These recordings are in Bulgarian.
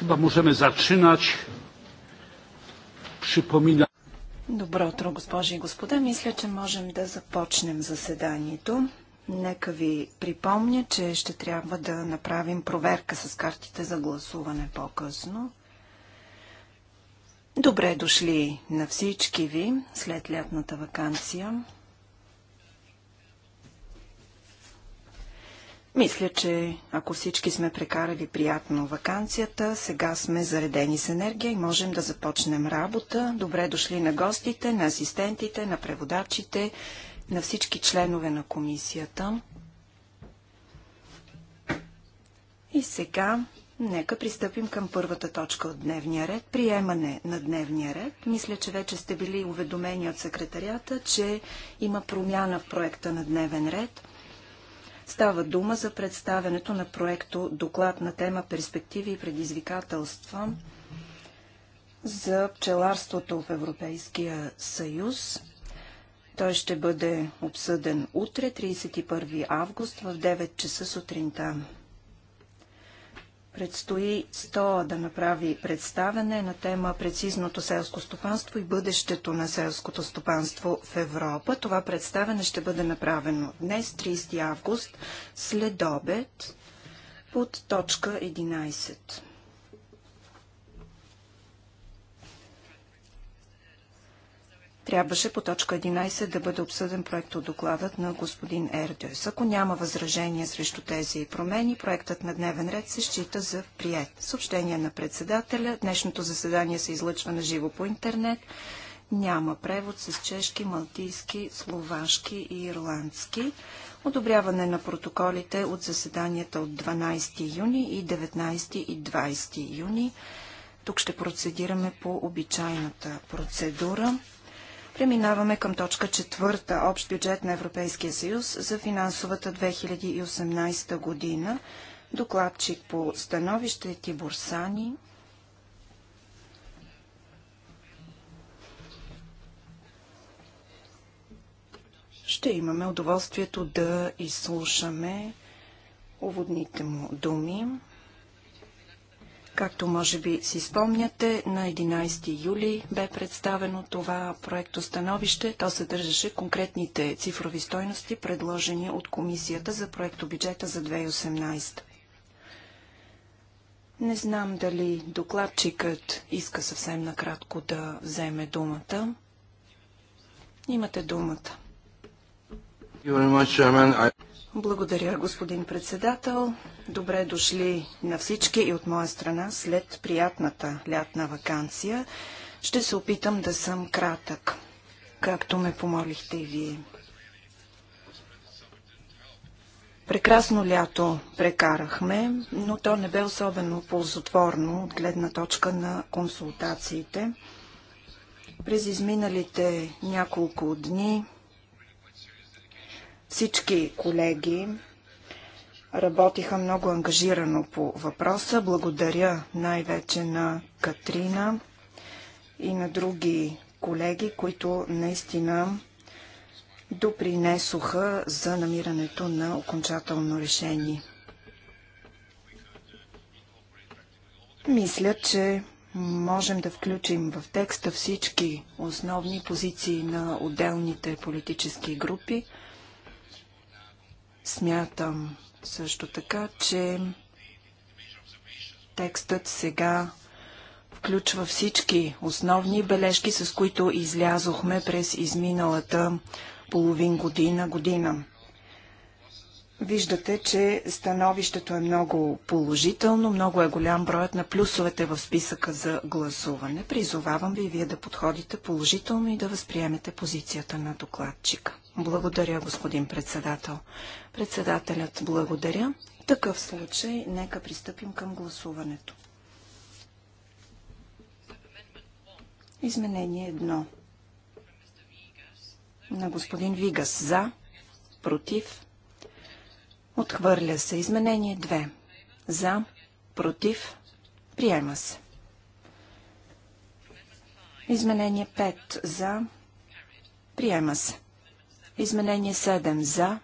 Chyba możemy zaczynać. Przypominam. Добро утро, госпожи и господа. Мисля, че можем да започнем заседанието. Нека ви припомня, че ще трябва да направим проверка с картите за гласуване по-късно. Добре дошли на всички ви след лятната вакансия. Мисля, че ако всички сме прекарали приятно вакансията, сега сме заредени с енергия и можем да започнем работа. Добре дошли на гостите, на асистентите, на преводачите, на всички членове на комисията. И сега нека пристъпим към първата точка от дневния ред. Приемане на дневния ред. Мисля, че вече сте били уведомени от секретарията, че има промяна в проекта на дневен ред – Става дума за представянето на проекто доклад на тема Перспективи и предизвикателства за пчеларството в Европейския съюз. Той ще бъде обсъден утре, 31 август, в 9 часа сутринта. Предстои сто да направи представене на тема Прецизното селско стопанство и бъдещето на селското стопанство в Европа. Това представене ще бъде направено днес, 30 август, след обед, под точка 11. Трябваше по точка 11 да бъде обсъден проект от докладът на господин Ердюс. Ако няма възражения срещу тези промени, проектът на дневен ред се счита за прият. Съобщение на председателя. Днешното заседание се излъчва на живо по интернет. Няма превод с чешки, малтийски, словашки и ирландски. Одобряване на протоколите от заседанията от 12 юни и 19 и 20 юни. Тук ще процедираме по обичайната процедура. Преминаваме към точка четвърта – Общ бюджет на Европейския съюз за финансовата 2018 година. Докладчик по становище е Тибор Сани. Ще имаме удоволствието да изслушаме уводните му думи. Както може би си спомняте, на 11 юли бе представено това проекто становище. То съдържаше конкретните цифрови стойности, предложени от Комисията за проекто бюджета за 2018. Не знам дали докладчикът иска съвсем накратко да вземе думата. Имате думата. Благодаря, господин председател. Добре дошли на всички и от моя страна след приятната лятна вакансия. Ще се опитам да съм кратък, както ме помолихте и вие. Прекрасно лято прекарахме, но то не бе особено ползотворно от гледна точка на консултациите. През изминалите няколко дни всички колеги работиха много ангажирано по въпроса. Благодаря най-вече на Катрина и на други колеги, които наистина допринесоха за намирането на окончателно решение. Мисля, че можем да включим в текста всички основни позиции на отделните политически групи – Смятам също така, че текстът сега включва всички основни бележки, с които излязохме през изминалата половин година, година. Виждате, че становището е много положително, много е голям броят на плюсовете в списъка за гласуване. Призовавам ви и вие да подходите положително и да възприемете позицията на докладчика. Благодаря, господин председател. Председателят благодаря. В такъв случай, нека пристъпим към гласуването. Изменение едно. На господин Вигас за, против, Отхвърля се. Изменение 2. За. Против. Приема се. Изменение 5. За. Приема се. Изменение 7. За.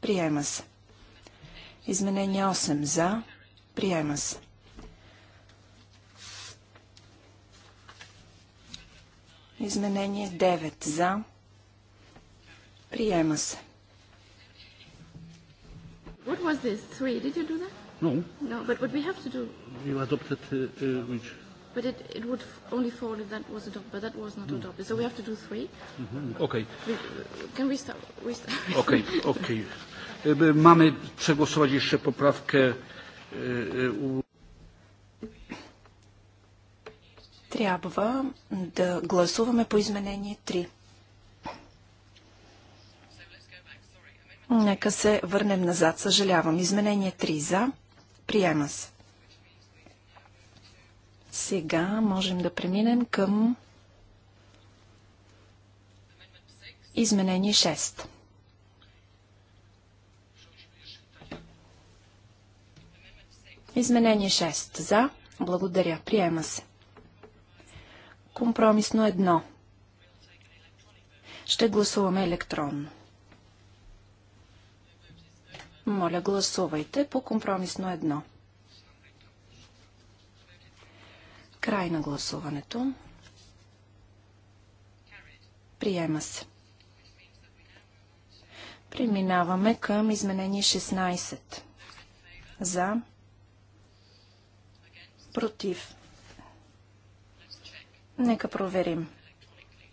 Приема се. Изменение 8. За. Приема се. Изменение 9. За. Приема се. What was this? Three? Did you do that? No. No, but what we have to do. You adopted uh, uh, which? But it, it would only fall if that was adopted, but that was not adopted. So we have to do three. Mm-hmm. Okay. We, uh, can we start? We start. Okay, okay. Mamy przegłosować jeszcze poprawkę. Трябва да гласуваме по изменение 3. Нека се върнем назад. Съжалявам. Изменение 3 за. Приема се. Сега можем да преминем към изменение 6. Изменение 6. За. Благодаря. Приема се. Компромисно едно. Ще гласуваме електронно. Моля, гласувайте по компромисно едно. Край на гласуването. Приема се. Преминаваме към изменение 16. За. Против. Нека проверим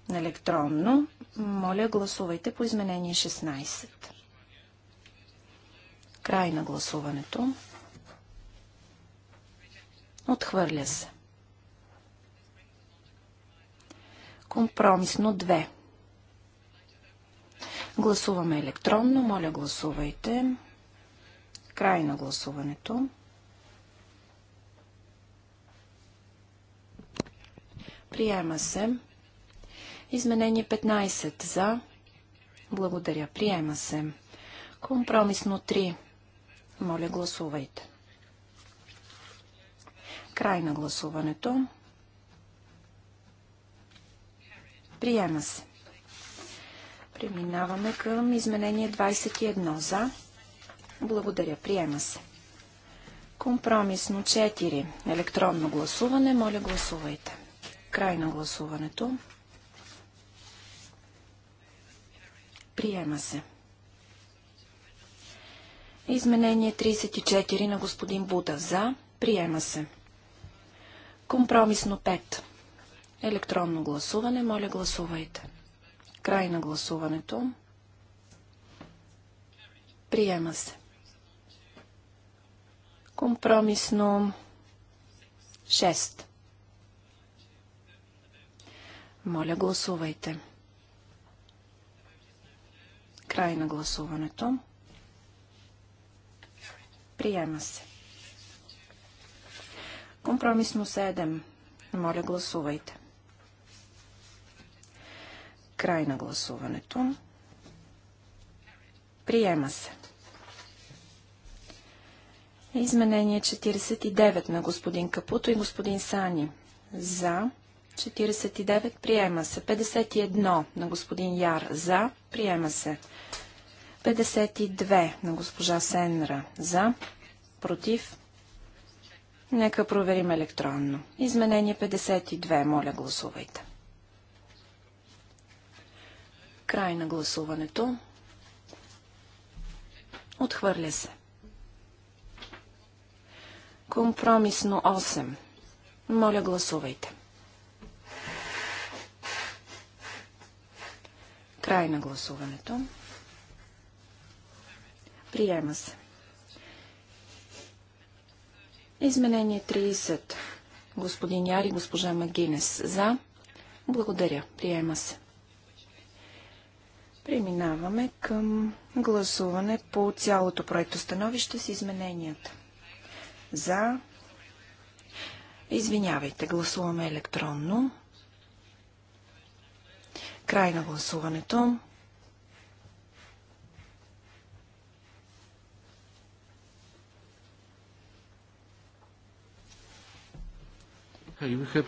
електронно. Моля, гласувайте по изменение 16. Край на гласуването. Отхвърля се. Компромисно 2. Гласуваме електронно. Моля, гласувайте. Край на гласуването. Приема се. Изменение 15 за. Благодаря. Приема се. Компромисно 3 моля, гласувайте. Край на гласуването. Приема се. Преминаваме към изменение 21 за. Благодаря, приема се. Компромисно 4. Електронно гласуване. Моля, гласувайте. Край на гласуването. Приема се. Изменение 34 на господин Буда. За. Приема се. Компромисно 5. Електронно гласуване. Моля, гласувайте. Край на гласуването. Приема се. Компромисно 6. Моля, гласувайте. Край на гласуването. Приема се. Компромисно 7. Моля, гласувайте. Край на гласуването. Приема се. Изменение 49 на господин Капуто и господин Сани. За. 49. Приема се. 51 на господин Яр. За. Приема се. 52 на госпожа Сенра. За. Против. Нека проверим електронно. Изменение 52. Моля, гласувайте. Край на гласуването. Отхвърля се. Компромисно 8. Моля, гласувайте. Край на гласуването. Приема се. Изменение 30. Господин Яри, госпожа Магинес. За. Благодаря. Приема се. Преминаваме към гласуване по цялото проекто становище с измененията. За. Извинявайте, гласуваме електронно. Край на гласуването. have...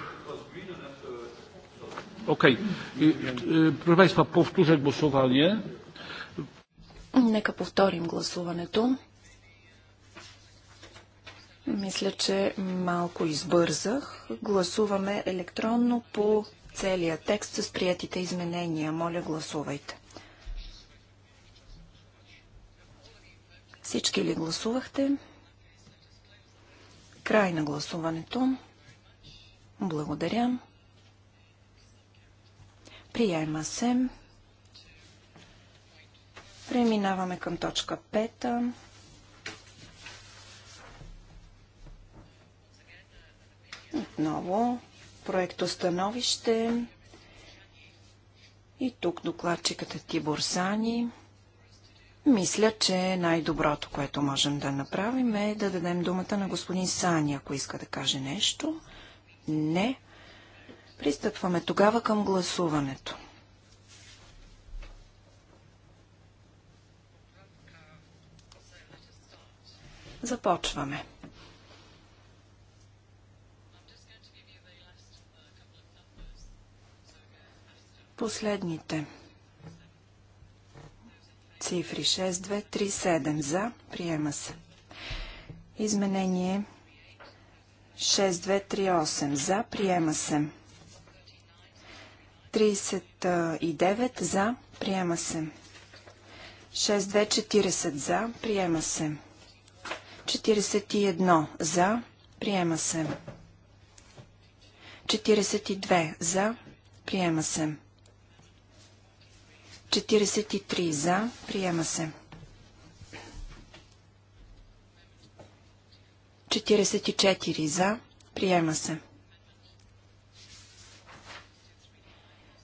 Proszę Państwa, powtórzę głosowanie. Нека повторим гласуването. Мисля, че малко избързах. Гласуваме електронно по целия текст с приятите изменения. Моля, гласувайте. Всички ли гласувахте? Край на гласуването. Благодаря. Приема се. Преминаваме към точка 5. Отново становище. И тук докладчикът е Тибор Сани. Мисля, че най-доброто, което можем да направим е да дадем думата на господин Сани, ако иска да каже нещо не, пристъпваме тогава към гласуването. Започваме. Последните цифри 6, 2, 3, 7 за приема се. Изменение 6238 за. Приема се. 39 за. Приема се. 6240 за. Приема се. 41 за. Приема се. 42 за. Приема се. 43 за. Приема се. 44 за. Приема се.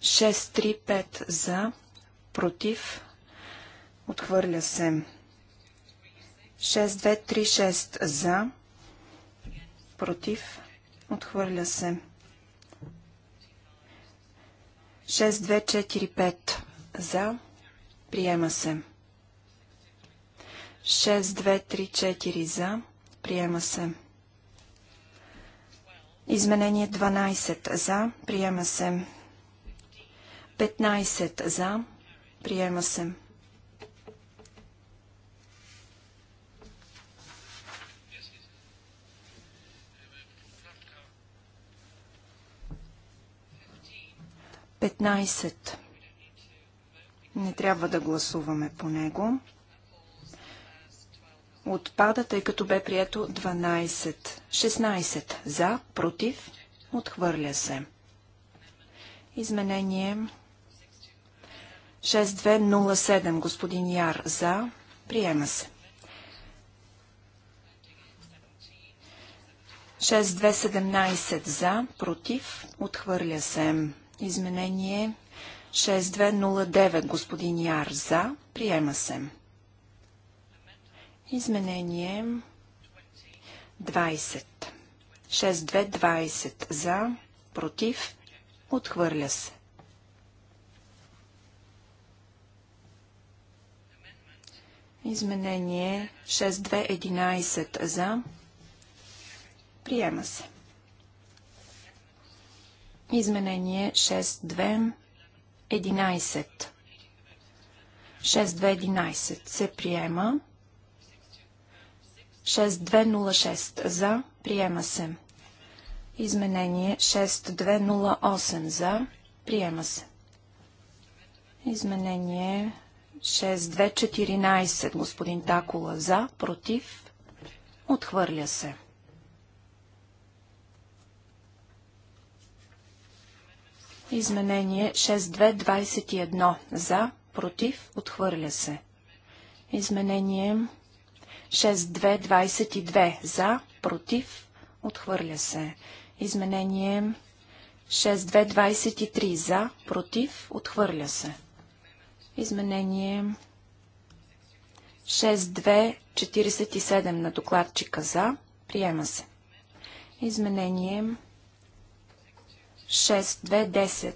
635 за. Против. Отхвърля се. 6236 за. Против. Отхвърля се. 6245 за. Приема се. 6234 за. Приема се. Изменение 12 за. Приема се. 15 за. Приема се. Петнайсет. Не трябва да гласуваме по него отпада, тъй като бе прието 12. 16 за, против, отхвърля се. Изменение 6207, господин Яр, за, приема се. 6217 за, против, отхвърля се. Изменение 6209, господин Яр, за, приема се. Изменение 20. 6-2-20 за, против, отхвърля се. Изменение 6211 за, приема се. Изменение 6211. 6211 се приема. 6206 за. Приема се. Изменение 6208 за. Приема се. Изменение 6214. Господин Такола за. Против. Отхвърля се. Изменение 6221. За. Против. Отхвърля се. Изменение 6222 за, против, отхвърля се. Изменение 6223 за, против, отхвърля се. Изменение 6247 на докладчика за, приема се. Изменение 6210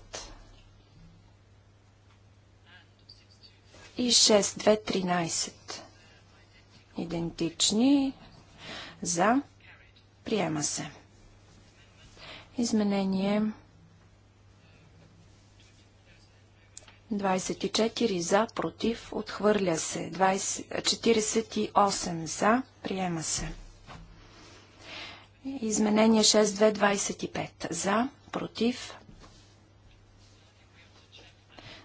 и 6213 идентични, за, приема се. Изменение 24 за, против, отхвърля се. 20, 48 за, приема се. Изменение 6225 за, против.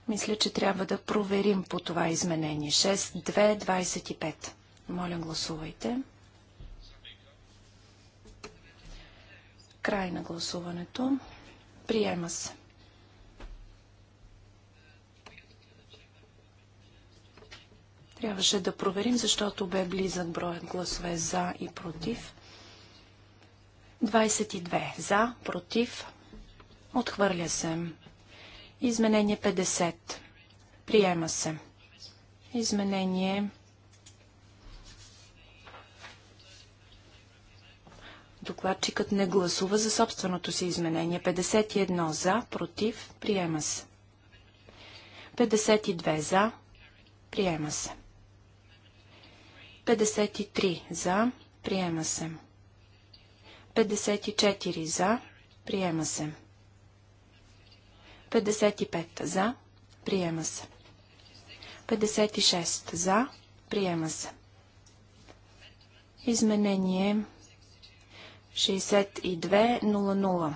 Мисля, че трябва да проверим по това изменение. 6225. Моля, гласувайте. Край на гласуването. Приема се. Трябваше да проверим, защото бе близък броят гласове за и против. 22 за, против, отхвърля се. Изменение 50. Приема се. Изменение Докладчикът не гласува за собственото си изменение. 51 за, против, приема се. 52 за, приема се. 53 за, приема се. 54 за, приема се. 55 за, приема се. 56 за, приема се. Изменение 6200.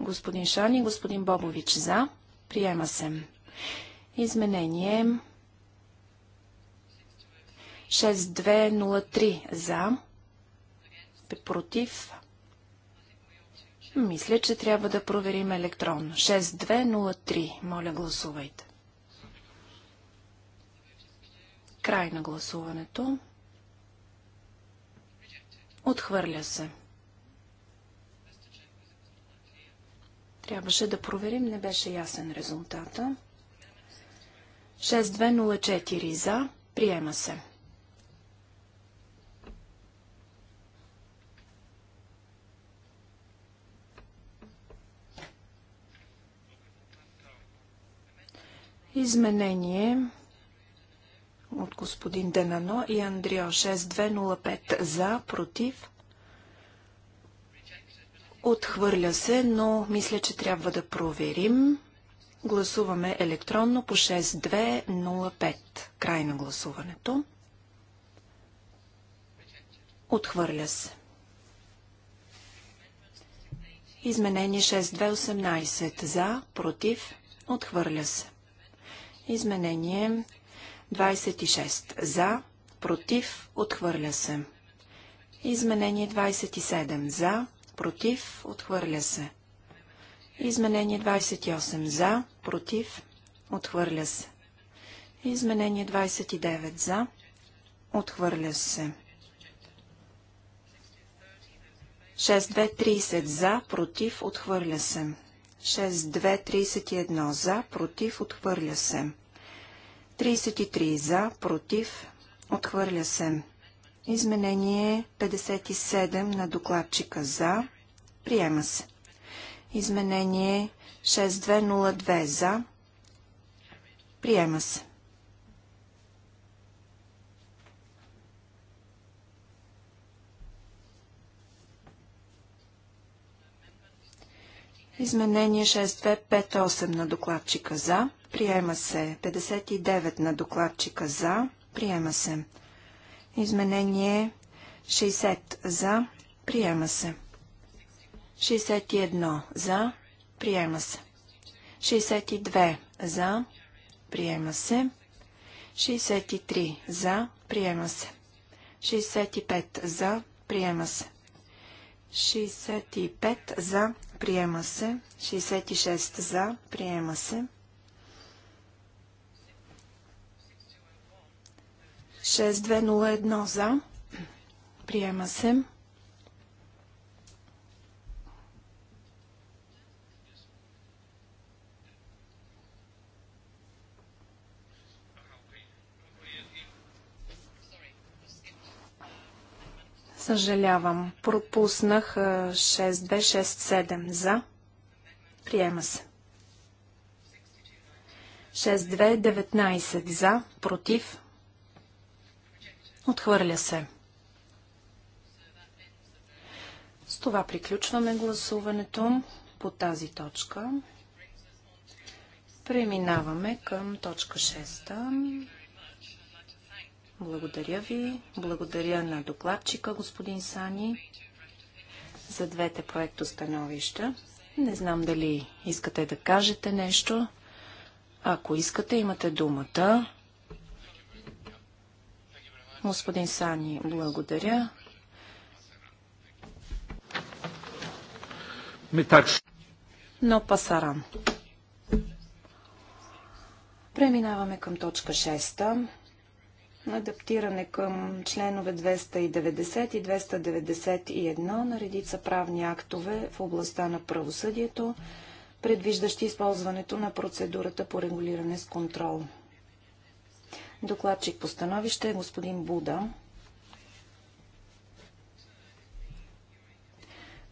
Господин Шани, господин Бобович за. Приема се. Изменение 6203 за. Против. Мисля, че трябва да проверим електронно. 6203. Моля, гласувайте. Край на гласуването. Отхвърля се. Трябваше да проверим, не беше ясен резултата. 6204 за. Приема се. Изменение от господин Денано и Андрио 6205 за, против. Отхвърля се, но мисля, че трябва да проверим. Гласуваме електронно по 6205. Край на гласуването. Отхвърля се. Изменение 6218 за, против, отхвърля се. Изменение 26. За, против, отхвърля се. Изменение 27. За, против, отхвърля се. Изменение 28. За, против, отхвърля се. Изменение 29. За, отхвърля се. 6230 за, против, отхвърля се. 6231 за, против, отхвърля се. 33 за, против, отхвърля се. Изменение 57 на докладчика за, приема се. Изменение 6202 за, приема се. Изменение 6258 на докладчика за. Приема се. 59 на докладчика за. Приема се. Изменение 60 за. Приема се. 61 за. Приема се. 62 за. Приема се. 63 за. Приема се. 65 за. Приема се. 65 за, приема се. 66 за, приема се. 6201 за, приема се. Съжалявам. Пропуснах 6267 за. Приема се. 6219 за. Против. Отхвърля се. С това приключваме гласуването по тази точка. Преминаваме към точка 6. Благодаря ви. Благодаря на докладчика, господин Сани, за двете становища. Не знам дали искате да кажете нещо. Ако искате, имате думата. Господин Сани, благодаря. Но пасаран. Преминаваме към точка 6 адаптиране към членове 290 и 291 на редица правни актове в областта на правосъдието, предвиждащи използването на процедурата по регулиране с контрол. Докладчик по становище е господин Буда.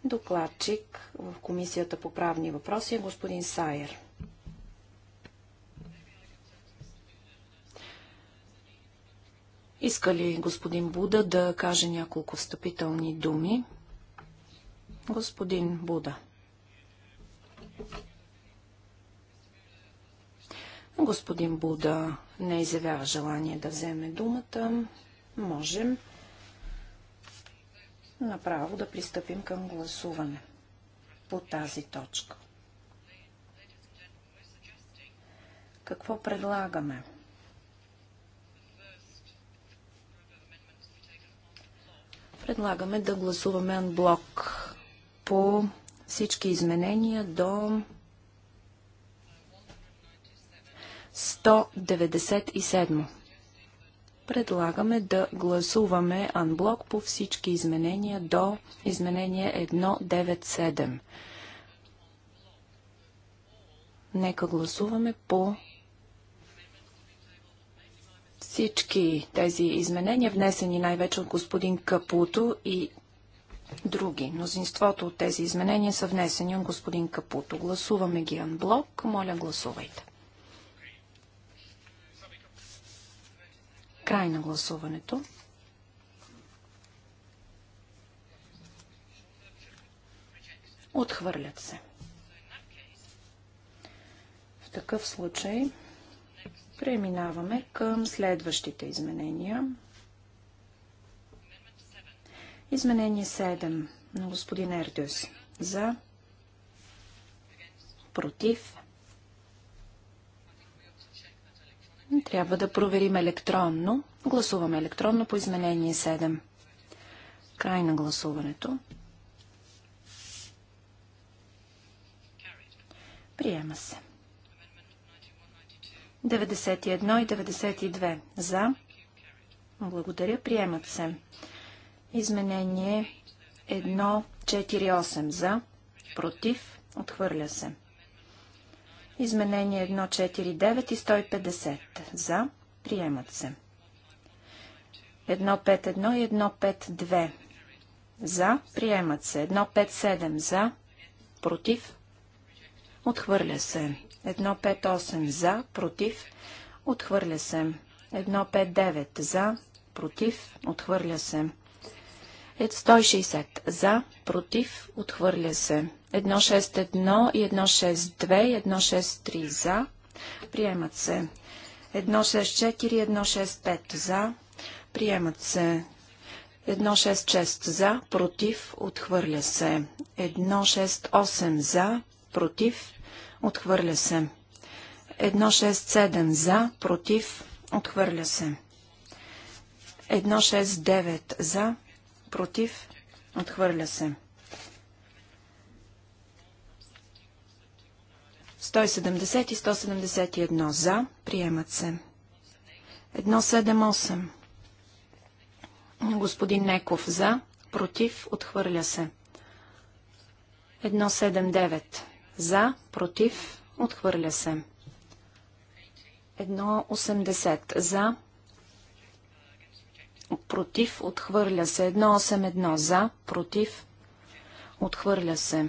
Докладчик в Комисията по правни въпроси е господин Сайер. Иска ли господин Буда да каже няколко встъпителни думи? Господин Буда. Господин Буда не изявява желание да вземе думата. Можем направо да пристъпим към гласуване по тази точка. Какво предлагаме? Предлагаме да гласуваме анблок по всички изменения до 197. Предлагаме да гласуваме анблок по всички изменения до изменение 197. Нека гласуваме по всички тези изменения, внесени най-вече от господин Капуто и други. Мнозинството от тези изменения са внесени от господин Капуто. Гласуваме ги анблок. Моля, гласувайте. Край на гласуването. Отхвърлят се. В такъв случай Преминаваме към следващите изменения. Изменение 7 на господин Ердюс. За. Против. Трябва да проверим електронно. Гласуваме електронно по изменение 7. Край на гласуването. Приема се. 91 и 92 за. Благодаря, приемат се. Изменение 1.4.8 за. Против, отхвърля се. Изменение 1.4.9 и 150 за. Приемат се. 1.5.1 и 1.5.2 за. Приемат се. 1.5.7 за. Против, отхвърля се. 158 за, против, отхвърля се. 159 за, против, отхвърля се. 160 за, против, отхвърля се. 161 и 162 и 163 за, приемат се. 164 и 165 за, приемат се. 166 за, против, отхвърля се. 168 за, против, Отхвърля се. 167 за, против, отхвърля се. 169 за, против, отхвърля се. 170 и 171 за, приемат се. 178. Господин Неков за, против, отхвърля се. 179 за, против, отхвърля се. 1,80 за, против, отхвърля се. 1,81 за, против, отхвърля се.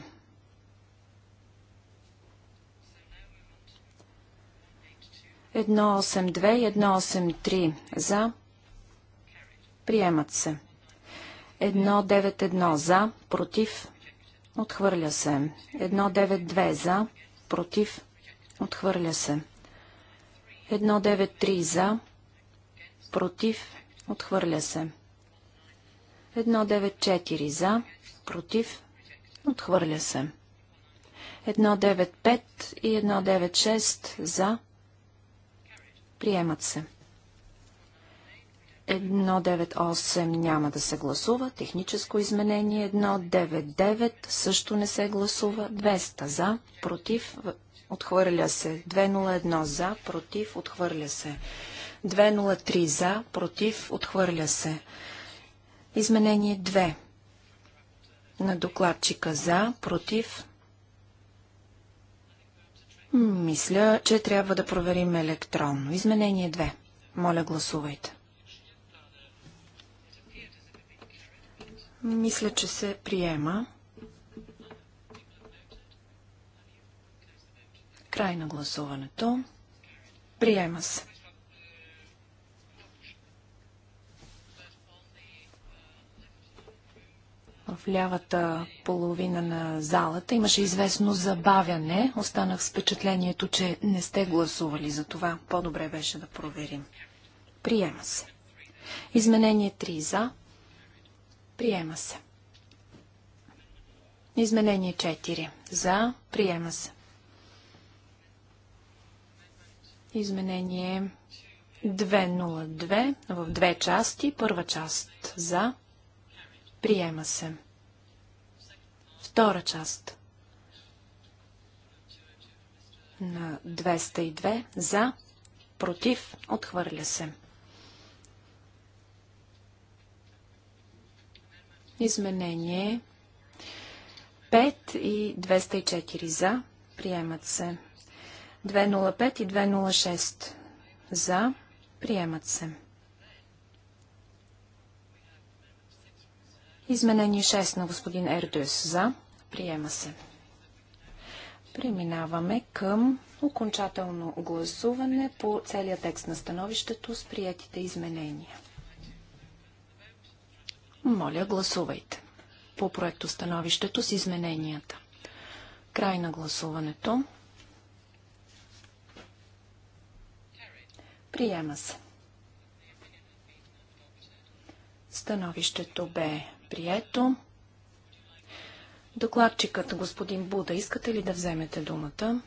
Едно едно и три за, приемат се. Едно 9-едно за, против, Отхвърля се. 192 за. Против. Отхвърля се. 193 за. Против. Отхвърля се. 194 за. Против. Отхвърля се. 195 и 196 за. Приемат се. 198 няма да се гласува. Техническо изменение 199 също не се гласува. 200 за, против, отхвърля се. 201 за, против, отхвърля се. 203 за, против, отхвърля се. Изменение 2 на докладчика за, против. Мисля, че трябва да проверим електронно. Изменение 2. Моля, гласувайте. Мисля, че се приема. Край на гласуването. Приема се. В лявата половина на залата имаше известно забавяне. Останах с впечатлението, че не сте гласували за това. По-добре беше да проверим. Приема се. Изменение 3 за, Приема се. Изменение 4. За. Приема се. Изменение 202 в две части. Първа част за. Приема се. Втора част на 202 за. Против. Отхвърля се. Изменение 5 и 204 за. Приемат се. 205 и 206 за. Приемат се. Изменение 6 на господин Ердюс за. Приема се. Преминаваме към окончателно гласуване по целия текст на становището с приятите изменения. Моля, гласувайте по проекто становището с измененията. Край на гласуването. Приема се. Становището бе прието. Докладчикът господин Буда, искате ли да вземете думата?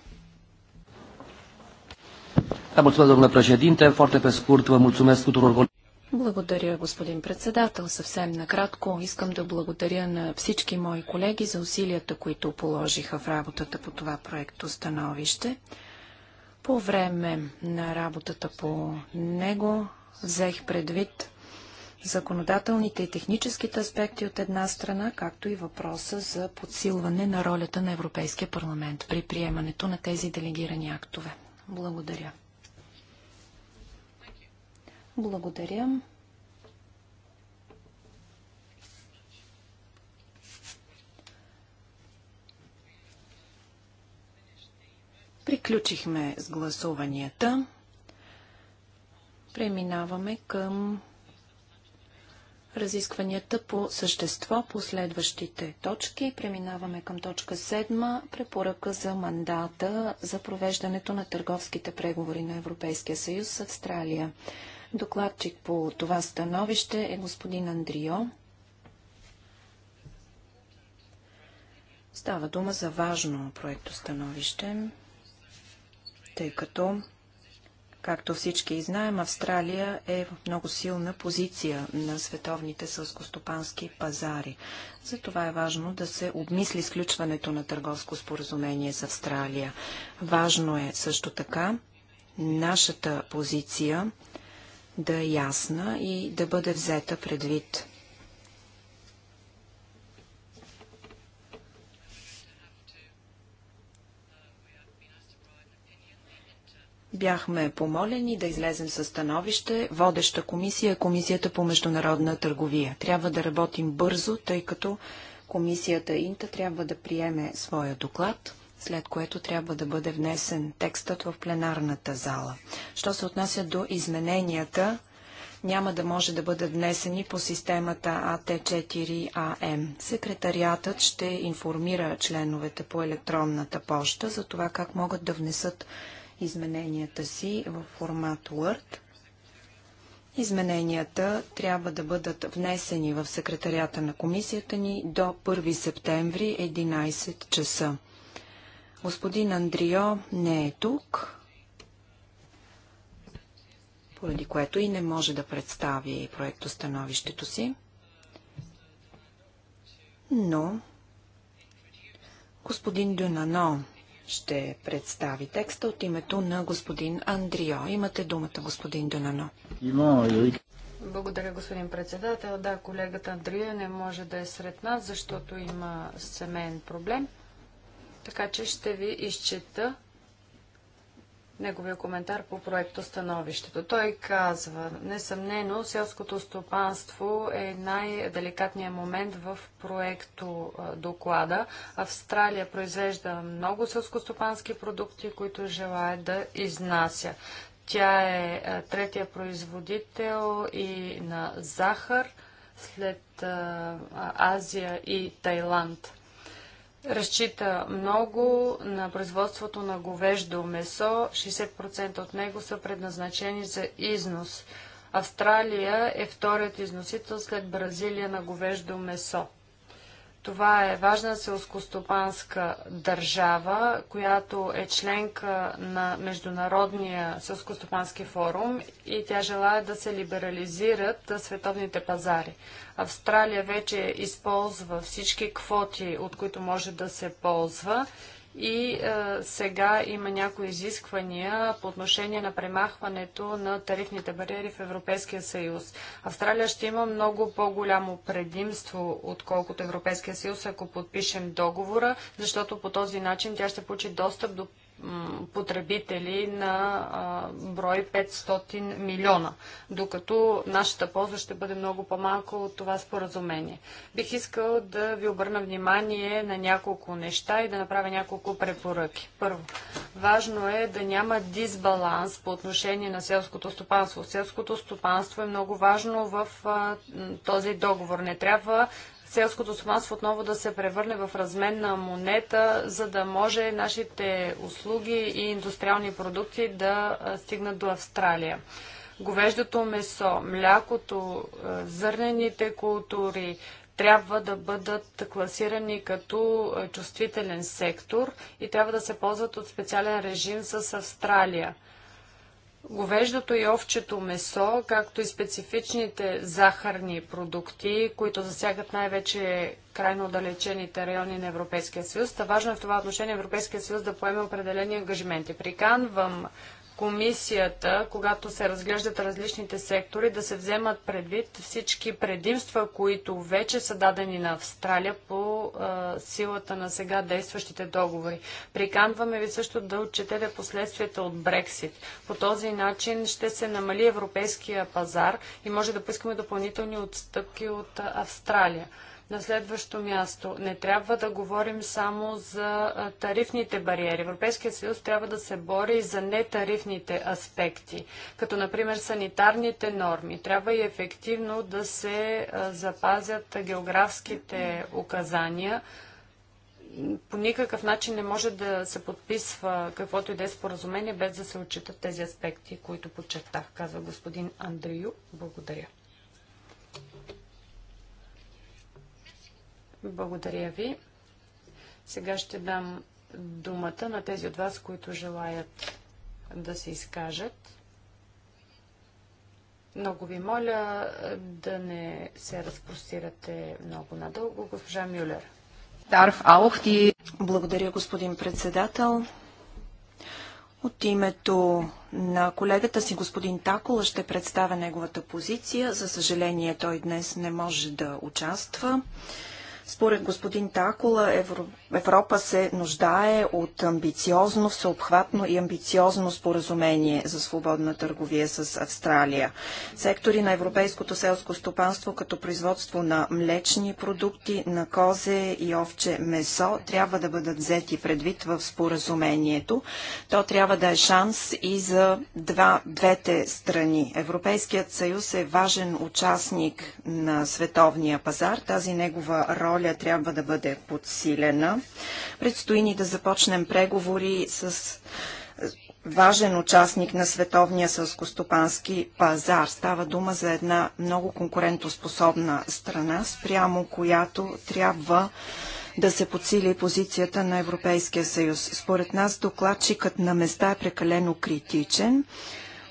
mulțumesc, domnule președinte. Foarte pe scurt, vă mulțumesc tuturor благодаря, господин председател. Съвсем накратко искам да благодаря на всички мои колеги за усилията, които положиха в работата по това проекто становище. По време на работата по него взех предвид законодателните и техническите аспекти от една страна, както и въпроса за подсилване на ролята на Европейския парламент при приемането на тези делегирани актове. Благодаря. Благодаря. Приключихме с гласуванията. Преминаваме към разискванията по същество по следващите точки. Преминаваме към точка 7. Препоръка за мандата за провеждането на търговските преговори на Европейския съюз с Австралия. Докладчик по това становище е господин Андрио. Става дума за важно проекто становище, тъй като, както всички знаем, Австралия е в много силна позиция на световните сълскостопански пазари. Затова е важно да се обмисли сключването на търговско споразумение с Австралия. Важно е също така нашата позиция да е ясна и да бъде взета предвид. Бяхме помолени да излезем със становище. Водеща комисия е Комисията по международна търговия. Трябва да работим бързо, тъй като Комисията Инта трябва да приеме своя доклад след което трябва да бъде внесен текстът в пленарната зала. Що се отнася до измененията, няма да може да бъдат внесени по системата АТ4АМ. Секретариатът ще информира членовете по електронната поща за това как могат да внесат измененията си в формат Word. Измененията трябва да бъдат внесени в секретарията на комисията ни до 1 септември 11 часа. Господин Андрио не е тук, поради което и не може да представи проектостановището си. Но господин Дюнано ще представи текста от името на господин Андрио. Имате думата, господин Дюнано. Благодаря, господин председател. Да, колегата Андрио не може да е сред нас, защото има семейен проблем – така че ще ви изчета неговия коментар по проекто становището. Той казва, несъмнено, селското стопанство е най-деликатният момент в проекто доклада. Австралия произвежда много селскостопански продукти, които желая да изнася. Тя е третия производител и на захар след Азия и Тайланд разчита много на производството на говеждо месо. 60% от него са предназначени за износ. Австралия е вторият износител след Бразилия на говеждо месо. Това е важна селскостопанска държава, която е членка на Международния селскостопански форум и тя желая да се либерализират световните пазари. Австралия вече използва всички квоти, от които може да се ползва и а, е, сега има някои изисквания по отношение на премахването на тарифните бариери в Европейския съюз. Австралия ще има много по-голямо предимство, отколкото Европейския съюз, ако подпишем договора, защото по този начин тя ще получи достъп до потребители на брой 500 милиона, докато нашата полза ще бъде много по-малко от това споразумение. Бих искал да ви обърна внимание на няколко неща и да направя няколко препоръки. Първо, важно е да няма дисбаланс по отношение на селското стопанство. Селското стопанство е много важно в този договор. Не трябва селското стопанство отново да се превърне в разменна монета, за да може нашите услуги и индустриални продукти да стигнат до Австралия. Говеждото месо, млякото, зърнените култури, трябва да бъдат класирани като чувствителен сектор и трябва да се ползват от специален режим с Австралия говеждото и овчето месо, както и специфичните захарни продукти, които засягат най-вече крайно отдалечените райони на Европейския съюз. Та важно е в това отношение Европейския съюз да поеме определени ангажименти. Приканвам комисията, когато се разглеждат различните сектори, да се вземат предвид всички предимства, които вече са дадени на Австралия по а, силата на сега действащите договори. Приканваме ви също да отчетете последствията от Брексит. По този начин ще се намали европейския пазар и може да поискаме допълнителни отстъпки от Австралия. На следващо място, не трябва да говорим само за тарифните бариери. Европейския съюз трябва да се бори и за нетарифните аспекти, като например санитарните норми. Трябва и ефективно да се запазят географските указания. По никакъв начин не може да се подписва каквото и да е споразумение, без да се отчитат тези аспекти, които подчертах, казва господин Андрею. Благодаря. Благодаря ви. Сега ще дам думата на тези от вас, които желаят да се изкажат. Много ви моля да не се разпростирате много надълго. Госпожа Мюлер. Дарф Аухти. Благодаря, господин председател. От името на колегата си господин Такола ще представя неговата позиция. За съжаление той днес не може да участва. Според господин Такола, Европа се нуждае от амбициозно, всеобхватно и амбициозно споразумение за свободна търговия с Австралия. Сектори на европейското селско стопанство, като производство на млечни продукти, на козе и овче месо, трябва да бъдат взети предвид в споразумението. То трябва да е шанс и за два, двете страни. Европейският съюз е важен участник на световния пазар. Тази негова роля роля трябва да бъде подсилена. Предстои ни да започнем преговори с е, важен участник на световния сълскостопански пазар. Става дума за една много конкурентоспособна страна, спрямо която трябва да се подсили позицията на Европейския съюз. Според нас докладчикът на места е прекалено критичен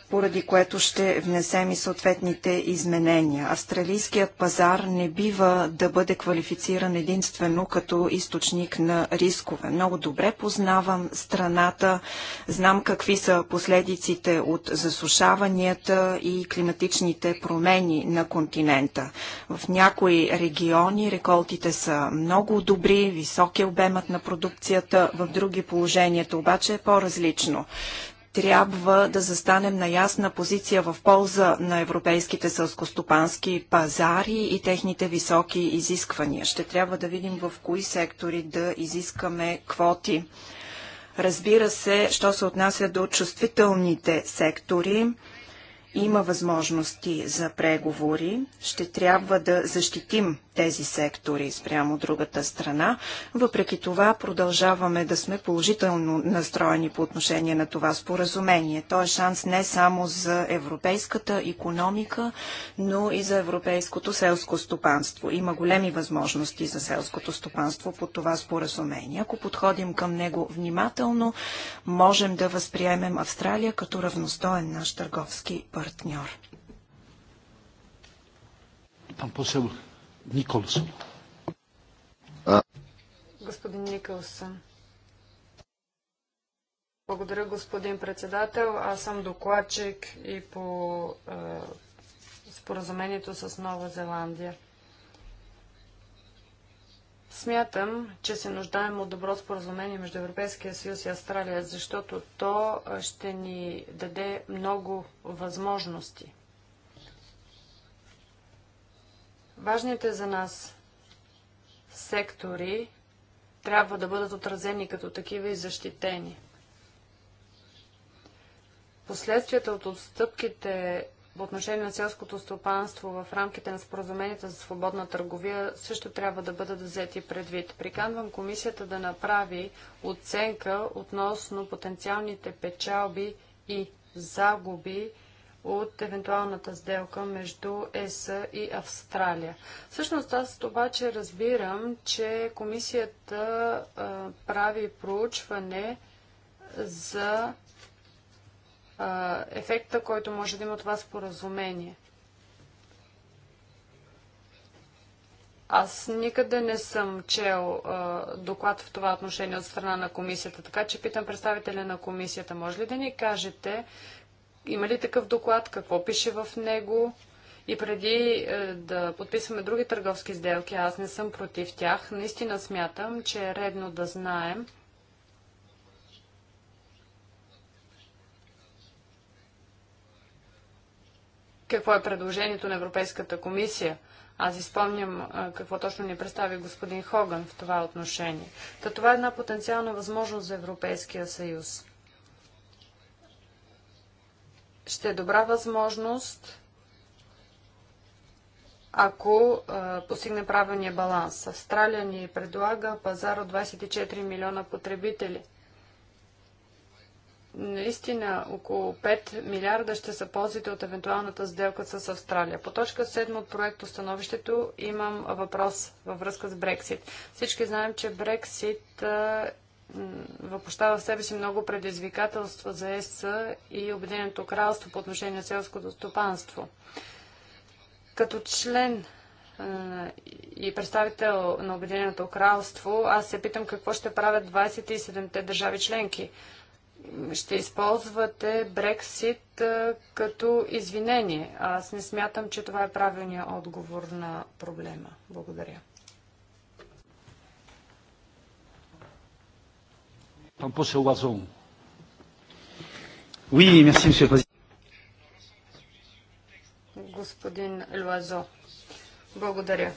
поради което ще внесем и съответните изменения. Австралийският пазар не бива да бъде квалифициран единствено като източник на рискове. Много добре познавам страната, знам какви са последиците от засушаванията и климатичните промени на континента. В някои региони реколтите са много добри, висок е обемът на продукцията, в други положението обаче е по-различно трябва да застанем на ясна позиция в полза на европейските сълскостопански пазари и техните високи изисквания. Ще трябва да видим в кои сектори да изискаме квоти. Разбира се, що се отнася до чувствителните сектори, има възможности за преговори. Ще трябва да защитим тези сектори спрямо другата страна. Въпреки това продължаваме да сме положително настроени по отношение на това споразумение. То е шанс не само за европейската економика, но и за европейското селско стопанство. Има големи възможности за селското стопанство по това споразумение. Ако подходим към него внимателно, можем да възприемем Австралия като равностоен наш търговски партнер партньор. по село Николсон. Господин Николсон. Благодаря, господин председател. Аз съм докладчик и по е, споразумението с Нова Зеландия. Смятам, че се нуждаем от добро споразумение между Европейския съюз и Австралия, защото то ще ни даде много възможности. Важните за нас сектори трябва да бъдат отразени като такива и защитени. Последствията от отстъпките по отношение на селското стопанство в рамките на споразуменията за свободна търговия също трябва да бъдат взети предвид. Приканвам комисията да направи оценка относно потенциалните печалби и загуби от евентуалната сделка между ЕС и Австралия. Всъщност аз обаче разбирам, че комисията а, прави проучване за ефекта, който може да има това споразумение. Аз никъде не съм чел а, доклад в това отношение от страна на комисията, така че питам представителя на комисията, може ли да ни кажете, има ли такъв доклад, какво пише в него? И преди е, да подписваме други търговски сделки, аз не съм против тях, наистина смятам, че е редно да знаем какво е предложението на Европейската комисия. Аз изпомням какво точно ни представи господин Хоган в това отношение. Та това е една потенциална възможност за Европейския съюз. Ще е добра възможност, ако постигне правилния баланс. Австралия ни предлага пазар от 24 милиона потребители – наистина около 5 милиарда ще са ползите от евентуалната сделка с Австралия. По точка 7 от проекта становището имам въпрос във връзка с Брексит. Всички знаем, че Брексит въплощава в себе си много предизвикателства за ЕС и Обединеното кралство по отношение на селското стопанство. Като член и представител на Обединеното кралство, аз се питам какво ще правят 27-те държави членки ще използвате Брексит като извинение. Аз не смятам, че това е правилният отговор на проблема. Благодаря. Господин Луазо, благодаря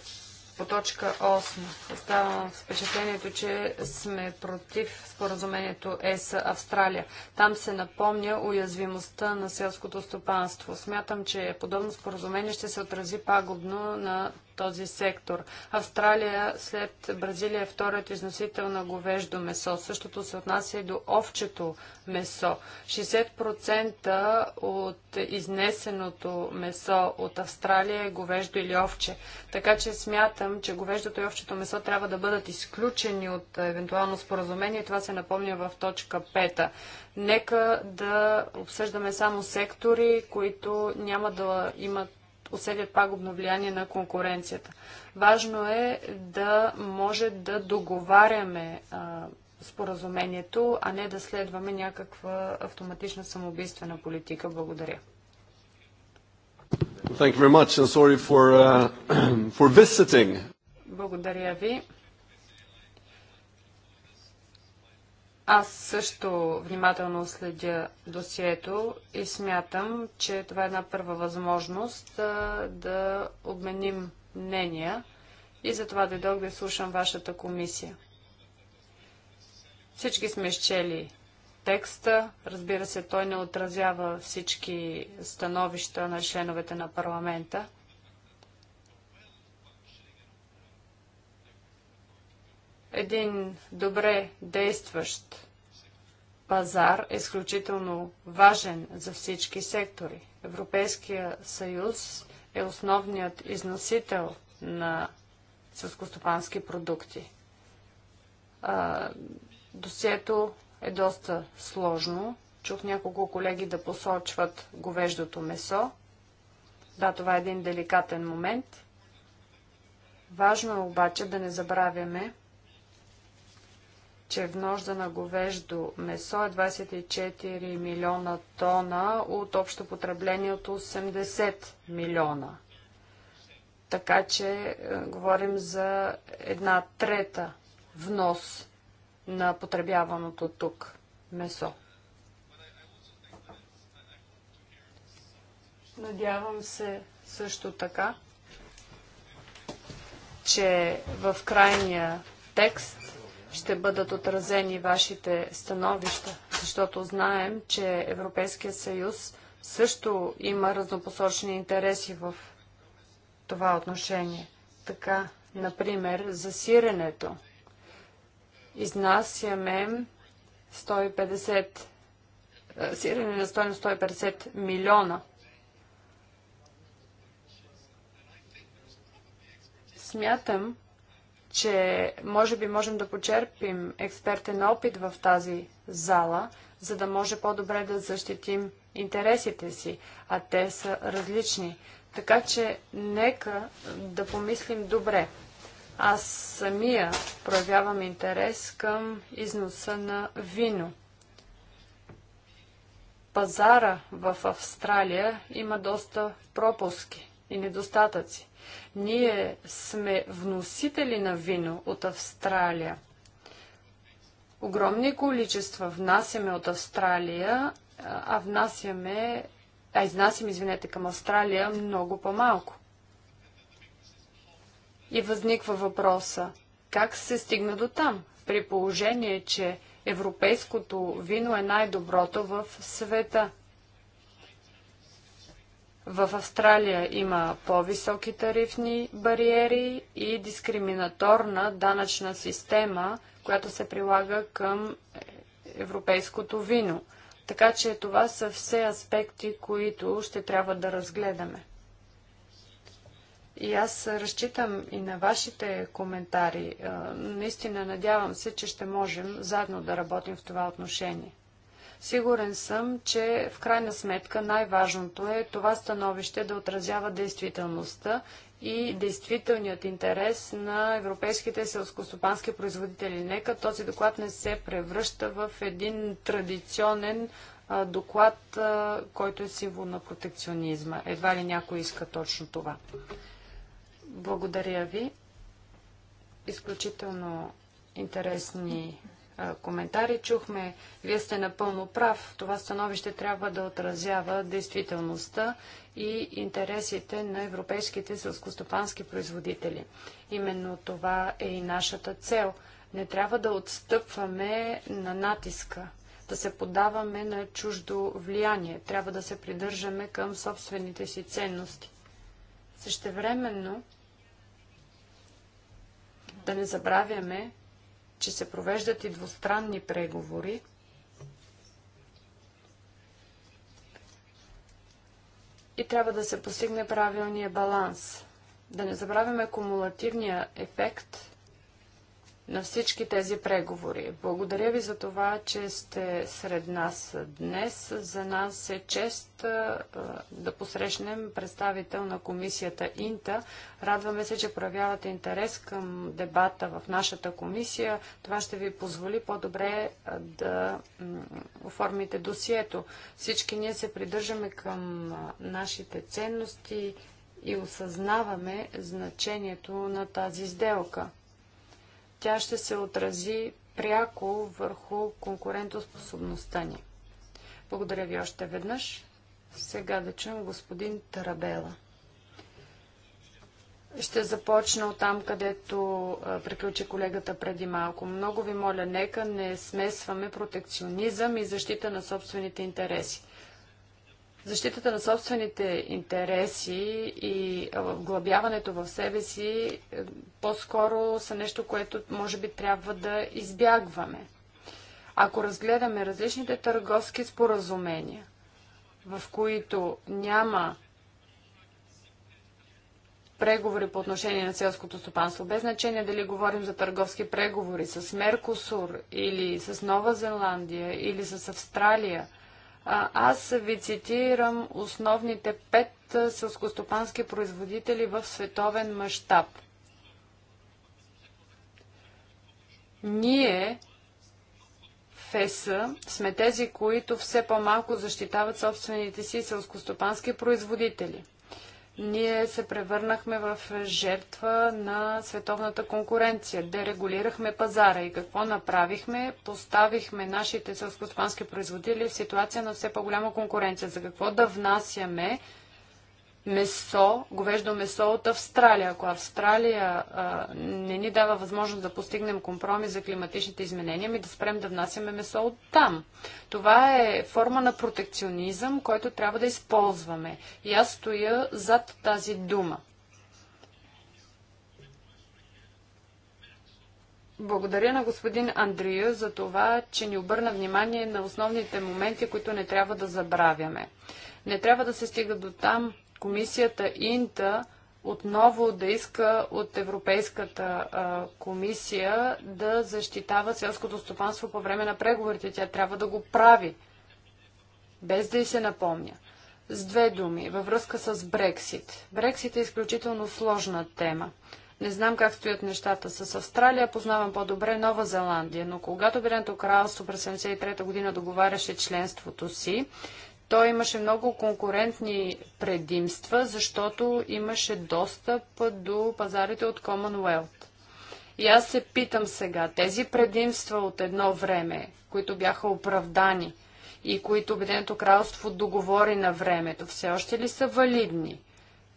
по точка 8. Оставам с впечатлението, че сме против споразумението ЕС Австралия. Там се напомня уязвимостта на селското стопанство. Смятам, че подобно споразумение ще се отрази пагубно на този сектор. Австралия след Бразилия е вторият износител на говеждо месо. Същото се отнася и до овчето месо. 60% от изнесеното месо от Австралия е говеждо или овче. Така че смятам, че говеждото и овчето месо трябва да бъдат изключени от евентуално споразумение. Това се напомня в точка 5. Нека да обсъждаме само сектори, които няма да имат оцеле пагубно влияние на конкуренцията. Важно е да може да договаряме споразумението, а не да следваме някаква автоматична самоубийствена политика. Благодаря. Thank you very much and sorry for, uh, for visiting. Благодаря ви. Аз също внимателно следя досието и смятам, че това е една първа възможност да, да обменим мнения и затова дойдох да слушам вашата комисия. Всички сме изчели текста. Разбира се, той не отразява всички становища на членовете на парламента. Един добре действащ пазар е изключително важен за всички сектори. Европейския съюз е основният износител на сълскостопански продукти. досието е доста сложно. Чух няколко колеги да посочват говеждото месо. Да, това е един деликатен момент. Важно е обаче да не забравяме, че вножда на говеждо месо е 24 милиона тона от общо потребление от 80 милиона. Така че е, говорим за една трета внос на потребяваното тук месо. Надявам се също така, че в крайния текст ще бъдат отразени вашите становища, защото знаем, че Европейския съюз също има разнопосочни интереси в това отношение. Така, например, за сиренето. Изнасяме 150, сирене на стоеност 150 милиона. Смятам, че може би можем да почерпим експертен опит в тази зала, за да може по-добре да защитим интересите си, а те са различни. Така че нека да помислим добре. Аз самия проявявам интерес към износа на вино. Пазара в Австралия има доста пропуски и недостатъци. Ние сме вносители на вино от Австралия. Огромни количества внасяме от Австралия, а внасяме, а изнасяме, извинете, към Австралия много по-малко. И възниква въпроса, как се стигна до там, при положение, че европейското вино е най-доброто в света – в Австралия има по-високи тарифни бариери и дискриминаторна данъчна система, която се прилага към европейското вино. Така че това са все аспекти, които ще трябва да разгледаме. И аз разчитам и на вашите коментари. Наистина надявам се, че ще можем заедно да работим в това отношение. Сигурен съм, че в крайна сметка най-важното е това становище да отразява действителността и действителният интерес на европейските селскостопански производители. Нека този доклад не се превръща в един традиционен доклад, който е символ на протекционизма. Едва ли някой иска точно това. Благодаря ви. Изключително интересни коментари чухме. Вие сте напълно прав. Това становище трябва да отразява действителността и интересите на европейските сълскостопански производители. Именно това е и нашата цел. Не трябва да отстъпваме на натиска, да се подаваме на чуждо влияние. Трябва да се придържаме към собствените си ценности. Същевременно да не забравяме, че се провеждат и двустранни преговори. И трябва да се постигне правилния баланс. Да не забравяме кумулативния ефект – на всички тези преговори. Благодаря ви за това, че сте сред нас днес. За нас е чест да посрещнем представител на комисията Инта. Радваме се, че проявявате интерес към дебата в нашата комисия. Това ще ви позволи по-добре да оформите досието. Всички ние се придържаме към нашите ценности и осъзнаваме значението на тази сделка тя ще се отрази пряко върху конкурентоспособността ни. Благодаря ви още веднъж. Сега да чуем господин Тарабела. Ще започна от там, където приключи колегата преди малко. Много ви моля, нека не смесваме протекционизъм и защита на собствените интереси защитата на собствените интереси и вглъбяването в себе си е, по-скоро са нещо, което може би трябва да избягваме. Ако разгледаме различните търговски споразумения, в които няма преговори по отношение на селското стопанство, без значение дали говорим за търговски преговори с Меркосур или с Нова Зеландия или с Австралия – аз ви цитирам основните пет селскостопански производители в световен мащаб. Ние ФЕСа сме тези, които все по-малко защитават собствените си селскостопански производители ние се превърнахме в жертва на световната конкуренция. Дерегулирахме пазара и какво направихме? Поставихме нашите селскостопански производители в ситуация на все по-голяма конкуренция. За какво да внасяме месо, говеждо месо от Австралия. Ако Австралия а, не ни дава възможност да постигнем компромис за климатичните изменения, ми да спрем да внасяме месо от там. Това е форма на протекционизъм, който трябва да използваме. И аз стоя зад тази дума. Благодаря на господин Андрию за това, че ни обърна внимание на основните моменти, които не трябва да забравяме. Не трябва да се стига до там, комисията Инта отново да иска от Европейската а, комисия да защитава селското стопанство по време на преговорите. Тя трябва да го прави, без да й се напомня. С две думи, във връзка с Брексит. Брексит е изключително сложна тема. Не знам как стоят нещата с Австралия, познавам по-добре Нова Зеландия, но когато Обединеното кралство през 1973 година договаряше членството си, той имаше много конкурентни предимства, защото имаше достъп до пазарите от Commonwealth. И аз се питам сега, тези предимства от едно време, които бяха оправдани и които Обединеното кралство договори на времето, все още ли са валидни?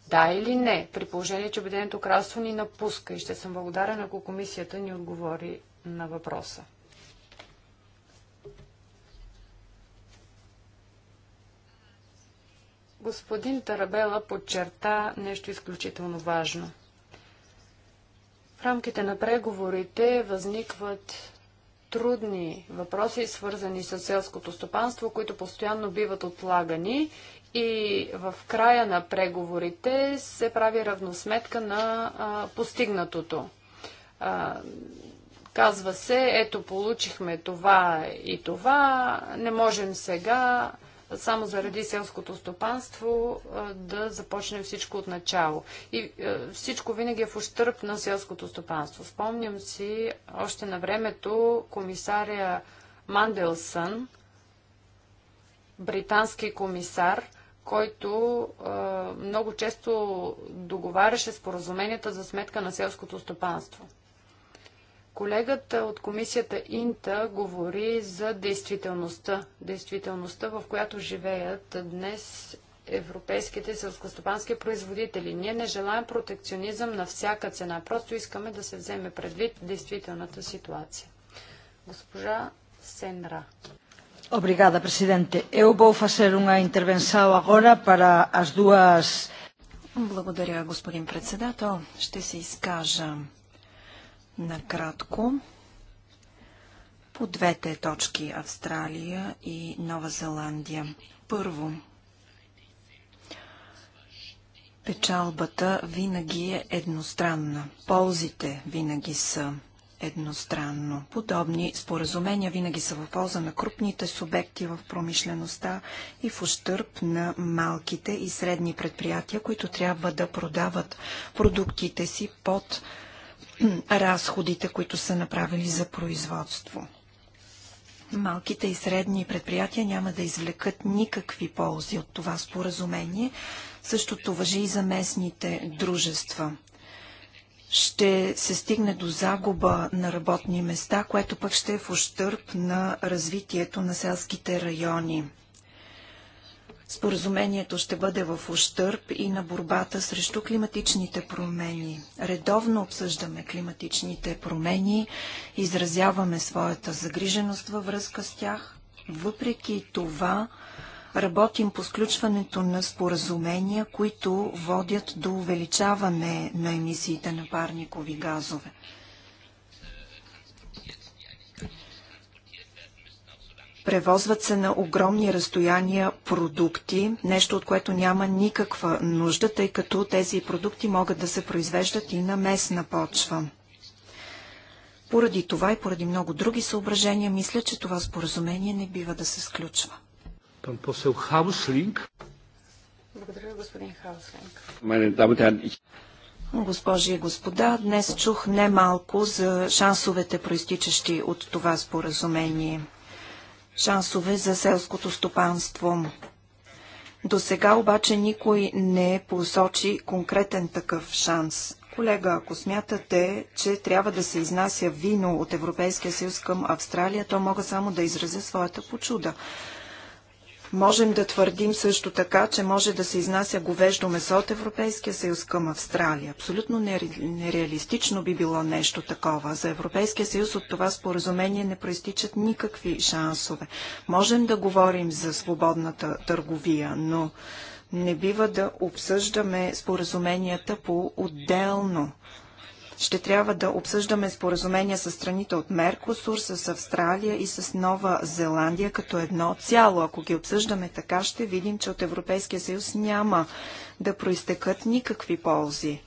Да или не, при положение, че Обединеното кралство ни напуска и ще съм благодарен, ако комисията ни отговори на въпроса. Господин Тарабела подчерта нещо изключително важно. В рамките на преговорите възникват трудни въпроси, свързани с селското стопанство, които постоянно биват отлагани и в края на преговорите се прави равносметка на а, постигнатото. А, казва се, ето получихме това и това, не можем сега само заради селското стопанство да започне всичко от начало. И всичко винаги е в ущърп на селското стопанство. Спомням си още на времето комисаря Манделсън, британски комисар, който много често договаряше споразуменията за сметка на селското стопанство. Колегата от комисията Инта говори за действителността. Действителността, в която живеят днес европейските селскостопански производители. Ние не желаем протекционизъм на всяка цена. Просто искаме да се вземе предвид действителната ситуация. Госпожа Сенра. Обригада, президенте. Eu vou fazer uma intervenção agora para as duas... Благодаря, господин председател. Ще се изкажа накратко по двете точки Австралия и Нова Зеландия. Първо, печалбата винаги е едностранна. Ползите винаги са едностранно. Подобни споразумения винаги са в полза на крупните субекти в промишлеността и в ущърп на малките и средни предприятия, които трябва да продават продуктите си под разходите, които са направили за производство. Малките и средни предприятия няма да извлекат никакви ползи от това споразумение. Същото въжи и за местните дружества ще се стигне до загуба на работни места, което пък ще е в ущърп на развитието на селските райони. Споразумението ще бъде в ущърп и на борбата срещу климатичните промени. Редовно обсъждаме климатичните промени, изразяваме своята загриженост във връзка с тях. Въпреки това, работим по сключването на споразумения, които водят до увеличаване на емисиите на парникови газове. Превозват се на огромни разстояния продукти, нещо от което няма никаква нужда, тъй като тези продукти могат да се произвеждат и на местна почва. Поради това и поради много други съображения, мисля, че това споразумение не бива да се сключва. Пан посел Хауслинг. Благодаря, господин Хауслинг. Госпожи и господа, днес чух немалко за шансовете, проистичащи от това споразумение шансове за селското стопанство. До сега обаче никой не посочи конкретен такъв шанс. Колега, ако смятате, че трябва да се изнася вино от Европейския съюз към Австралия, то мога само да изразя своята почуда. Можем да твърдим също така, че може да се изнася говеждо месо от Европейския съюз към Австралия. Абсолютно нереалистично би било нещо такова. За Европейския съюз от това споразумение не проистичат никакви шансове. Можем да говорим за свободната търговия, но не бива да обсъждаме споразуменията по отделно. Ще трябва да обсъждаме споразумения с страните от Меркосур, с Австралия и с Нова Зеландия като едно цяло. Ако ги обсъждаме така, ще видим, че от Европейския съюз няма да проистекат никакви ползи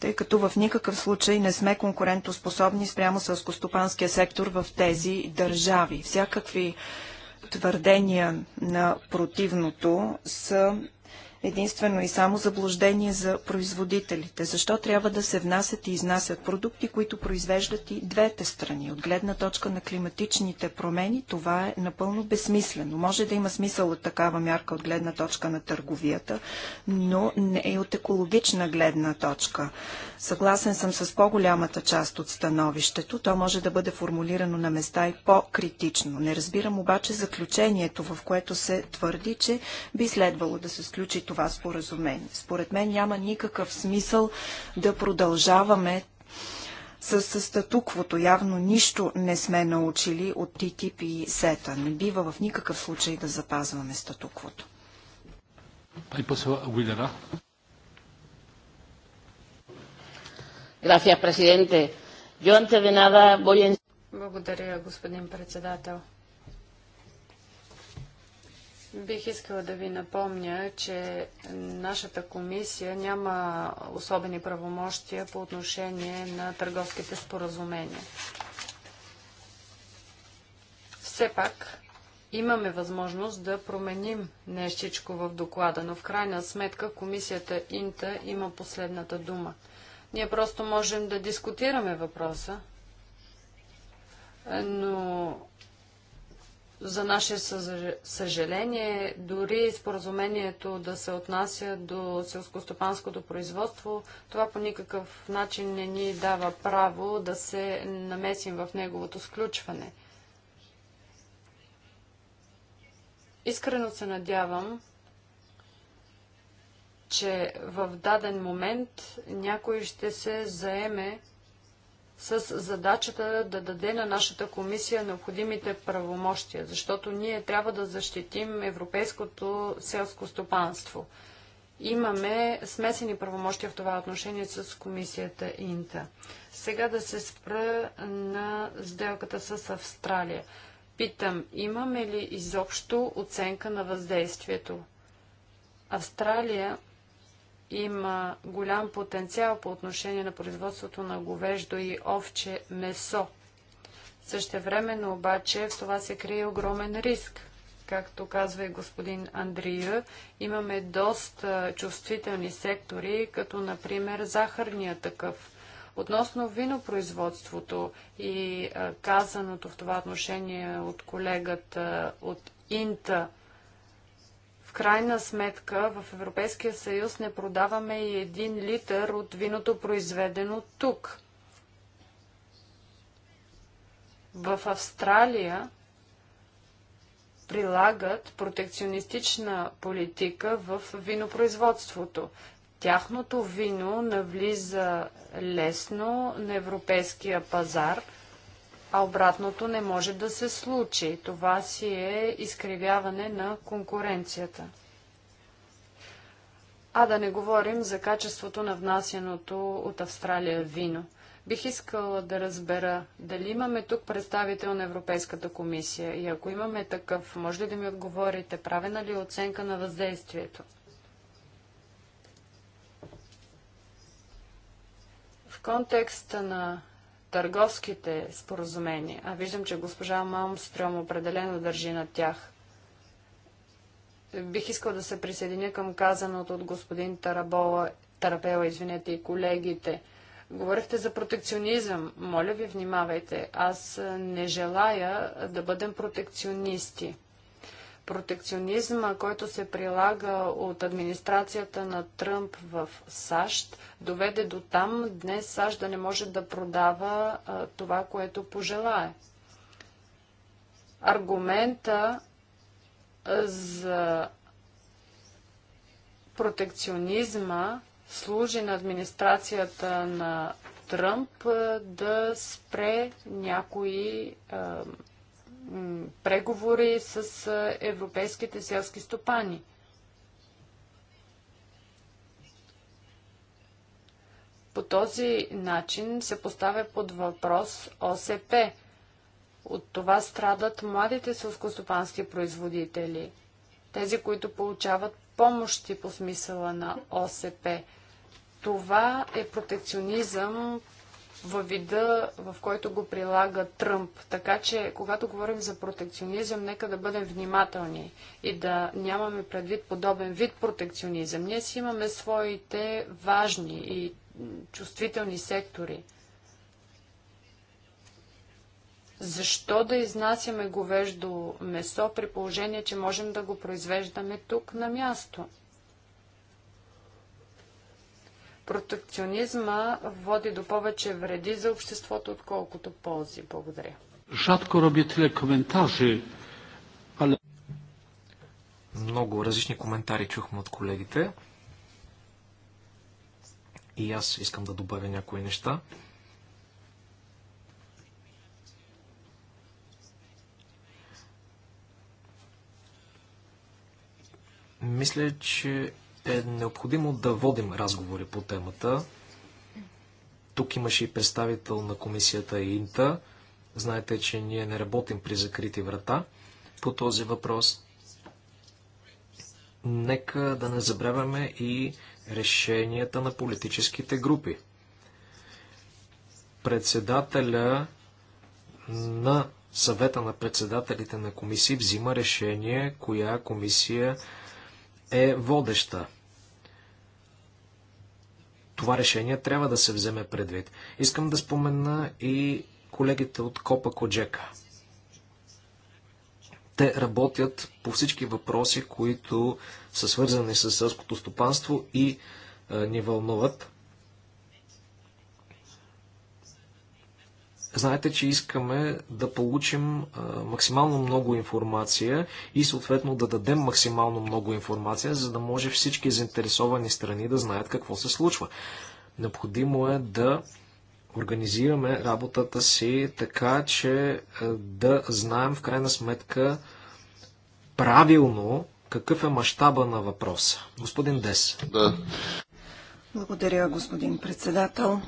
тъй като в никакъв случай не сме конкурентоспособни спрямо сълскостопанския сектор в тези държави. Всякакви твърдения на противното са единствено и само заблуждение за производителите. Защо трябва да се внасят и изнасят продукти, които произвеждат и двете страни? От гледна точка на климатичните промени това е напълно безсмислено. Може да има смисъл от такава мярка от гледна точка на търговията, но не и от екологична гледна точка. Съгласен съм с по-голямата част от становището. То може да бъде формулирано на места и по-критично. Не разбирам обаче заключението, в което се твърди, че би следвало да се сключи това споразумение. Според мен няма никакъв смисъл да продължаваме с статуквото. Явно нищо не сме научили от ТТП и СЕТА. Не бива в никакъв случай да запазваме статуквото. Благодаря, господин председател. Бих искала да ви напомня, че нашата комисия няма особени правомощия по отношение на търговските споразумения. Все пак имаме възможност да променим нещичко в доклада, но в крайна сметка комисията Инта има последната дума. Ние просто можем да дискутираме въпроса, но за наше съжаление, дори споразумението да се отнася до селскостопанското производство, това по никакъв начин не ни дава право да се намесим в неговото сключване. Искрено се надявам, че в даден момент някой ще се заеме с задачата да даде на нашата комисия необходимите правомощия, защото ние трябва да защитим европейското селско стопанство. Имаме смесени правомощия в това отношение с комисията Инта. Сега да се спра на сделката с Австралия. Питам, имаме ли изобщо оценка на въздействието? Австралия има голям потенциал по отношение на производството на говеждо и овче месо. Същевременно обаче в това се крие огромен риск. Както казва и господин Андрия, имаме доста чувствителни сектори, като например захарния такъв. Относно винопроизводството и казаното в това отношение от колегата от Инта – в крайна сметка в Европейския съюз не продаваме и един литър от виното, произведено тук. В Австралия прилагат протекционистична политика в винопроизводството. Тяхното вино навлиза лесно на европейския пазар – а обратното не може да се случи. Това си е изкривяване на конкуренцията. А да не говорим за качеството на внасяното от Австралия вино. Бих искала да разбера дали имаме тук представител на Европейската комисия и ако имаме такъв, може ли да ми отговорите, правена ли е оценка на въздействието? В контекста на търговските споразумения, а виждам, че госпожа Малмстрем определено държи на тях. Бих искал да се присъединя към казаното от господин Тарабола, Тарапела, извинете, и колегите. Говорихте за протекционизъм. Моля ви, внимавайте. Аз не желая да бъдем протекционисти. Протекционизма, който се прилага от администрацията на Тръмп в САЩ, доведе до там днес САЩ да не може да продава а, това, което пожелае. Аргумента за протекционизма служи на администрацията на Тръмп да спре някои е, преговори с европейските селски стопани. По този начин се поставя под въпрос ОСП. От това страдат младите селскостопански производители, тези, които получават помощи по смисъла на ОСП. Това е протекционизъм, във вида, в който го прилага Тръмп. Така че, когато говорим за протекционизъм, нека да бъдем внимателни и да нямаме предвид подобен вид протекционизъм. Ние си имаме своите важни и чувствителни сектори. Защо да изнасяме говеждо месо при положение, че можем да го произвеждаме тук на място? Протекционизма води до повече вреди за обществото, отколкото ползи. Благодаря. Rzadko роби тиле коментажи, Много различни коментари чухме от колегите. И аз искам да добавя някои неща. Мисля, че е необходимо да водим разговори по темата. Тук имаше и представител на комисията Инта. Знаете, че ние не работим при закрити врата по този въпрос. Нека да не забравяме и решенията на политическите групи. Председателя на съвета на председателите на комисии взима решение, коя комисия е водеща. Това решение трябва да се вземе предвид. Искам да спомена и колегите от Копа Коджека. Те работят по всички въпроси, които са свързани с селското стопанство и е, ни вълнуват. Знаете, че искаме да получим максимално много информация и съответно да дадем максимално много информация, за да може всички заинтересовани страни да знаят какво се случва. Необходимо е да организираме работата си така, че да знаем в крайна сметка правилно какъв е мащаба на въпроса. Господин Дес. Да. Благодаря, господин председател.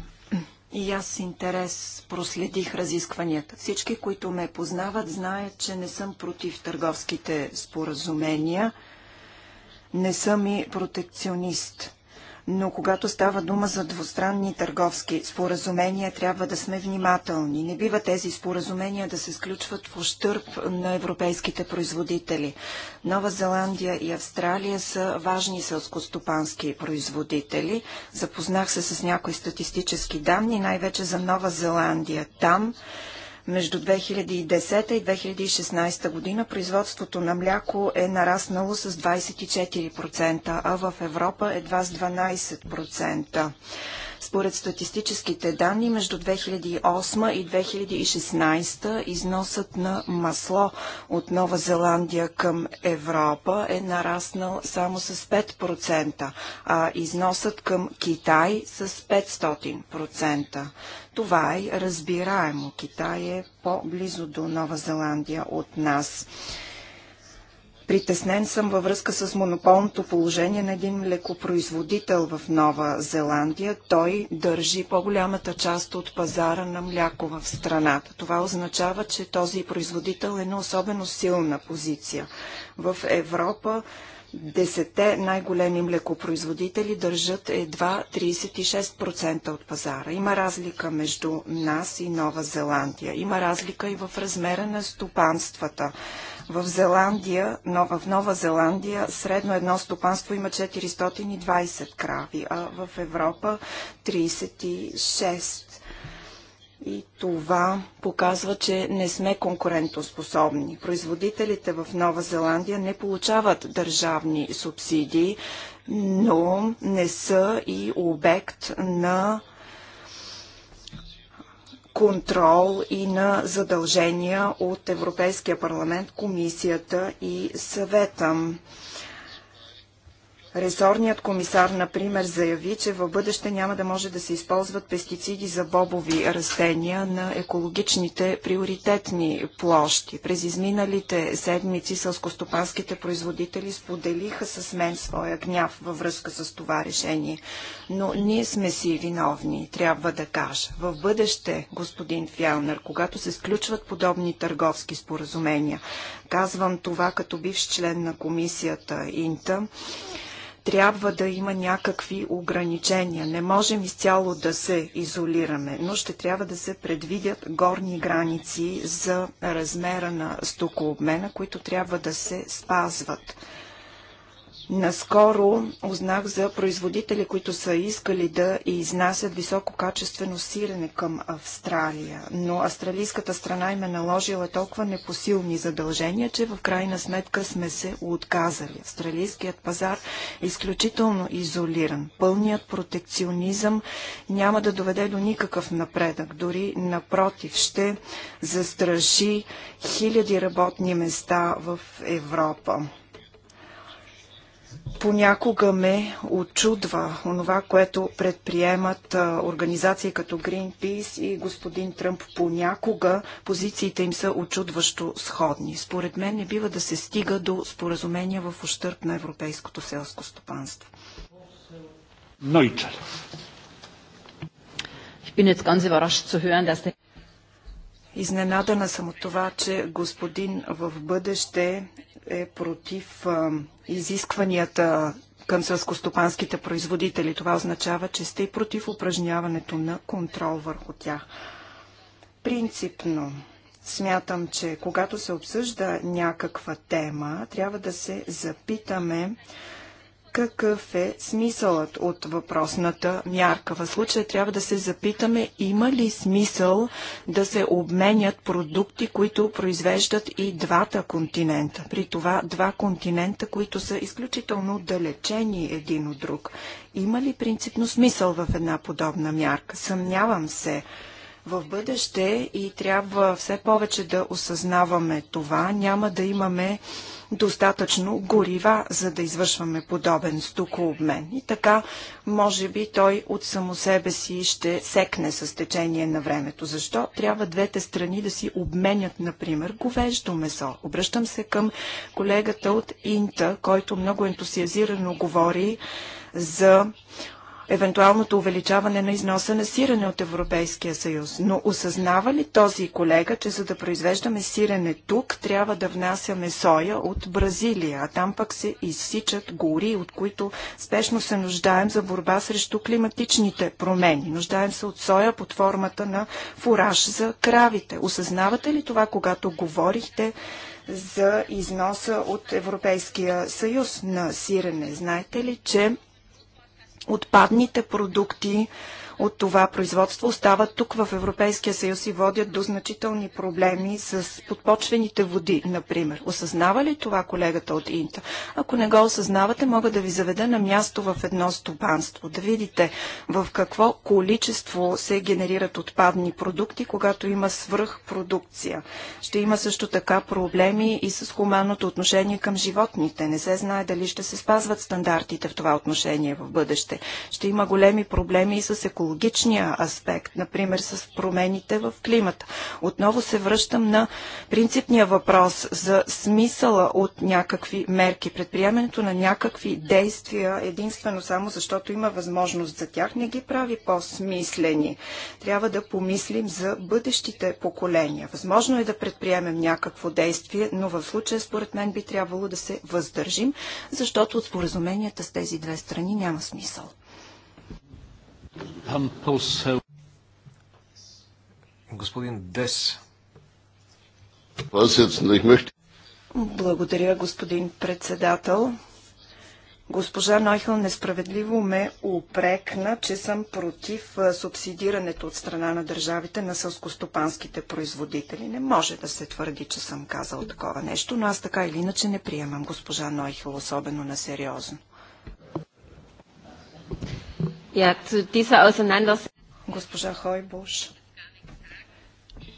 И аз с интерес проследих разискванията. Всички, които ме познават, знаят, че не съм против търговските споразумения. Не съм и протекционист но когато става дума за двустранни търговски споразумения, трябва да сме внимателни. Не бива тези споразумения да се сключват в ущърп на европейските производители. Нова Зеландия и Австралия са важни селскостопански производители. Запознах се с някои статистически данни, най-вече за Нова Зеландия. Там между 2010 и 2016 година производството на мляко е нараснало с 24%, а в Европа едва с 12%. Според статистическите данни, между 2008 и 2016 износът на масло от Нова Зеландия към Европа е нараснал само с 5%, а износът към Китай с 500%. Това е разбираемо. Китай е по-близо до Нова Зеландия от нас. Притеснен съм във връзка с монополното положение на един млекопроизводител в Нова Зеландия. Той държи по-голямата част от пазара на мляко в страната. Това означава, че този производител е на особено силна позиция. В Европа десете най-големи млекопроизводители държат едва 36% от пазара. Има разлика между нас и Нова Зеландия. Има разлика и в размера на стопанствата. В Зеландия, но в Нова Зеландия, средно едно стопанство има 420 крави, а в Европа 36. И това показва, че не сме конкурентоспособни. Производителите в Нова Зеландия не получават държавни субсидии, но не са и обект на контрол и на задължения от Европейския парламент, комисията и съвета. Ресорният комисар, например, заяви, че в бъдеще няма да може да се използват пестициди за бобови растения на екологичните приоритетни площи. През изминалите седмици сълскостопанските производители споделиха с мен своя гняв във връзка с това решение. Но ние сме си виновни, трябва да кажа. В бъдеще, господин Фялнер, когато се сключват подобни търговски споразумения, казвам това като бивш член на комисията Инта, трябва да има някакви ограничения. Не можем изцяло да се изолираме, но ще трябва да се предвидят горни граници за размера на стокообмена, които трябва да се спазват. Наскоро узнах за производители, които са искали да изнасят висококачествено сирене към Австралия, но австралийската страна им е наложила толкова непосилни задължения, че в крайна сметка сме се отказали. Австралийският пазар е изключително изолиран. Пълният протекционизъм няма да доведе до никакъв напредък. Дори напротив, ще застраши хиляди работни места в Европа. Понякога ме очудва онова, което предприемат организации като Greenpeace и господин Тръмп. Понякога позициите им са очудващо сходни. Според мен не бива да се стига до споразумения в ущърп на европейското селско стопанство. Ich bin jetzt ganz überrascht zu hören, dass der Изненадана съм от това, че господин в бъдеще е против изискванията към сълскостопанските производители. Това означава, че сте и против упражняването на контрол върху тях. Принципно смятам, че когато се обсъжда някаква тема, трябва да се запитаме какъв е смисълът от въпросната мярка. В случая трябва да се запитаме има ли смисъл да се обменят продукти, които произвеждат и двата континента. При това два континента, които са изключително отдалечени един от друг. Има ли принципно смисъл в една подобна мярка? Съмнявам се в бъдеще и трябва все повече да осъзнаваме това. Няма да имаме достатъчно горива, за да извършваме подобен стокообмен. И така, може би той от само себе си ще секне с течение на времето. Защо трябва двете страни да си обменят, например, говеждо месо? Обръщам се към колегата от Инта, който много ентусиазирано говори за евентуалното увеличаване на износа на сирене от Европейския съюз. Но осъзнава ли този колега, че за да произвеждаме сирене тук, трябва да внасяме соя от Бразилия, а там пък се изсичат гори, от които спешно се нуждаем за борба срещу климатичните промени. Нуждаем се от соя под формата на фураж за кравите. Осъзнавате ли това, когато говорихте за износа от Европейския съюз на сирене? Знаете ли, че отпадните продукти от това производство остават тук в Европейския съюз и водят до значителни проблеми с подпочвените води, например. Осъзнава ли това колегата от Инта? Ако не го осъзнавате, мога да ви заведа на място в едно стопанство, да видите в какво количество се генерират отпадни продукти, когато има свръхпродукция. Ще има също така проблеми и с хуманното отношение към животните. Не се знае дали ще се спазват стандартите в това отношение в бъдеще. Ще има големи проблеми и с екологията екологичния аспект, например с промените в климата. Отново се връщам на принципния въпрос за смисъла от някакви мерки, предприемането на някакви действия единствено само защото има възможност за тях, не ги прави по-смислени. Трябва да помислим за бъдещите поколения. Възможно е да предприемем някакво действие, но в случая според мен би трябвало да се въздържим, защото от споразуменията с тези две страни няма смисъл. Господин Дес. Благодаря, господин председател. Госпожа Нойхъл несправедливо ме упрекна, че съм против субсидирането от страна на държавите на сълскостопанските производители. Не може да се твърди, че съм казал такова нещо, но аз така или иначе не приемам госпожа Нойхъл особено на сериозно. Ja, zu dieser Auseinandersetzung. Госпожа Хойбуш.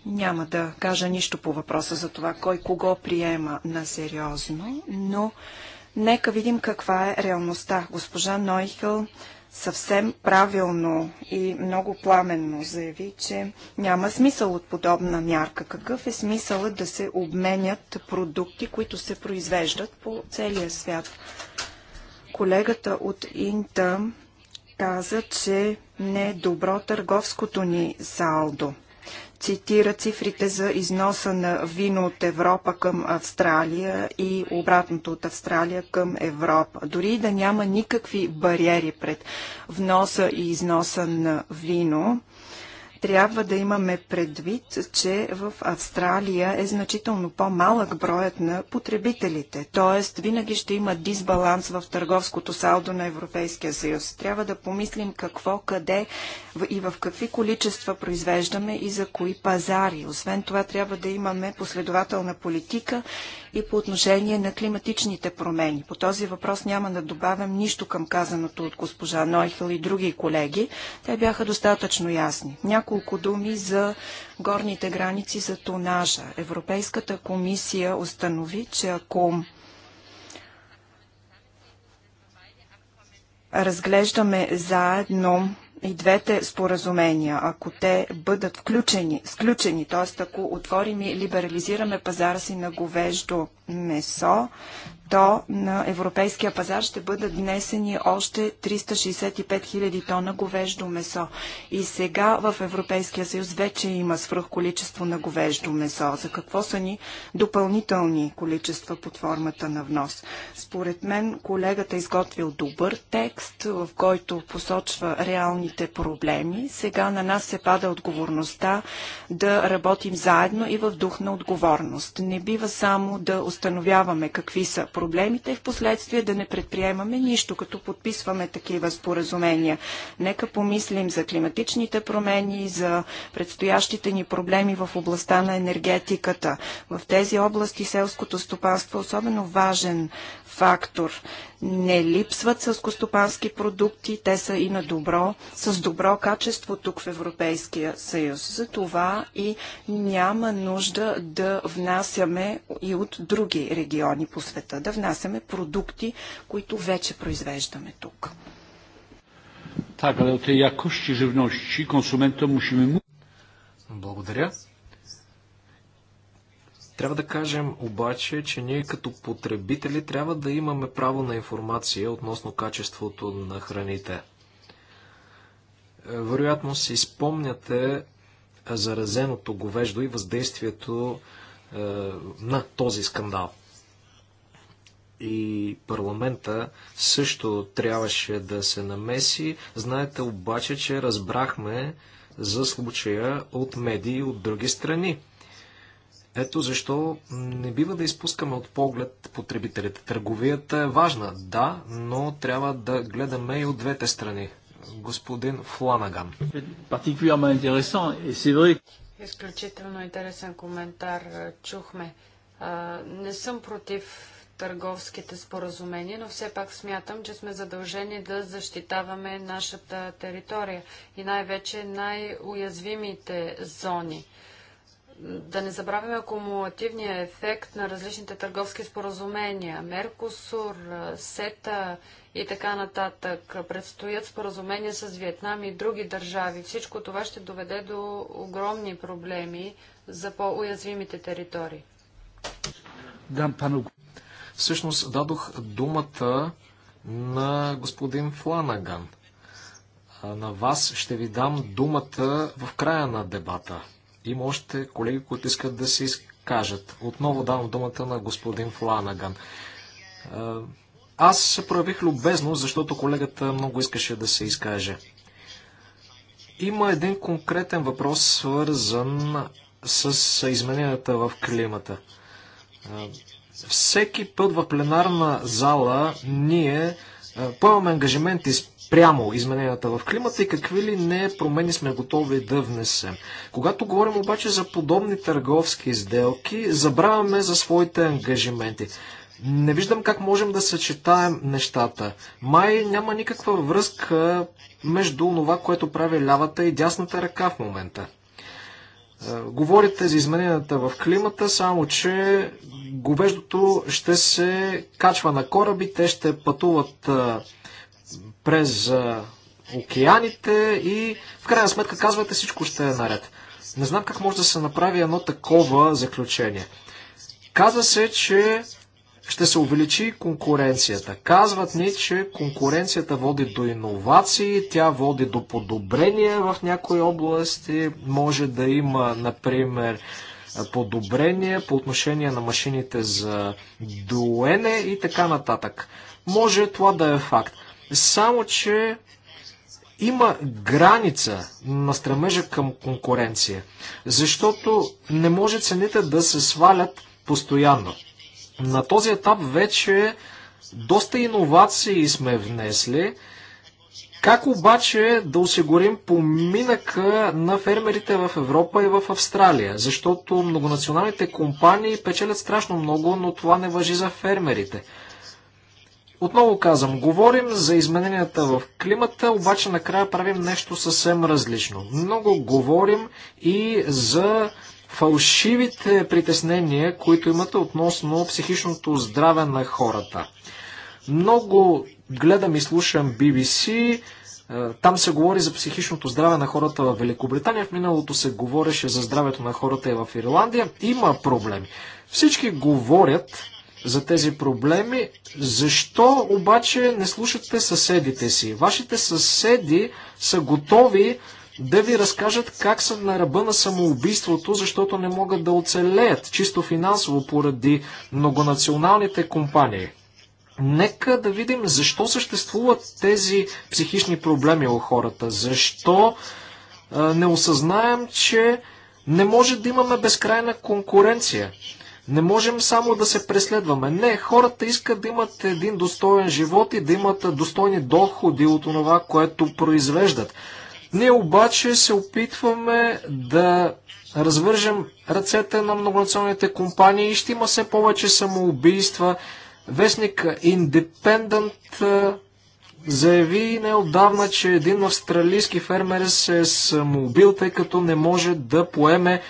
Няма да кажа нищо по въпроса за това, кой кого приема на сериозно, но нека видим каква е реалността. Госпожа Нойхел съвсем правилно и много пламенно заяви, че няма смисъл от подобна мярка. Какъв е смисълът да се обменят продукти, които се произвеждат по целия свят? Колегата от Инта каза, че не е добро търговското ни салдо. Цитира цифрите за износа на вино от Европа към Австралия и обратното от Австралия към Европа. Дори да няма никакви бариери пред вноса и износа на вино, трябва да имаме предвид, че в Австралия е значително по-малък броят на потребителите. Т.е. винаги ще има дисбаланс в търговското салдо на Европейския съюз. Трябва да помислим какво, къде и в какви количества произвеждаме и за кои пазари. Освен това, трябва да имаме последователна политика, и по отношение на климатичните промени. По този въпрос няма да добавям нищо към казаното от госпожа Нойхел и други колеги. Те бяха достатъчно ясни. Няколко думи за горните граници за тонажа. Европейската комисия установи, че ако разглеждаме заедно и двете споразумения, ако те бъдат включени, сключени, т.е. ако отворим и либерализираме пазара си на говеждо месо, то на европейския пазар ще бъдат внесени още 365 000 тона говеждо месо. И сега в Европейския съюз вече има свръх количество на говеждо месо. За какво са ни допълнителни количества под формата на внос? Според мен колегата е изготвил добър текст, в който посочва реалните проблеми. Сега на нас се пада отговорността да работим заедно и в дух на отговорност. Не бива само да установяваме какви са проблемите и в последствие да не предприемаме нищо, като подписваме такива споразумения. Нека помислим за климатичните промени, за предстоящите ни проблеми в областта на енергетиката. В тези области селското стопанство е особено важен фактор. Не липсват костопански продукти, те са и на добро, с добро качество тук в Европейския съюз. За това и няма нужда да внасяме и от други региони по света, да внасяме продукти, които вече произвеждаме тук. Благодаря. Трябва да кажем обаче, че ние като потребители трябва да имаме право на информация относно качеството на храните. Е, вероятно си спомняте заразеното говеждо и въздействието е, на този скандал. И парламента също трябваше да се намеси. Знаете обаче, че разбрахме за случая от медии от други страни. Ето защо не бива да изпускаме от поглед потребителите. Търговията е важна, да, но трябва да гледаме и от двете страни. Господин Фланаган. Изключително интересен коментар чухме. Не съм против търговските споразумения, но все пак смятам, че сме задължени да защитаваме нашата територия и най-вече най-уязвимите зони да не забравяме акумулативния ефект на различните търговски споразумения. Меркосур, СЕТА и така нататък. Предстоят споразумения с Виетнам и други държави. Всичко това ще доведе до огромни проблеми за по-уязвимите територии. Всъщност дадох думата на господин Фланаган. На вас ще ви дам думата в края на дебата. Има още колеги, които искат да се изкажат. Отново давам думата на господин Фланаган. Аз се проявих любезно, защото колегата много искаше да се изкаже. Има един конкретен въпрос, свързан с измененията в климата. Всеки път в пленарна зала ние поемаме ангажименти, спрямо измененията в климата и какви ли не промени сме готови да внесем. Когато говорим обаче за подобни търговски сделки, забравяме за своите ангажименти. Не виждам как можем да съчетаем нещата. Май няма никаква връзка между това, което прави лявата и дясната ръка в момента. Е, говорите за измененията в климата, само че говеждото ще се качва на кораби, те ще пътуват е, през океаните и в крайна сметка казвате всичко ще е наред. Не знам как може да се направи едно такова заключение. Каза се, че ще се увеличи конкуренцията. Казват ни, че конкуренцията води до иновации, тя води до подобрения в някои области. Може да има, например, подобрения по отношение на машините за дуене и така нататък. Може това да е факт. Само, че има граница на стремежа към конкуренция, защото не може цените да се свалят постоянно. На този етап вече доста иновации сме внесли. Как обаче да осигурим поминъка на фермерите в Европа и в Австралия? Защото многонационалните компании печелят страшно много, но това не въжи за фермерите. Отново казвам, говорим за измененията в климата, обаче накрая правим нещо съвсем различно. Много говорим и за фалшивите притеснения, които имате относно психичното здраве на хората. Много гледам и слушам BBC, е, там се говори за психичното здраве на хората в Великобритания. В миналото се говореше за здравето на хората и в Ирландия. Има проблеми. Всички говорят за тези проблеми. Защо обаче не слушате съседите си? Вашите съседи са готови да ви разкажат как са на ръба на самоубийството, защото не могат да оцелеят чисто финансово поради многонационалните компании. Нека да видим защо съществуват тези психични проблеми у хората. Защо не осъзнаем, че не може да имаме безкрайна конкуренция. Не можем само да се преследваме. Не, хората искат да имат един достоен живот и да имат достойни доходи от това, което произвеждат. Ние обаче се опитваме да развържем ръцете на многонационните компании и ще има все повече самоубийства. Вестник Independent заяви неодавна, че един австралийски фермер се е самоубил, тъй като не може да поеме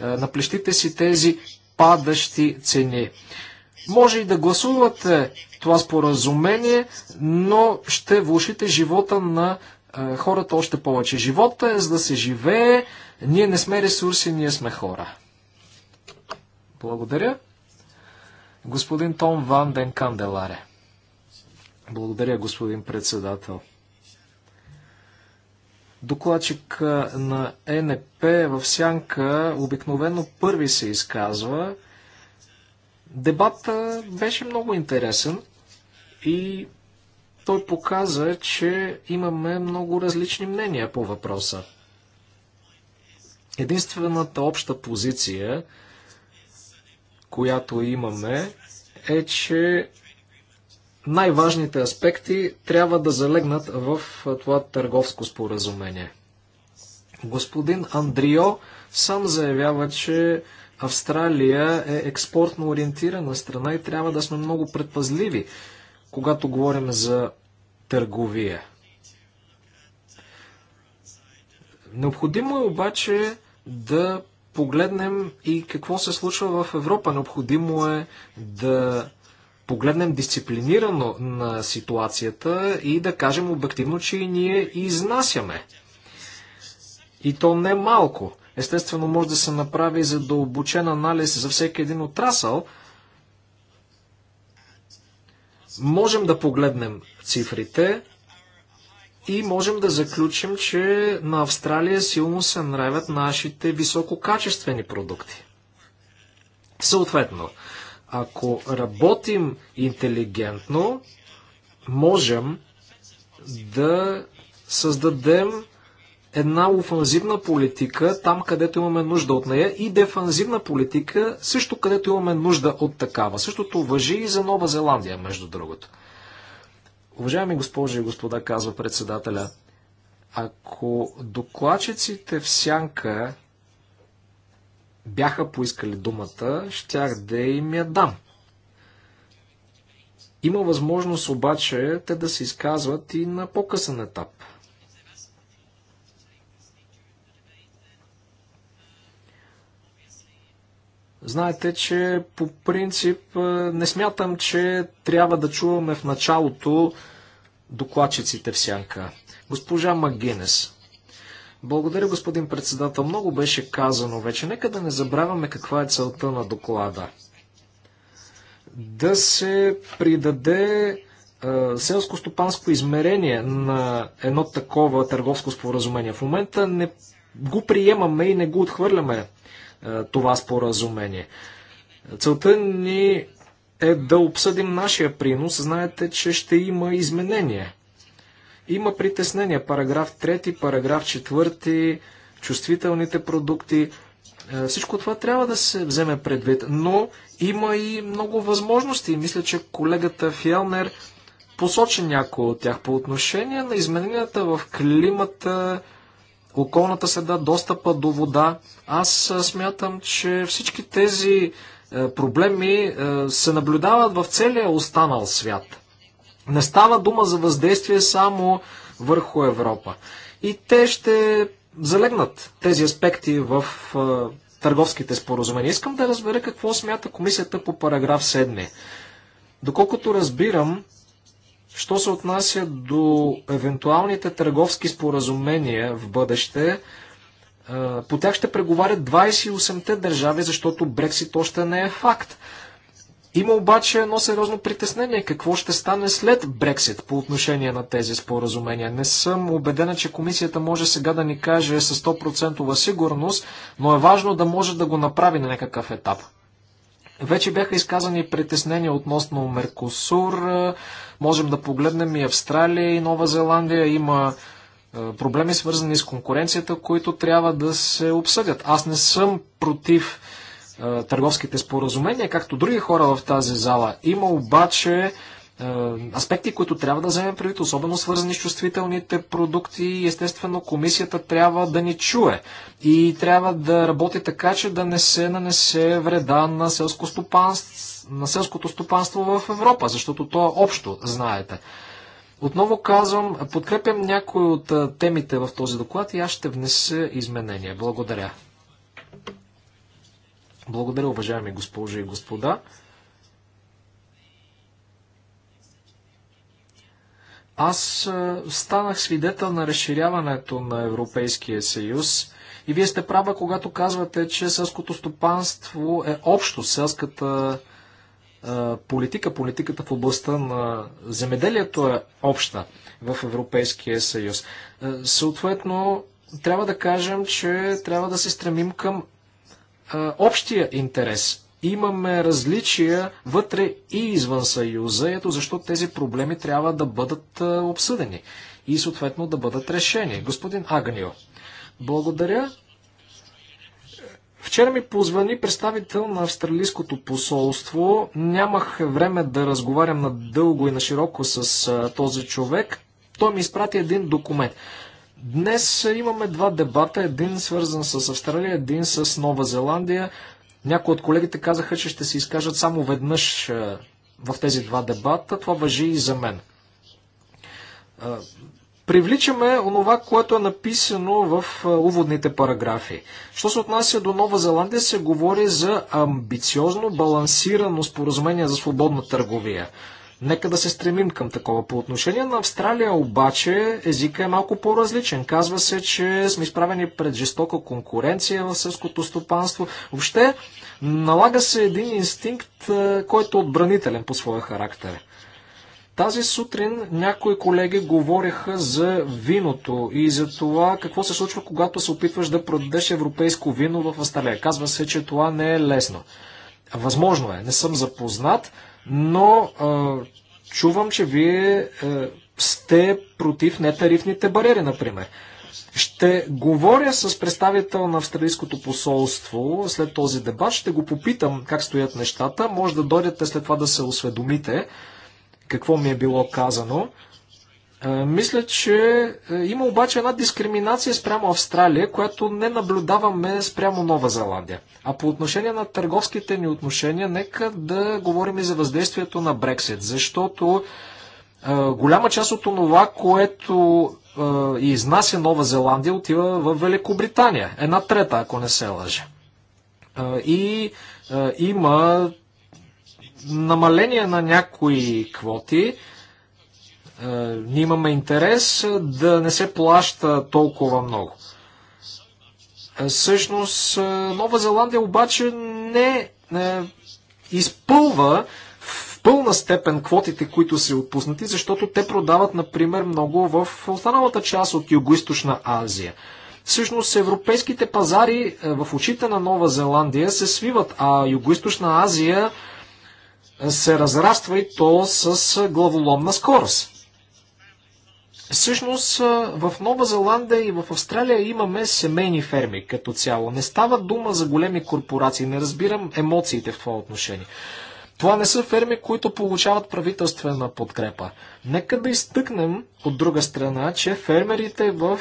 на плещите си тези падащи цени. Може и да гласувате това споразумение, но ще влушите живота на е, хората още повече. Живота е за да се живее. Ние не сме ресурси, ние сме хора. Благодаря. Господин Том Ван Ден Канделаре. Благодаря, господин председател. Докладчик на НП в сянка обикновено първи се изказва. Дебата беше много интересен и той показа, че имаме много различни мнения по въпроса. Единствената обща позиция, която имаме, е, че най-важните аспекти трябва да залегнат в това търговско споразумение. Господин Андрио сам заявява, че Австралия е експортно ориентирана страна и трябва да сме много предпазливи, когато говорим за търговия. Необходимо е обаче да погледнем и какво се случва в Европа. Необходимо е да погледнем дисциплинирано на ситуацията и да кажем обективно, че и ние изнасяме. И то не малко. Естествено, може да се направи задълбочен анализ за всеки един отрасъл. Можем да погледнем цифрите и можем да заключим, че на Австралия силно се нравят нашите висококачествени продукти. Съответно, ако работим интелигентно, можем да създадем една офанзивна политика там, където имаме нужда от нея и дефанзивна политика също където имаме нужда от такава. Същото въжи и за Нова Зеландия, между другото. Уважаеми госпожи и господа, казва председателя, ако докладчиците в сянка бяха поискали думата, щях да им я дам. Има възможност обаче те да се изказват и на по-късен етап. Знаете, че по принцип е, не смятам, че трябва да чуваме в началото докладчиците в сянка. Госпожа Магинес. Благодаря, господин председател. Много беше казано вече. Нека да не забравяме каква е целта на доклада. Да се придаде селско-стопанско измерение на едно такова търговско споразумение. В момента не го приемаме и не го отхвърляме това споразумение. Целта ни е да обсъдим нашия принос. Знаете, че ще има изменения има притеснения. Параграф 3, параграф 4, чувствителните продукти. Е, всичко това трябва да се вземе предвид, но има и много възможности. Мисля, че колегата Фиалнер посочи някои от тях. По отношение на измененията в климата, околната среда, достъпа до вода, аз смятам, че всички тези е, проблеми е, се наблюдават в целия останал свят. Не става дума за въздействие само върху Европа. И те ще залегнат тези аспекти в е, търговските споразумения. Искам да разбера какво смята комисията по параграф 7. Доколкото разбирам, що се отнася до евентуалните търговски споразумения в бъдеще, по тях ще преговарят 28-те държави, защото Брексит още не е факт. Има обаче едно сериозно притеснение какво ще стане след Брексит по отношение на тези споразумения. Не съм убедена, че комисията може сега да ни каже със 100% сигурност, но е важно да може да го направи на някакъв етап. Вече бяха изказани притеснения относно Меркосур, можем да погледнем и Австралия и Нова Зеландия, има е, проблеми свързани с конкуренцията, които трябва да се обсъдят. Аз не съм против търговските споразумения, както други хора в тази зала. Има обаче аспекти, които трябва да вземем предвид, особено свързани с чувствителните продукти. Естествено, комисията трябва да ни чуе и трябва да работи така, че да не се нанесе вреда на, селско стопанство, на селското стопанство в Европа, защото то е общо, знаете. Отново казвам, подкрепям някои от темите в този доклад и аз ще внеса изменения. Благодаря. Благодаря, уважаеми госпожи и господа. Аз станах свидетел на разширяването на Европейския съюз и вие сте права, когато казвате, че селското стопанство е общо селската политика, политиката в областта на земеделието е обща в Европейския съюз. съответно, трябва да кажем, че трябва да се стремим към общия интерес. Имаме различия вътре и извън Съюза, ето защо тези проблеми трябва да бъдат обсъдени и съответно да бъдат решени. Господин Агнио, благодаря. Вчера ми позвани представител на австралийското посолство. Нямах време да разговарям надълго и на широко с този човек. Той ми изпрати един документ. Днес имаме два дебата, един свързан с Австралия, един с Нова Зеландия. Някои от колегите казаха, че ще се изкажат само веднъж е, в тези два дебата. Това въжи и за мен. Е, привличаме онова, което е написано в е, уводните параграфи. Що се отнася до Нова Зеландия, се говори за амбициозно балансирано споразумение за свободна търговия. Нека да се стремим към такова. По отношение на Австралия обаче езика е малко по-различен. Казва се, че сме изправени пред жестока конкуренция в сълското стопанство. Въобще налага се един инстинкт, е, който е отбранителен по своя характер. Тази сутрин някои колеги говореха за виното и за това какво се случва, когато се опитваш да продадеш европейско вино в Австралия. Казва се, че това не е лесно. Възможно е, не съм запознат, но а, чувам, че вие а, е, сте против нетарифните бариери, например. Ще говоря с представител на австралийското посолство след този дебат. Ще го попитам как стоят нещата. Може да дойдете след това да се осведомите какво ми е било казано. Мисля, че има обаче една дискриминация спрямо Австралия, която не наблюдаваме спрямо Нова Зеландия. А по отношение на търговските ни отношения, нека да говорим и за въздействието на Брексит, защото голяма част от това, което изнася Нова Зеландия, отива в Великобритания. Една трета, ако не се лъже. и има намаление на някои квоти, е, ние имаме интерес да не се плаща толкова много. Е, Същност е, Нова Зеландия обаче не, изпълва в пълна степен квотите, които са отпуснати, защото те продават, например, много в останалата част от Юго-Источна Азия. Всъщност европейските пазари в очите на Нова Зеландия се свиват, а Юго-Источна Азия се разраства и то с главоломна скорост. Всъщност в Нова Зеландия и в Австралия имаме семейни ферми като цяло. Не става дума за големи корпорации. Не разбирам емоциите в това отношение. Това не са ферми, които получават правителствена подкрепа. Нека да изтъкнем от друга страна, че фермерите в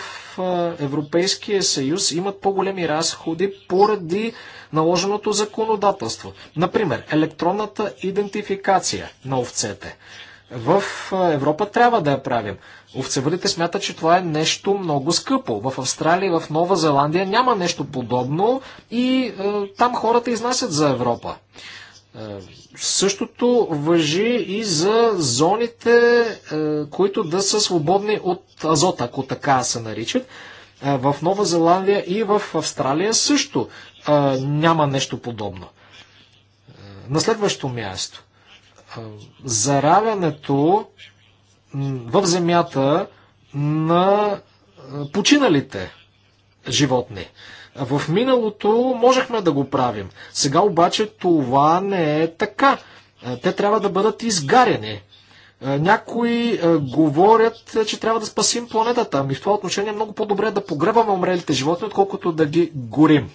Европейския съюз имат по-големи разходи поради наложеното законодателство. Например, електронната идентификация на овцете в Европа трябва да я правим. Овцевъдите смятат, че това е нещо много скъпо. В Австралия и в Нова Зеландия няма нещо подобно и е, там хората изнасят за Европа. Е, същото въжи и за зоните, е, които да са свободни от азот, ако така се наричат. Е, в Нова Зеландия и в Австралия също е, няма нещо подобно. Е, на следващо място заравянето в земята на починалите животни. В миналото можехме да го правим. Сега обаче това не е така. Те трябва да бъдат изгаряни. Някои говорят, че трябва да спасим планетата. Ами в това отношение е много по-добре да погребаме умрелите животни, отколкото да ги горим.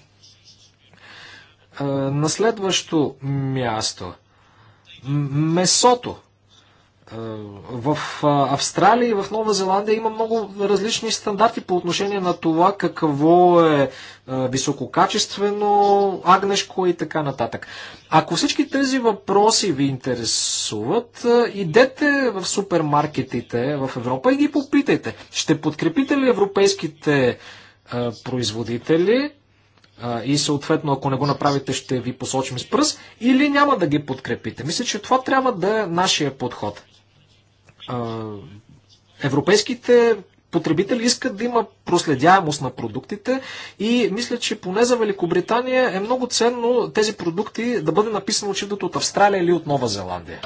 На следващо място – месото. В Австралия и в Нова Зеландия има много различни стандарти по отношение на това какво е висококачествено, агнешко и така нататък. Ако всички тези въпроси ви интересуват, идете в супермаркетите в Европа и ги попитайте. Ще подкрепите ли европейските производители и съответно, ако не го направите, ще ви посочим с пръст, или няма да ги подкрепите. Мисля, че това трябва да е нашия подход. Европейските потребители искат да има проследяемост на продуктите и мисля, че поне за Великобритания е много ценно тези продукти да бъде написано чудото от Австралия или от Нова Зеландия.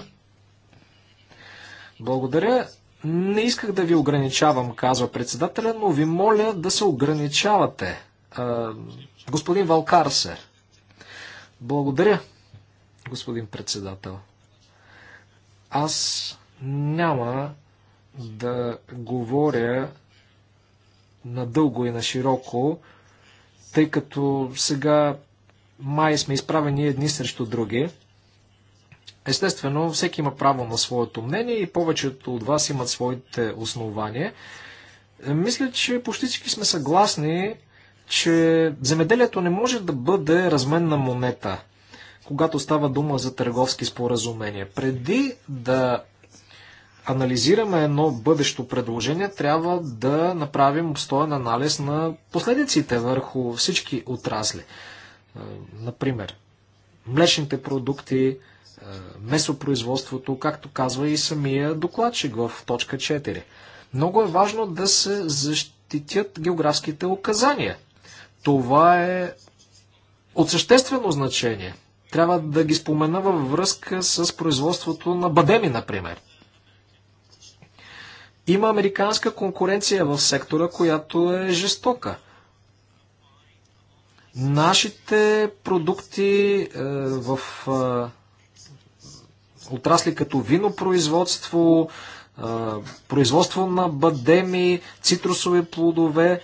Благодаря. Не исках да ви ограничавам, казва председателя, но ви моля да се ограничавате господин Валкарсе. Благодаря, господин председател. Аз няма да говоря надълго и на широко, тъй като сега май сме изправени едни срещу други. Естествено, всеки има право на своето мнение и повечето от вас имат своите основания. Мисля, че почти всички сме съгласни че земеделието не може да бъде разменна монета, когато става дума за търговски споразумения. Преди да анализираме едно бъдещо предложение, трябва да направим обстоен анализ на последиците върху всички отрасли. Е, например, млечните продукти, е, месопроизводството, както казва и самия докладчик в точка 4. Много е важно да се защитят географските указания. Това е от съществено значение. Трябва да ги спомена във връзка с производството на бадеми, например. Има американска конкуренция в сектора, която е жестока. Нашите продукти е, в е, отрасли като винопроизводство, е, производство на бадеми, цитрусови плодове,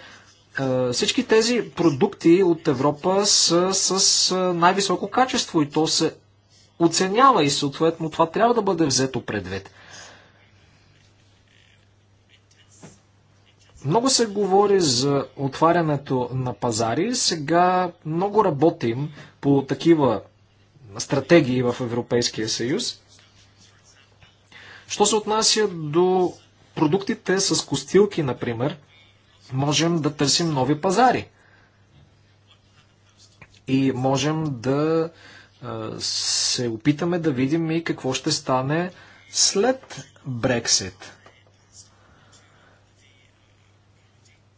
е, всички тези продукти от Европа са с е, най-високо качество и то се оценява и съответно това трябва да бъде взето предвид. Много се говори за отварянето на пазари. Сега много работим по такива стратегии в Европейския съюз. Що се отнася до продуктите с костилки, например – можем да търсим нови пазари. И можем да се опитаме да видим и какво ще стане след Брексит.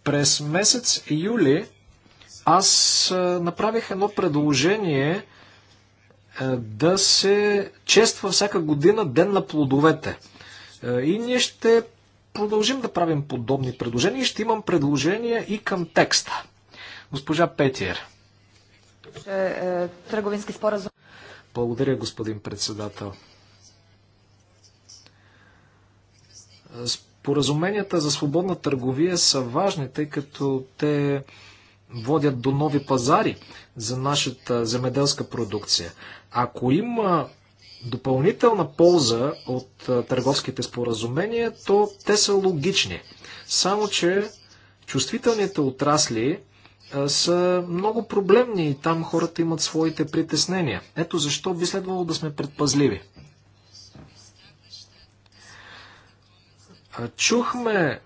През месец юли аз направих едно предложение да се чества всяка година Ден на плодовете. И ние ще продължим да правим подобни предложения и ще имам предложения и към текста. Госпожа Петиер. Е, е, търговински споразум. Благодаря, господин председател. Споразуменията за свободна търговия са важни, тъй като те водят до нови пазари за нашата земеделска продукция. Ако има допълнителна полза от търговските споразумения, то те са логични. Само, че чувствителните отрасли са много проблемни и там хората имат своите притеснения. Ето защо би следвало да сме предпазливи. Чухме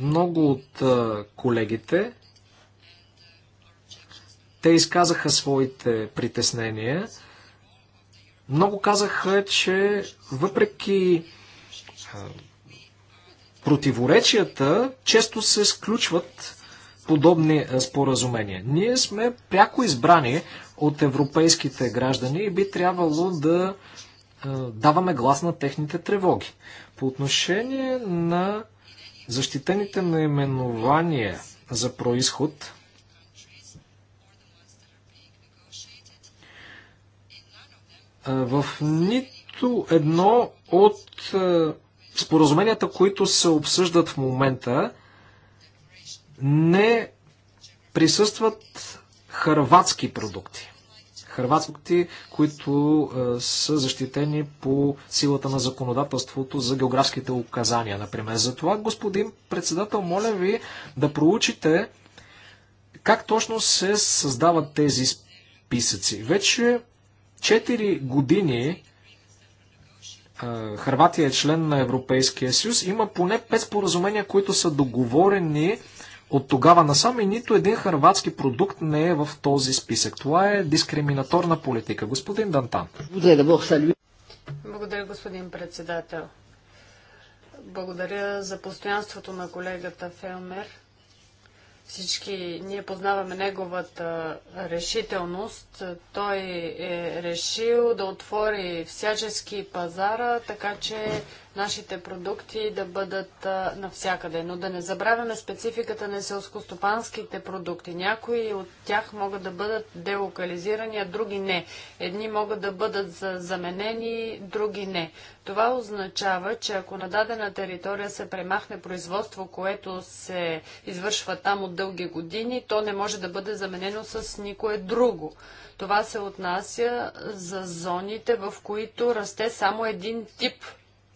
много от колегите. Те изказаха своите притеснения. Много казаха, че въпреки противоречията, често се сключват подобни споразумения. Ние сме пряко избрани от европейските граждани и би трябвало да даваме глас на техните тревоги. По отношение на защитените наименования за происход, В нито едно от споразуменията, които се обсъждат в момента, не присъстват хърватски продукти. Хърватски, които е, са защитени по силата на законодателството за географските указания, например. Затова, господин председател, моля ви да проучите как точно се създават тези списъци. Вече четири години Харватия е член на Европейския съюз, има поне пет споразумения, които са договорени от тогава насам и нито един харватски продукт не е в този списък. Това е дискриминаторна политика. Господин Дантан. Благодаря, господин председател. Благодаря за постоянството на колегата Фелмер. Всички ние познаваме неговата решителност. Той е решил да отвори всячески пазара, така че нашите продукти да бъдат навсякъде. Но да не забравяме спецификата на селскостопанските продукти. Някои от тях могат да бъдат делокализирани, а други не. Едни могат да бъдат заменени, други не. Това означава, че ако на дадена територия се премахне производство, което се извършва там от дълги години, то не може да бъде заменено с никое друго. Това се отнася за зоните, в които расте само един тип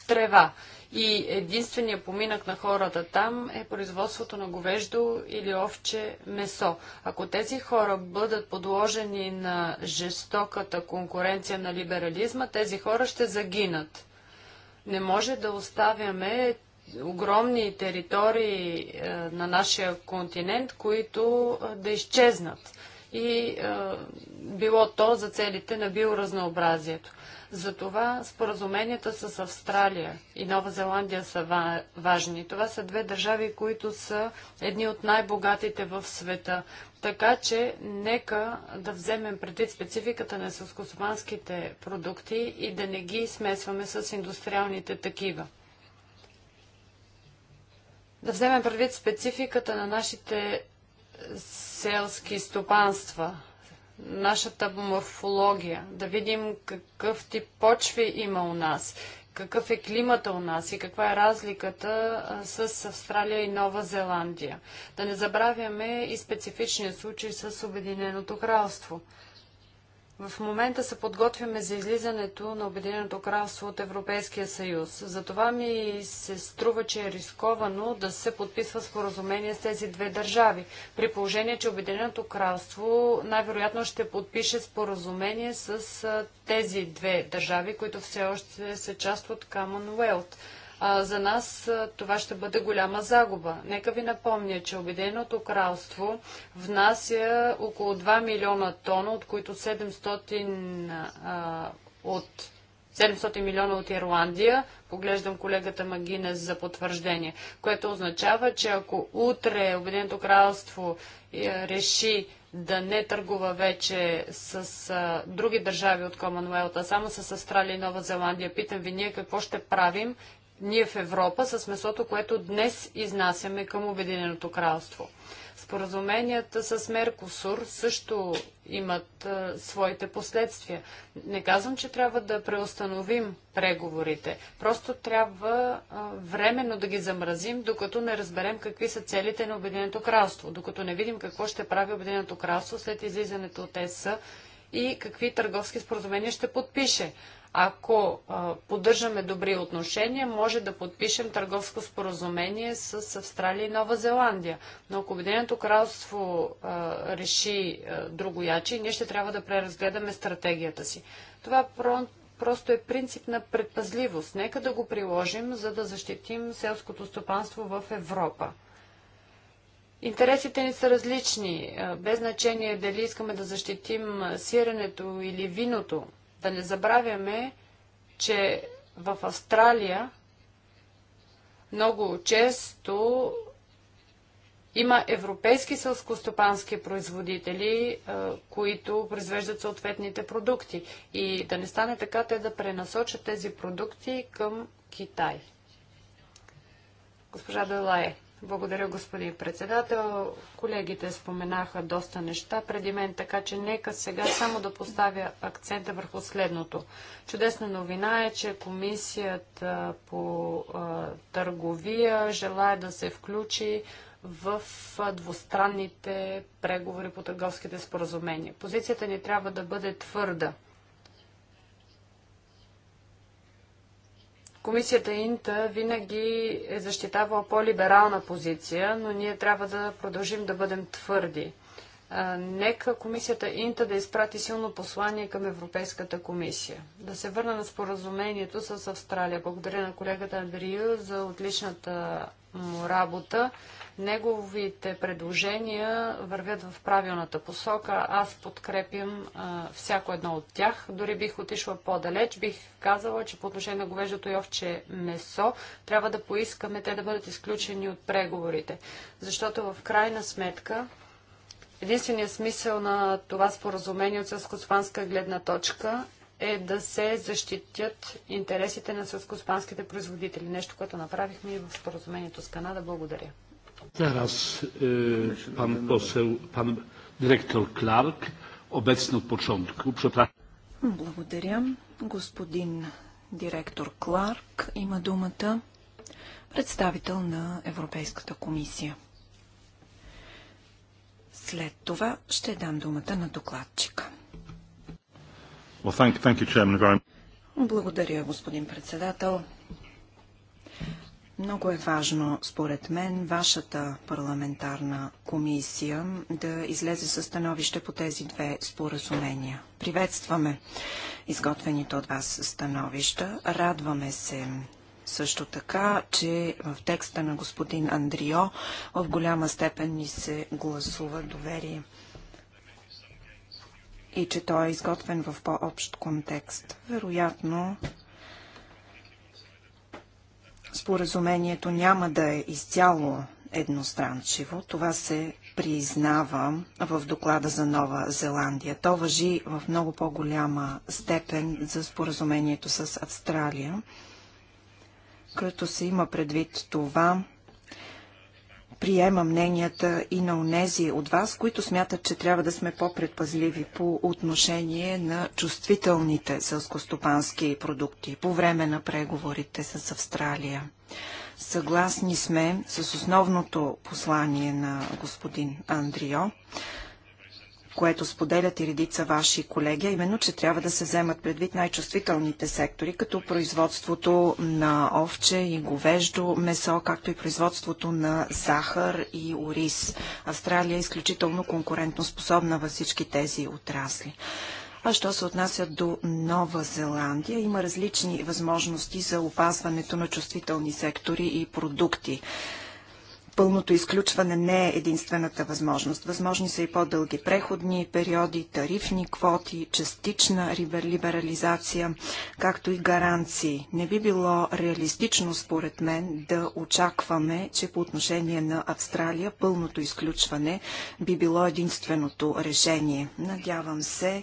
трева. И единствения поминък на хората там е производството на говеждо или овче месо. Ако тези хора бъдат подложени на жестоката конкуренция на либерализма, тези хора ще загинат. Не може да оставяме огромни територии е, на нашия континент, които е, да изчезнат. И е, било то за целите на биоразнообразието. Затова споразуменията с Австралия и Нова Зеландия са важни. Това са две държави, които са едни от най-богатите в света. Така че нека да вземем предвид спецификата на селскостопанските продукти и да не ги смесваме с индустриалните такива да вземем предвид спецификата на нашите селски стопанства нашата морфология, да видим какъв тип почви има у нас, какъв е климата у нас и каква е разликата с Австралия и Нова Зеландия. Да не забравяме и специфичния случай с Обединеното кралство – в момента се подготвяме за излизането на Обединеното кралство от Европейския съюз. Затова ми се струва, че е рисковано да се подписва споразумение с тези две държави, при положение, че Обединеното кралство най-вероятно ще подпише споразумение с тези две държави, които все още са част от Commonwealth а, за нас това ще бъде голяма загуба. Нека ви напомня, че Обединеното кралство внася около 2 милиона тона, от които 700 а, от 700 милиона от Ирландия. Поглеждам колегата Магинес за потвърждение, което означава, че ако утре Обединеното кралство е, реши да не търгува вече с а, други държави от Commonwealth, а само с Австралия и Нова Зеландия, питам ви ние какво ще правим ние в Европа с месото, което днес изнасяме към Обединеното кралство. Споразуменията с Меркосур също имат а, своите последствия. Не казвам, че трябва да преустановим преговорите. Просто трябва а, временно да ги замразим, докато не разберем какви са целите на Обединеното кралство, докато не видим какво ще прави Обединеното кралство след излизането от ЕС и какви търговски споразумения ще подпише. Ако а, поддържаме добри отношения, може да подпишем търговско споразумение с Австралия и Нова Зеландия. Но ако Обединеното кралство а, реши а, другояче, ние ще трябва да преразгледаме стратегията си. Това про просто е принцип на предпазливост. Нека да го приложим, за да защитим селското стопанство в Европа. Интересите ни са различни, без значение дали искаме да защитим сиренето или виното. Да не забравяме, че в Австралия много често има европейски селскостопански производители, е, които произвеждат съответните продукти. И да не стане така те да пренасочат тези продукти към Китай. Госпожа Делае. Благодаря, господин председател. Колегите споменаха доста неща преди мен, така че нека сега само да поставя акцента върху следното. Чудесна новина е, че комисията по търговия желая да се включи в двустранните преговори по търговските споразумения. Позицията ни трябва да бъде твърда. Комисията Инта винаги е защитавала по-либерална позиция, но ние трябва да продължим да бъдем твърди нека комисията Инта да изпрати силно послание към Европейската комисия. Да се върна на споразумението с Австралия. Благодаря на колегата Андрию за отличната му работа. Неговите предложения вървят в правилната посока. Аз подкрепим а, всяко едно от тях. Дори бих отишла по-далеч. Бих казала, че по отношение на говеждото и овче месо трябва да поискаме те да бъдат изключени от преговорите. Защото в крайна сметка Единственият смисъл на това споразумение от селскостопанска гледна точка е да се защитят интересите на селскостопанските производители. Нещо, което направихме и в споразумението с Канада. Благодаря. Зараз е, пан, посел, пан директор Кларк, обецно от почонтку. Благодаря. Господин директор Кларк има думата представител на Европейската комисия. След това ще дам думата на докладчика. Благодаря, господин председател. Много е важно, според мен, вашата парламентарна комисия да излезе със становище по тези две споразумения. Приветстваме изготвените от вас становища. Радваме се, също така, че в текста на господин Андрио в голяма степен ни се гласува доверие и че той е изготвен в по-общ контекст. Вероятно, споразумението няма да е изцяло едностранчиво. Това се признава в доклада за Нова Зеландия. То въжи в много по-голяма степен за споразумението с Австралия. Като се има предвид това, приема мненията и на унези от вас, които смятат, че трябва да сме по-предпазливи по отношение на чувствителните селскостопански продукти по време на преговорите с Австралия. Съгласни сме с основното послание на господин Андрио, което споделят и редица ваши колеги, а именно, че трябва да се вземат предвид най-чувствителните сектори, като производството на овче и говеждо месо, както и производството на захар и ориз. Австралия е изключително конкурентно способна във всички тези отрасли. А що се отнася до Нова Зеландия, има различни възможности за опазването на чувствителни сектори и продукти пълното изключване не е единствената възможност. Възможни са и по-дълги преходни периоди, тарифни квоти, частична либерализация, както и гаранции. Не би било реалистично, според мен, да очакваме, че по отношение на Австралия пълното изключване би било единственото решение. Надявам се,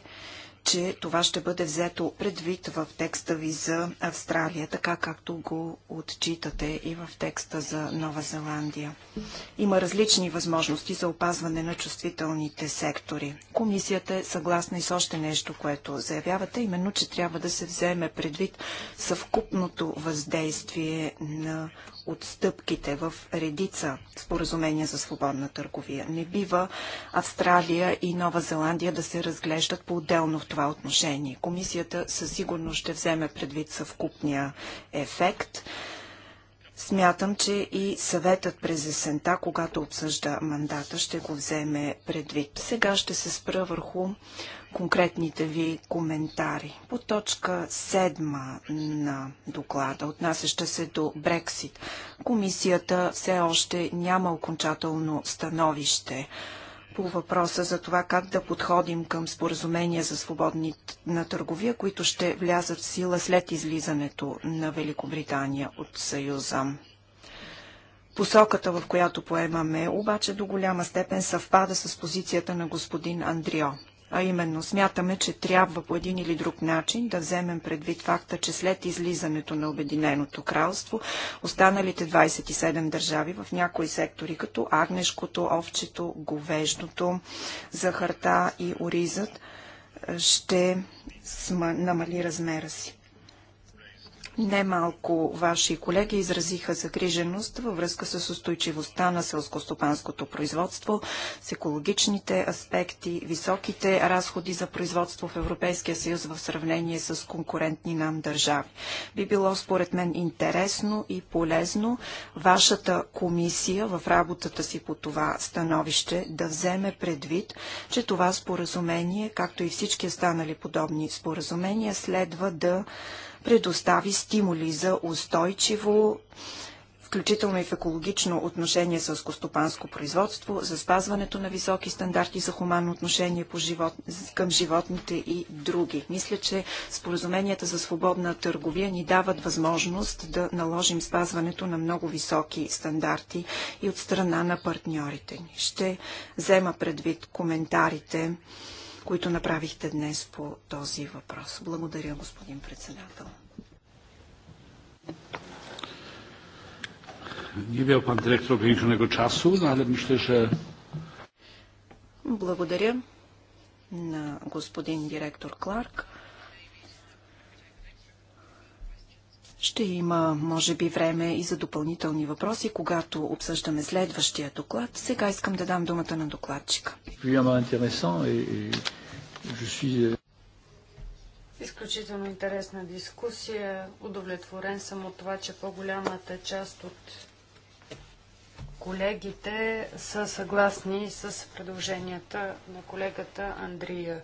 че това ще бъде взето предвид в текста ви за Австралия, така както го отчитате и в текста за Нова Зеландия. Има различни възможности за опазване на чувствителните сектори. Комисията е съгласна и с още нещо, което заявявате, именно, че трябва да се вземе предвид съвкупното въздействие на отстъпките в редица споразумения за свободна търговия. Не бива Австралия и Нова Зеландия да се разглеждат по-отделно в това отношение. Комисията със сигурност ще вземе предвид съвкупния ефект. Смятам, че и съветът през есента, когато обсъжда мандата, ще го вземе предвид. Сега ще се спра върху конкретните ви коментари. По точка 7 на доклада, отнасяща се до Брексит, комисията все още няма окончателно становище по въпроса за това как да подходим към споразумения за свободни на търговия, които ще влязат в сила след излизането на Великобритания от Съюза. Посоката, в която поемаме, обаче до голяма степен съвпада с позицията на господин Андрио а именно смятаме, че трябва по един или друг начин да вземем предвид факта, че след излизането на Обединеното кралство, останалите 27 държави в някои сектори, като агнешкото, овчето, говеждото, захарта и оризът, ще намали размера си. Немалко ваши колеги изразиха загриженост във връзка с устойчивостта на селскостопанското производство, с екологичните аспекти, високите разходи за производство в Европейския съюз в сравнение с конкурентни нам държави. Би било според мен интересно и полезно вашата комисия в работата си по това становище да вземе предвид, че това споразумение, както и всички останали подобни споразумения, следва да предостави стимули за устойчиво включително и в екологично отношение с костопанско производство, за спазването на високи стандарти за хуманно отношение по живот, към животните и други. Мисля, че споразуменията за свободна търговия ни дават възможност да наложим спазването на много високи стандарти и от страна на партньорите ни. Ще взема предвид коментарите които направихте днес по този въпрос. Благодаря, господин председател. Nie miał pan dyrektor ograniczonego часу, но ale мисля, че... Благодаря на господин директор Кларк. Ще има, може би, време и за допълнителни въпроси, когато обсъждаме следващия доклад. Сега искам да дам думата на докладчика. Euh, Изключително интересна дискусия. Удовлетворен съм от това, че по-голямата част от колегите са съгласни с предложенията на колегата Андрия.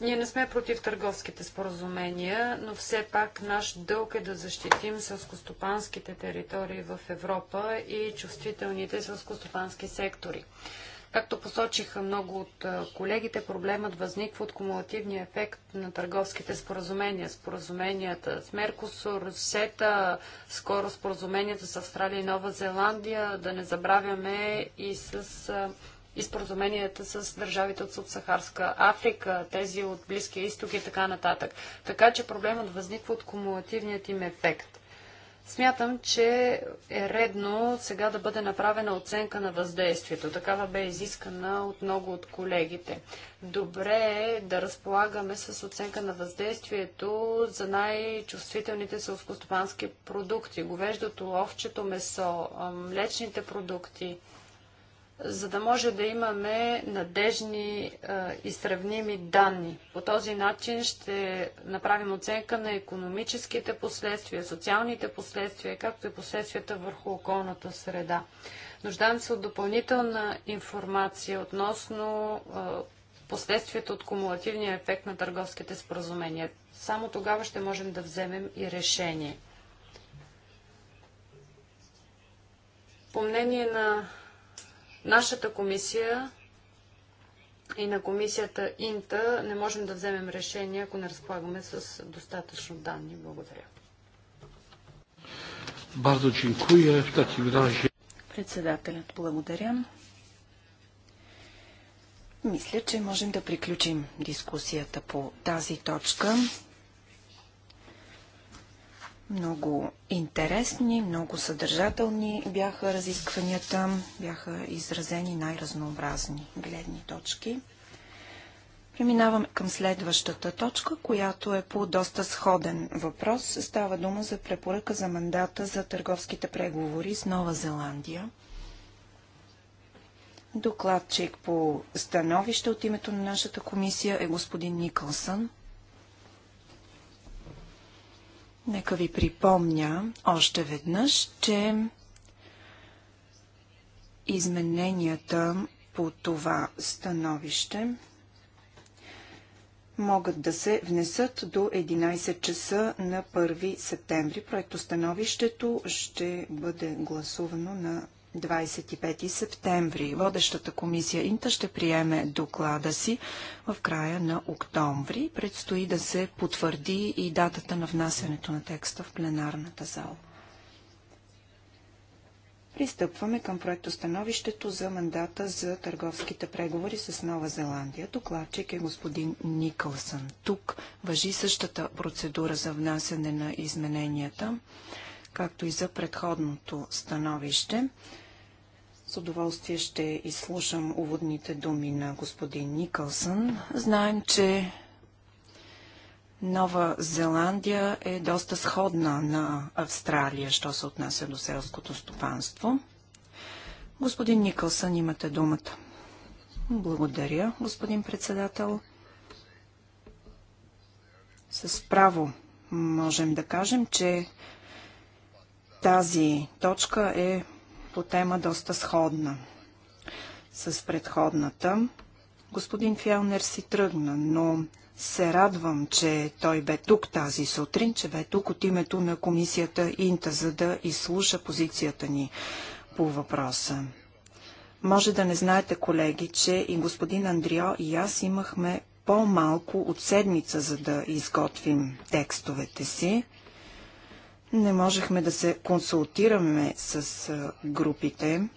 Ние не сме против търговските споразумения, но все пак наш дълг е да защитим селскостопанските територии в Европа и чувствителните селскостопански сектори. Както посочиха много от колегите, проблемът възниква от кумулативния ефект на търговските споразумения. Споразуменията с Меркосур, СЕТА, скоро споразуменията с Австралия и Нова Зеландия, да не забравяме и с и споразуменията с държавите от Субсахарска Африка, тези от Близкия изток и така нататък. Така че проблемът възниква от кумулативният им ефект. Смятам, че е редно сега да бъде направена оценка на въздействието. Такава бе изискана от много от колегите. Добре е да разполагаме с оценка на въздействието за най-чувствителните селскостопански продукти. Говеждото, овчето месо, млечните продукти – за да може да имаме надежни а, и сравними данни. По този начин ще направим оценка на економическите последствия, социалните последствия, както и последствията върху околната среда. Нуждаем се от допълнителна информация относно а, последствията от кумулативния ефект на търговските споразумения. Само тогава ще можем да вземем и решение. По мнение на Нашата комисия и на комисията Инта не можем да вземем решение, ако не разполагаме с достатъчно данни. Благодаря. Бардо dziękuję. в takim razie... Председателят, благодаря. Мисля, че можем да приключим дискусията по тази точка. Много интересни, много съдържателни бяха разискванията, бяха изразени най-разнообразни гледни точки. Преминавам към следващата точка, която е по доста сходен въпрос. Става дума за препоръка за мандата за търговските преговори с Нова Зеландия. Докладчик по становище от името на нашата комисия е господин Никълсън. Нека ви припомня още веднъж, че измененията по това становище могат да се внесат до 11 часа на 1 септември. Проектостановището ще бъде гласувано на 25 септември. Водещата комисия Инта ще приеме доклада си в края на октомври. Предстои да се потвърди и датата на внасянето на текста в пленарната зала. Пристъпваме към проектостановището за мандата за търговските преговори с Нова Зеландия. Докладчик е господин Никълсън. Тук въжи същата процедура за внасяне на измененията, както и за предходното становище. С удоволствие ще изслушам уводните думи на господин Никълсън. Знаем, че Нова Зеландия е доста сходна на Австралия, що се отнася до селското стопанство. Господин Никълсън, имате думата. Благодаря, господин председател. С право можем да кажем, че тази точка е по тема доста сходна с предходната. Господин Фялнер си тръгна, но се радвам, че той бе тук тази сутрин, че бе тук от името на комисията Инта, за да изслуша позицията ни по въпроса. Може да не знаете, колеги, че и господин Андрио и аз имахме по-малко от седмица, за да изготвим текстовете си. Не можехме да се консултираме с групите.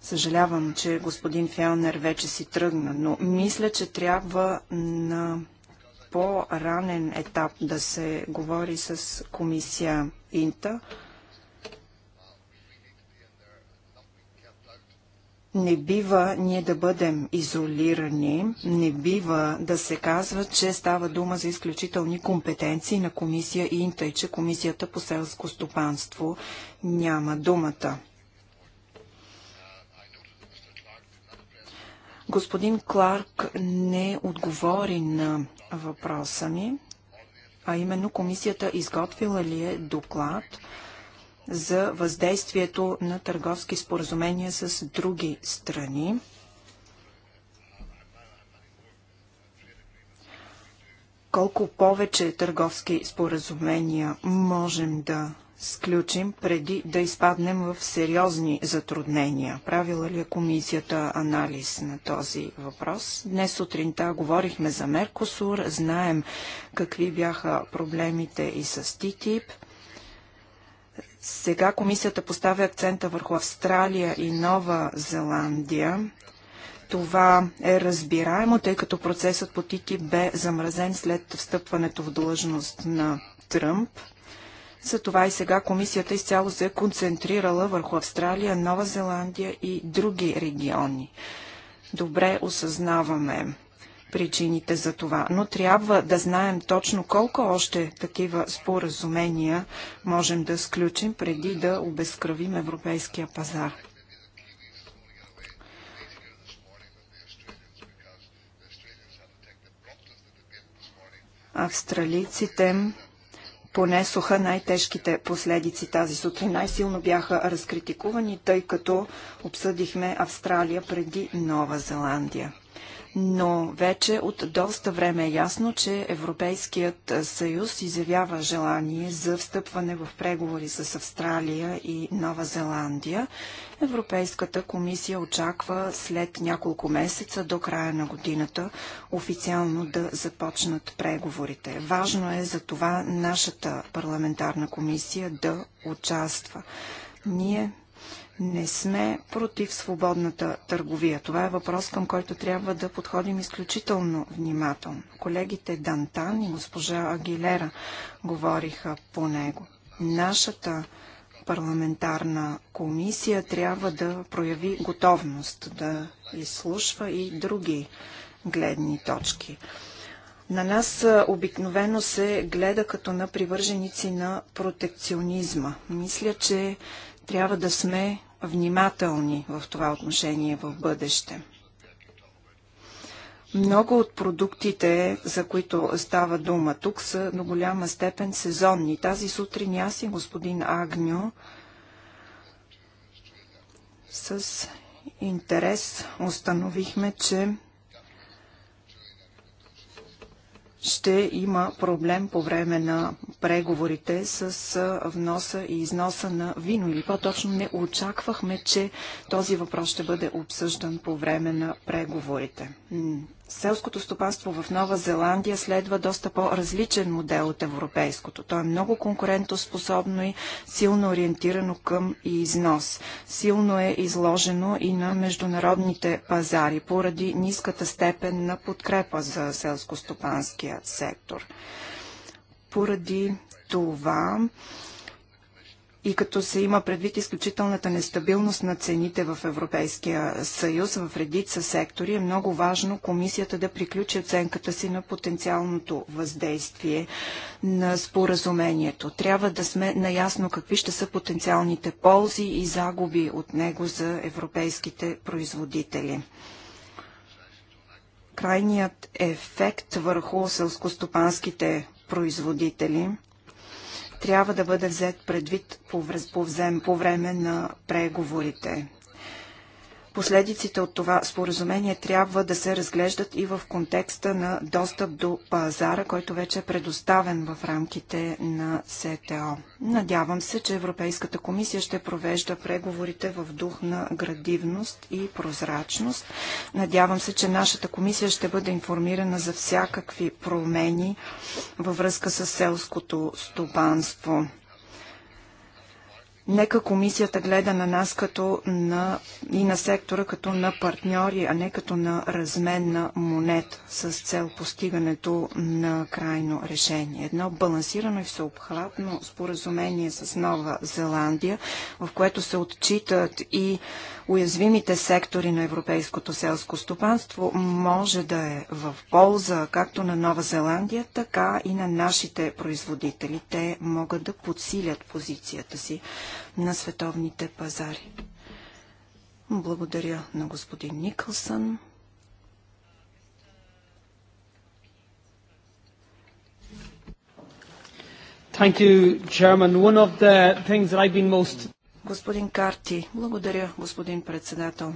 Съжалявам, че господин Фелнер вече си тръгна, но мисля, че трябва на по-ранен етап да се говори с комисия Инта, Не бива ние да бъдем изолирани, не бива да се казва, че става дума за изключителни компетенции на комисия Инта и че комисията по селско стопанство няма думата. Господин Кларк не отговори на въпроса ми, а именно комисията изготвила ли е доклад за въздействието на търговски споразумения с други страни. Колко повече търговски споразумения можем да сключим преди да изпаднем в сериозни затруднения? Правила ли е комисията анализ на този въпрос? Днес сутринта говорихме за Меркосур, знаем какви бяха проблемите и с ТИТИП – сега комисията поставя акцента върху Австралия и Нова Зеландия. Това е разбираемо, тъй като процесът по ТИКИ бе замразен след встъпването в длъжност на Тръмп. Затова и сега комисията изцяло се е концентрирала върху Австралия, Нова Зеландия и други региони. Добре осъзнаваме причините за това, но трябва да знаем точно колко още такива споразумения можем да сключим преди да обезкръвим европейския пазар. Австралийците понесоха най-тежките последици тази сутрин. Най-силно бяха разкритикувани, тъй като обсъдихме Австралия преди Нова Зеландия но вече от доста време е ясно, че Европейският съюз изявява желание за встъпване в преговори с Австралия и Нова Зеландия. Европейската комисия очаква след няколко месеца до края на годината официално да започнат преговорите. Важно е за това нашата парламентарна комисия да участва. Ние не сме против свободната търговия. Това е въпрос, към който трябва да подходим изключително внимателно. Колегите Дантан и госпожа Агилера говориха по него. Нашата парламентарна комисия трябва да прояви готовност да изслушва и други гледни точки. На нас обикновено се гледа като на привърженици на протекционизма. Мисля, че трябва да сме внимателни в това отношение в бъдеще. Много от продуктите, за които става дума тук, са до голяма степен сезонни. Тази сутрин аз и господин Агньо с интерес установихме, че ще има проблем по време на преговорите с вноса и износа на вино. Или по-точно не очаквахме, че този въпрос ще бъде обсъждан по време на преговорите селското стопанство в Нова Зеландия следва доста по-различен модел от европейското. То е много конкурентоспособно и силно ориентирано към износ. Силно е изложено и на международните пазари поради ниската степен на подкрепа за селско-стопанския сектор. Поради това и като се има предвид изключителната нестабилност на цените в Европейския съюз в редица сектори, е много важно комисията да приключи оценката си на потенциалното въздействие на споразумението. Трябва да сме наясно какви ще са потенциалните ползи и загуби от него за европейските производители крайният ефект върху селскостопанските производители трябва да бъде взет предвид по, по време на преговорите. Последиците от това споразумение трябва да се разглеждат и в контекста на достъп до пазара, който вече е предоставен в рамките на СТО. Надявам се, че Европейската комисия ще провежда преговорите в дух на градивност и прозрачност. Надявам се, че нашата комисия ще бъде информирана за всякакви промени във връзка с селското стопанство. Нека комисията гледа на нас като на, и на сектора като на партньори, а не като на разменна монет с цел постигането на крайно решение. Едно балансирано и всеобхватно споразумение с Нова Зеландия, в което се отчитат и уязвимите сектори на европейското селско стопанство може да е в полза както на Нова Зеландия, така и на нашите производители. Те могат да подсилят позицията си на световните пазари. Благодаря на господин Никълсън. Thank you, Chairman. One of the things that I've been most Господин Карти. Благодаря, господин председател.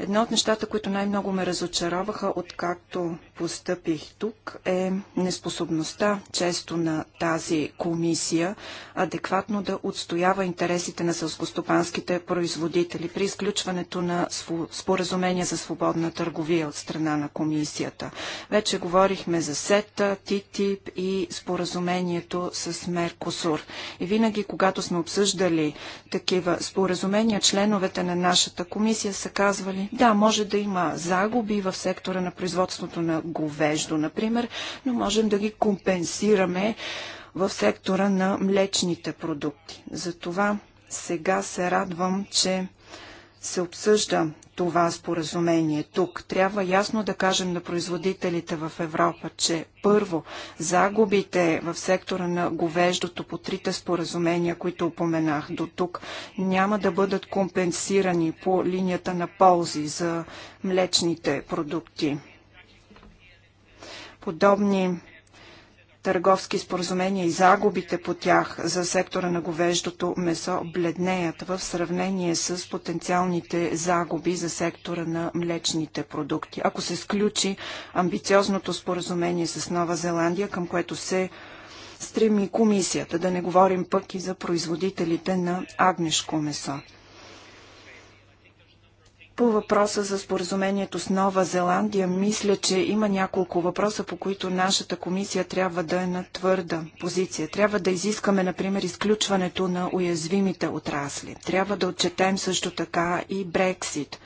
Едно от нещата, които най-много ме разочароваха, откакто постъпих тук, е неспособността често на тази комисия адекватно да отстоява интересите на сълскостопанските производители при изключването на споразумения за свободна търговия от страна на комисията. Вече говорихме за СЕТА, ТИТИП и споразумението с Меркосур. И винаги, когато сме обсъждали такива споразумения, членовете на нашата комисия са казвали, да, може да има загуби в сектора на производството на говеждо, например, но можем да ги компенсираме в сектора на млечните продукти. Затова сега се радвам, че се обсъжда това споразумение тук. Трябва ясно да кажем на производителите в Европа, че първо, загубите в сектора на говеждото по трите споразумения, които упоменах до тук, няма да бъдат компенсирани по линията на ползи за млечните продукти. Подобни търговски споразумения и загубите по тях за сектора на говеждото месо бледнеят в сравнение с потенциалните загуби за сектора на млечните продукти. Ако се сключи амбициозното споразумение с Нова Зеландия, към което се стреми комисията, да не говорим пък и за производителите на агнешко месо. По въпроса за споразумението с Нова Зеландия, мисля, че има няколко въпроса, по които нашата комисия трябва да е на твърда позиция. Трябва да изискаме, например, изключването на уязвимите отрасли. Трябва да отчетем също така и Брексит.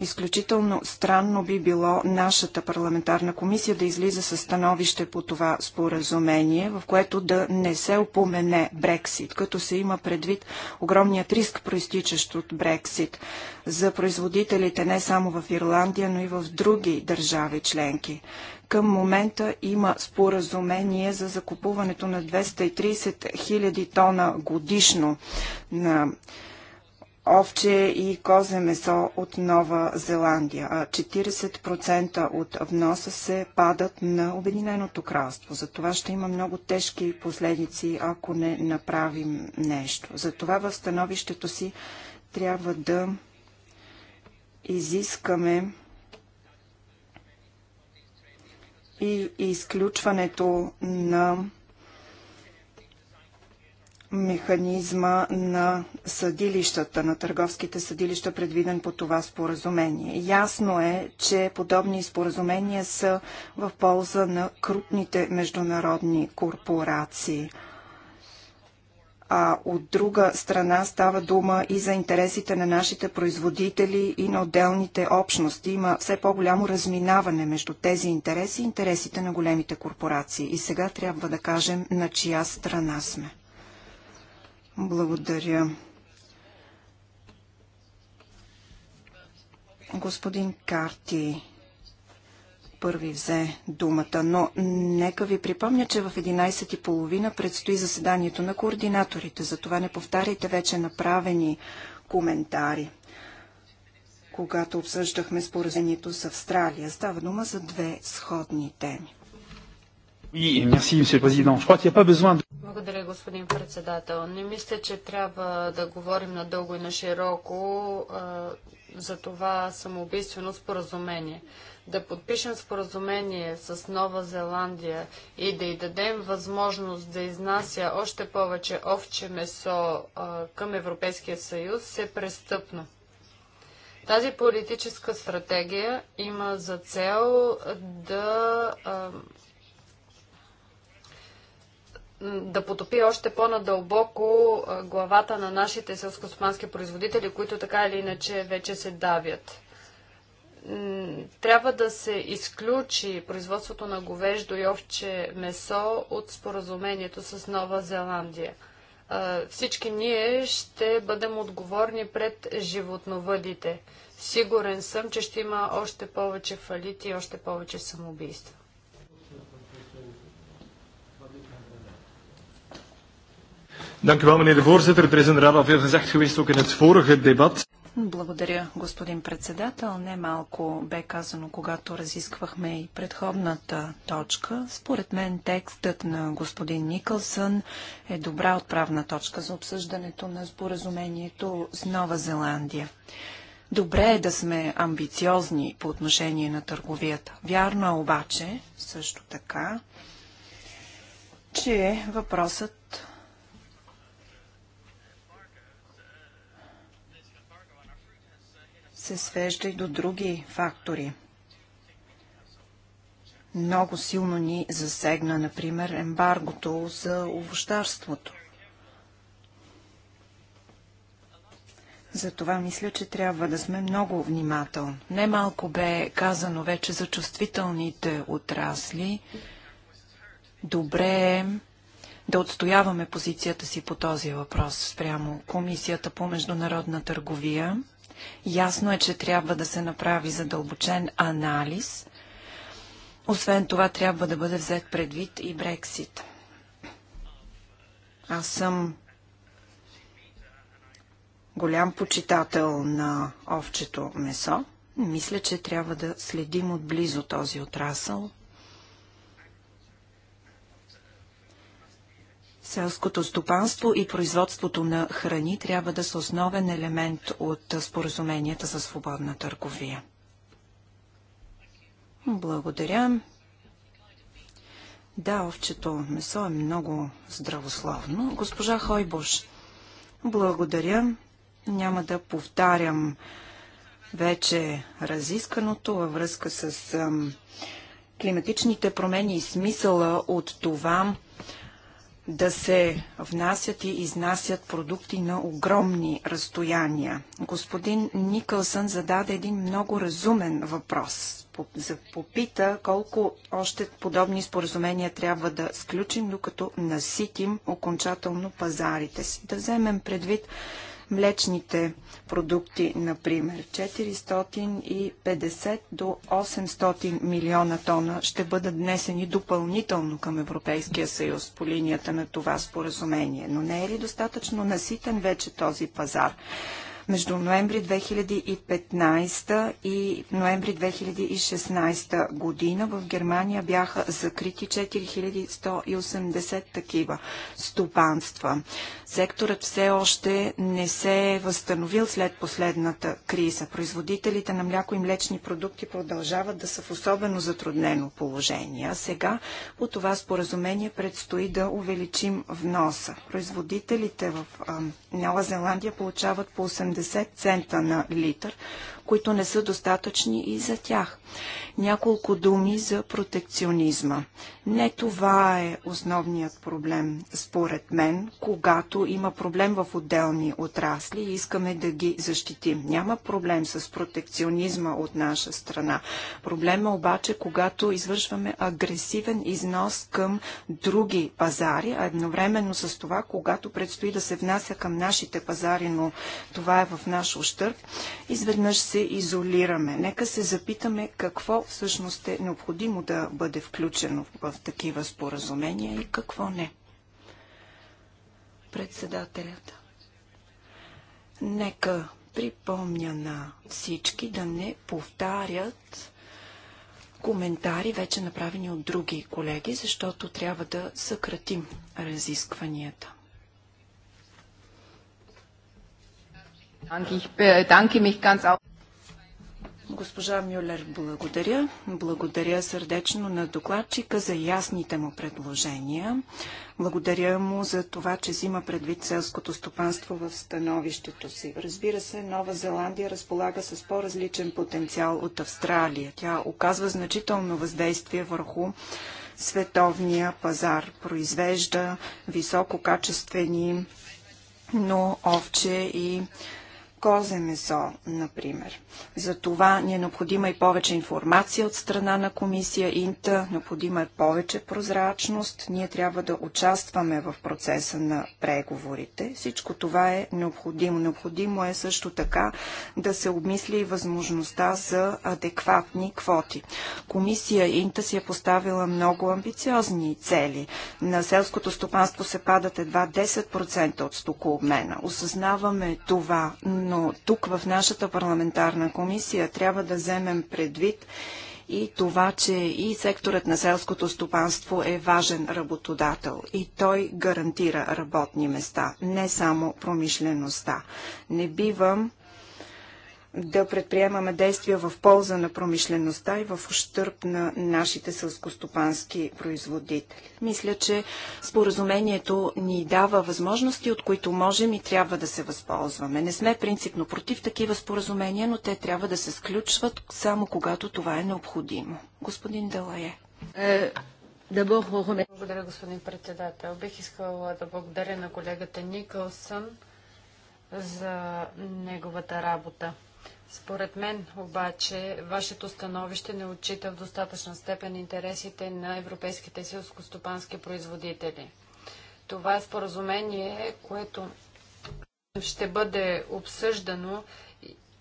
Изключително странно би било нашата парламентарна комисия да излиза със становище по това споразумение, в което да не се опомене Брексит, като се има предвид огромният риск, проистичащ от Брексит за производителите не само в Ирландия, но и в други държави членки. Към момента има споразумение за закупуването на 230 000 тона годишно на овче и козе месо от Нова Зеландия, а 40% от вноса се падат на Обединеното кралство. За това ще има много тежки последици, ако не направим нещо. За това в становището си трябва да изискаме и изключването на механизма на съдилищата, на търговските съдилища, предвиден по това споразумение. Ясно е, че подобни споразумения са в полза на крупните международни корпорации а от друга страна става дума и за интересите на нашите производители и на отделните общности. Има все по-голямо разминаване между тези интереси и интересите на големите корпорации. И сега трябва да кажем на чия страна сме. Благодаря. Господин Карти първи взе думата, но нека ви припомня, че в 11.30 предстои заседанието на координаторите. Затова не повтаряйте вече направени коментари. Когато обсъждахме споразението с Австралия, става дума за две сходни теми. Благодаря, господин председател. Не мисля, че трябва да говорим надълго и на широко за това самоубийствено споразумение. Да подпишем споразумение с Нова Зеландия и да й дадем възможност да изнася още повече овче месо към Европейския съюз е престъпно. Тази политическа стратегия има за цел да а, да потопи още по-надълбоко главата на нашите селскостопански производители, които така или иначе вече се давят. Трябва да се изключи производството на говеждо и овче месо от споразумението с Нова Зеландия. Всички ние ще бъдем отговорни пред животновъдите. Сигурен съм, че ще има още повече фалити и още повече самоубийства. Dank u wel, meneer de voorzitter. Er is inderdaad al veel gezegd geweest, ook in het vorige debat. Благодаря, господин председател. Немалко бе казано, когато разисквахме и предходната точка. Според мен текстът на господин Никълсън е добра отправна точка за обсъждането на споразумението с Нова Зеландия. Добре е да сме амбициозни по отношение на търговията. Вярно е обаче, също така, че въпросът се свежда и до други фактори. Много силно ни засегна, например, ембаргото за овощарството. Затова мисля, че трябва да сме много внимателни. Немалко бе казано вече за чувствителните отрасли. Добре е да отстояваме позицията си по този въпрос спрямо Комисията по международна търговия. Ясно е, че трябва да се направи задълбочен анализ. Освен това, трябва да бъде взет предвид и Брексит. Аз съм голям почитател на овчето месо. Мисля, че трябва да следим отблизо този отрасъл. Селското стопанство и производството на храни трябва да са основен елемент от споразуменията за свободна търговия. Благодаря. Да, овчето месо е много здравословно. Госпожа Хойбош, благодаря. Няма да повтарям вече разисканото във връзка с климатичните промени и смисъла от това да се внасят и изнасят продукти на огромни разстояния. Господин Никълсън зададе един много разумен въпрос. Попита колко още подобни споразумения трябва да сключим, докато наситим окончателно пазарите си. Да вземем предвид млечните продукти, например. 450 до 800 милиона тона ще бъдат днесени допълнително към Европейския съюз по линията на това споразумение. Но не е ли достатъчно наситен вече този пазар? между ноември 2015 и ноември 2016 година в Германия бяха закрити 4180 такива стопанства. Секторът все още не се е възстановил след последната криза. Производителите на мляко и млечни продукти продължават да са в особено затруднено положение. сега по това споразумение предстои да увеличим вноса. Производителите в Нова Зеландия получават по 80 70 цента на литър, които не са достатъчни и за тях. Няколко думи за протекционизма. Не това е основният проблем, според мен, когато има проблем в отделни отрасли и искаме да ги защитим. Няма проблем с протекционизма от наша страна. Проблема е обаче, когато извършваме агресивен износ към други пазари, а едновременно с това, когато предстои да се внася към нашите пазари, но това е в наш ущърп, изведнъж се се изолираме. Нека се запитаме какво всъщност е необходимо да бъде включено в такива споразумения и какво не. Председателята. Нека припомня на всички да не повтарят коментари, вече направени от други колеги, защото трябва да съкратим разискванията. Госпожа Мюлер, благодаря. Благодаря сърдечно на докладчика за ясните му предложения. Благодаря му за това, че взима предвид селското стопанство в становището си. Разбира се, Нова Зеландия разполага с по-различен потенциал от Австралия. Тя оказва значително въздействие върху световния пазар. Произвежда висококачествени, но овче и козе месо, например. За това ни е необходима и повече информация от страна на комисия Инта, необходима е повече прозрачност, ние трябва да участваме в процеса на преговорите. Всичко това е необходимо. Необходимо е също така да се обмисли и възможността за адекватни квоти. Комисия Инта си е поставила много амбициозни цели. На селското стопанство се падат едва 10% от стокообмена. Осъзнаваме това, но но тук в нашата парламентарна комисия трябва да вземем предвид и това, че и секторът на селското стопанство е важен работодател и той гарантира работни места, не само промишлеността. Не бивам да предприемаме действия в полза на промишлеността и в ущърп на нашите сълскостопански производители. Мисля, че споразумението ни дава възможности, от които можем и трябва да се възползваме. Не сме принципно против такива споразумения, но те трябва да се сключват само когато това е необходимо. Господин Далае. Е, благодаря, господин председател. Бих искала да благодаря на колегата Никълсън за неговата работа. Според мен обаче вашето становище не отчита в достатъчна степен интересите на европейските селскостопански производители. Това е споразумение, което ще бъде обсъждано,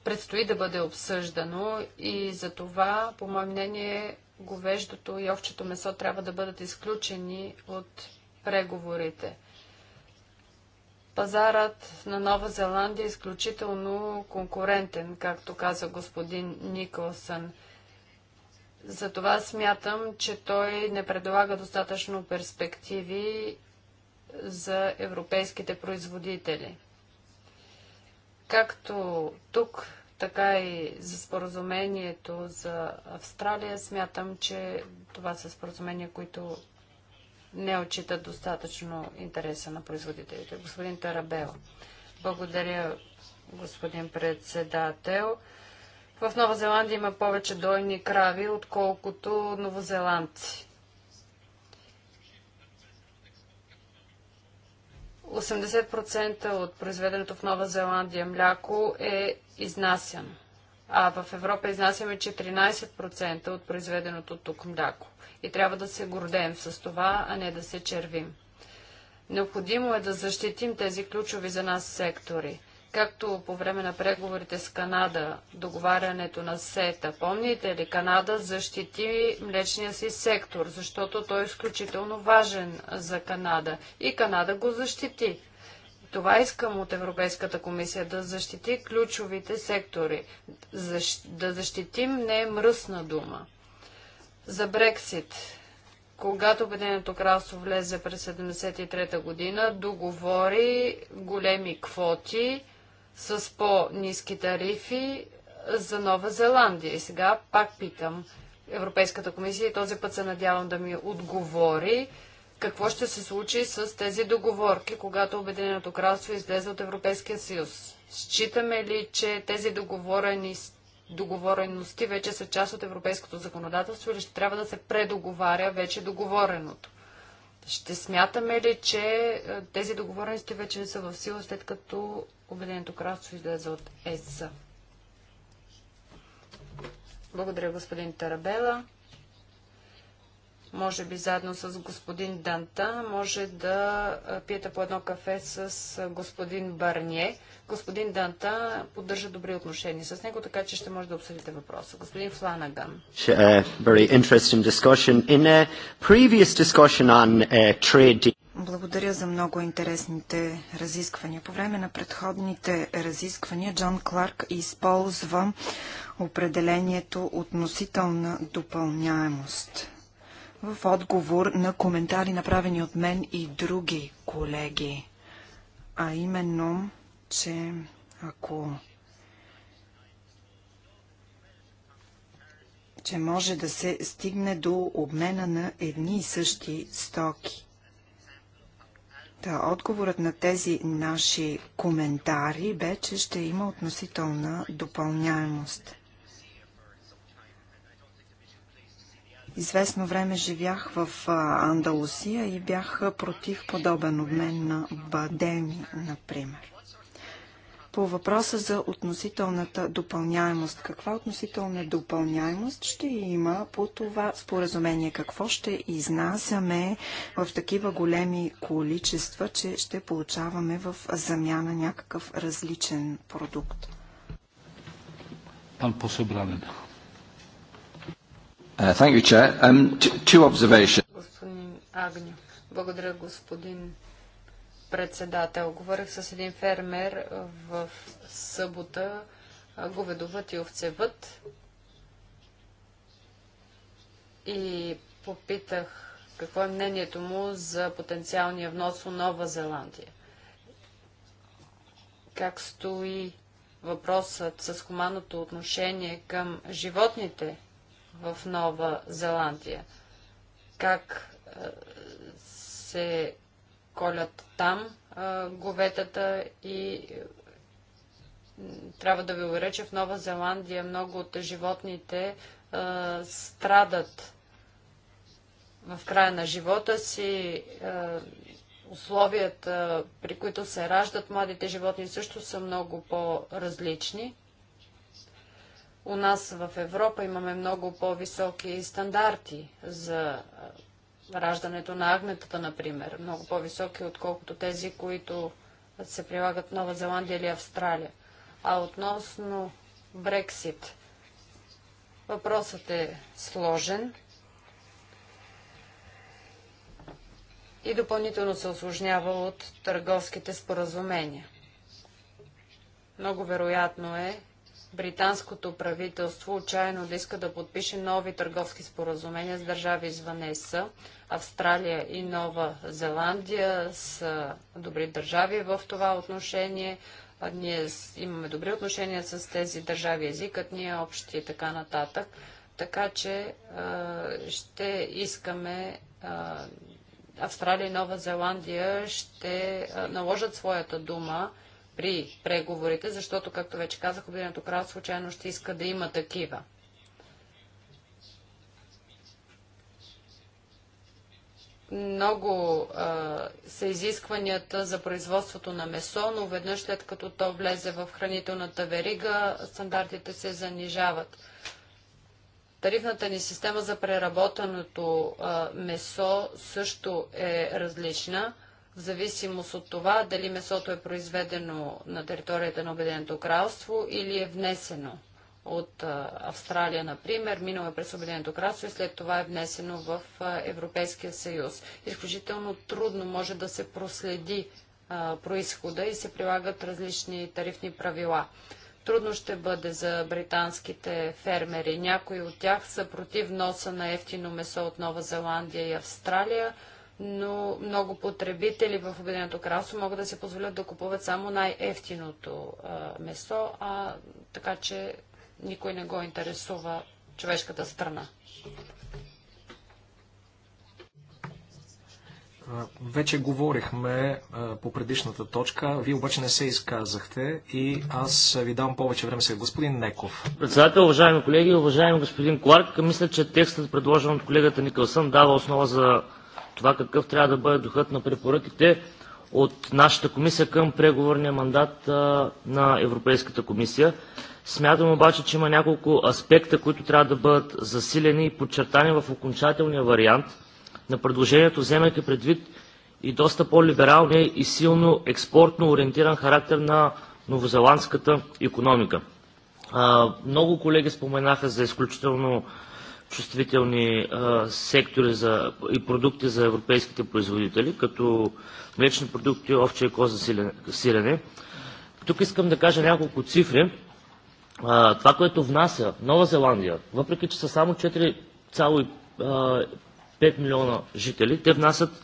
предстои да бъде обсъждано и за това, по мое мнение, говеждото и овчето месо трябва да бъдат изключени от преговорите. Пазарът на Нова Зеландия е изключително конкурентен, както каза господин Николсън. Затова смятам, че той не предлага достатъчно перспективи за европейските производители. Както тук, така и за споразумението за Австралия, смятам, че това са споразумения, които не отчитат достатъчно интереса на производителите. Господин Тарабел. Благодаря, господин председател. В Нова Зеландия има повече дойни крави, отколкото новозеландци. 80% от произведеното в Нова Зеландия мляко е изнасяно а в Европа изнасяме 14% от произведеното тук мляко. И трябва да се гордеем с това, а не да се червим. Необходимо е да защитим тези ключови за нас сектори. Както по време на преговорите с Канада, договарянето на СЕТА, помните ли, Канада защити млечния си сектор, защото той е изключително важен за Канада. И Канада го защити. Това искам от Европейската комисия да защити ключовите сектори, да защитим не е мръсна дума. За Брексит когато Обединеното кралство влезе през 1973 година, договори големи квоти с по-низки тарифи за Нова Зеландия. И сега пак питам Европейската комисия и този път се надявам да ми отговори какво ще се случи с тези договорки, когато Обединеното кралство излезе от Европейския съюз. Считаме ли, че тези договорени, договорености вече са част от европейското законодателство или ще трябва да се предоговаря вече договореното? Ще смятаме ли, че е, тези договорености вече не са в сила, след като Обединеното кралство излезе от ЕС? Благодаря, господин Тарабела може би заедно с господин Данта, може да пиете по едно кафе с господин Барние. Господин Данта поддържа добри отношения с него, така че ще може да обсъдите въпроса. Господин Фланаган. Е, uh, Благодаря за много интересните разисквания. По време на предходните разисквания Джон Кларк използва определението относителна допълняемост в отговор на коментари, направени от мен и други колеги. А именно, че ако че може да се стигне до обмена на едни и същи стоки. Та, отговорът на тези наши коментари бе, че ще има относителна допълняемост. Известно време живях в Андалусия и бях против подобен обмен на бадеми, например. По въпроса за относителната допълняемост. Каква относителна допълняемост ще има по това споразумение? Какво ще изнасяме в такива големи количества, че ще получаваме в замяна някакъв различен продукт? Пан Посебранен. Uh, thank you, Chair. Um, two observations. Господин Агню. Благодаря, господин председател. Говорих с един фермер в събота. Говедовът и овцевът. И попитах какво е мнението му за потенциалния внос в Нова Зеландия. Как стои въпросът с хуманното отношение към животните в Нова Зеландия. Как е, се колят там е, говетата и е, трябва да ви уверя, че в Нова Зеландия много от животните страдат в края на живота си. условията, при които се раждат младите животни, също са много по-различни. У нас в Европа имаме много по-високи стандарти за раждането на агнетата, например. Много по-високи, отколкото тези, които се прилагат в Нова Зеландия или Австралия. А относно Брексит, въпросът е сложен и допълнително се осложнява от търговските споразумения. Много вероятно е британското правителство отчаяно да иска да подпише нови търговски споразумения с държави извън ЕС. Австралия и Нова Зеландия са добри държави в това отношение. Ние имаме добри отношения с тези държави, езикът ни е общ и така нататък. Така че ще искаме Австралия и Нова Зеландия ще наложат своята дума при преговорите, защото, както вече казах, Обединеното кралство случайно ще иска да има такива. много а, са изискванията за производството на месо, но веднъж след като то влезе в хранителната верига, стандартите се занижават. Тарифната ни система за преработеното а, месо също е различна в зависимост от това дали месото е произведено на територията на Обединеното кралство или е внесено от Австралия, например, минало е през Обединеното кралство и след това е внесено в Европейския съюз. Изключително трудно може да се проследи происхода и се прилагат различни тарифни правила. Трудно ще бъде за британските фермери. Някои от тях са против носа на ефтино месо от Нова Зеландия и Австралия, но много потребители в Обединеното кралство могат да се позволят да купуват само най-ефтиното месо, а така че никой не го интересува човешката страна. Вече говорихме по предишната точка, вие обаче не се изказахте и аз ви дам повече време сега. Господин Неков. Председател, уважаеми колеги, уважаеми господин Кларк, мисля, че текстът, предложен от колегата Никълсън, дава основа за това какъв трябва да бъде духът на препоръките от нашата комисия към преговорния мандат на Европейската комисия. Смятам обаче, че има няколко аспекта, които трябва да бъдат засилени и подчертани в окончателния вариант на предложението, вземайки предвид и доста по-либералния и силно експортно ориентиран характер на новозеландската економика. много колеги споменаха за изключително чувствителни а, сектори за, и продукти за европейските производители, като млечни продукти, овче и коза сирене. Тук искам да кажа няколко цифри. А, това, което внася Нова Зеландия, въпреки че са само 4,5 милиона жители, те внасят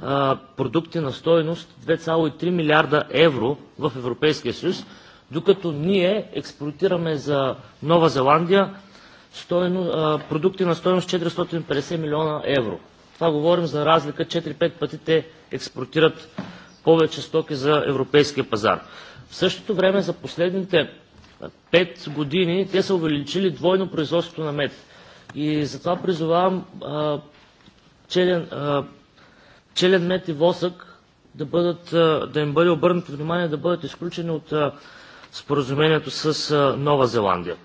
а, продукти на стоеност 2,3 милиарда евро в Европейския съюз, докато ние експортираме за Нова Зеландия стойно, а, продукти на стоеност 450 милиона евро. Това говорим за разлика 4-5 пъти те експортират повече стоки за европейския пазар. В същото време за последните 5 години те са увеличили двойно производството на мед. И затова призовавам челен, челен мед и восък да, бъдат, да им бъде обърнато внимание да бъдат изключени от споразумението с Нова Зеландия.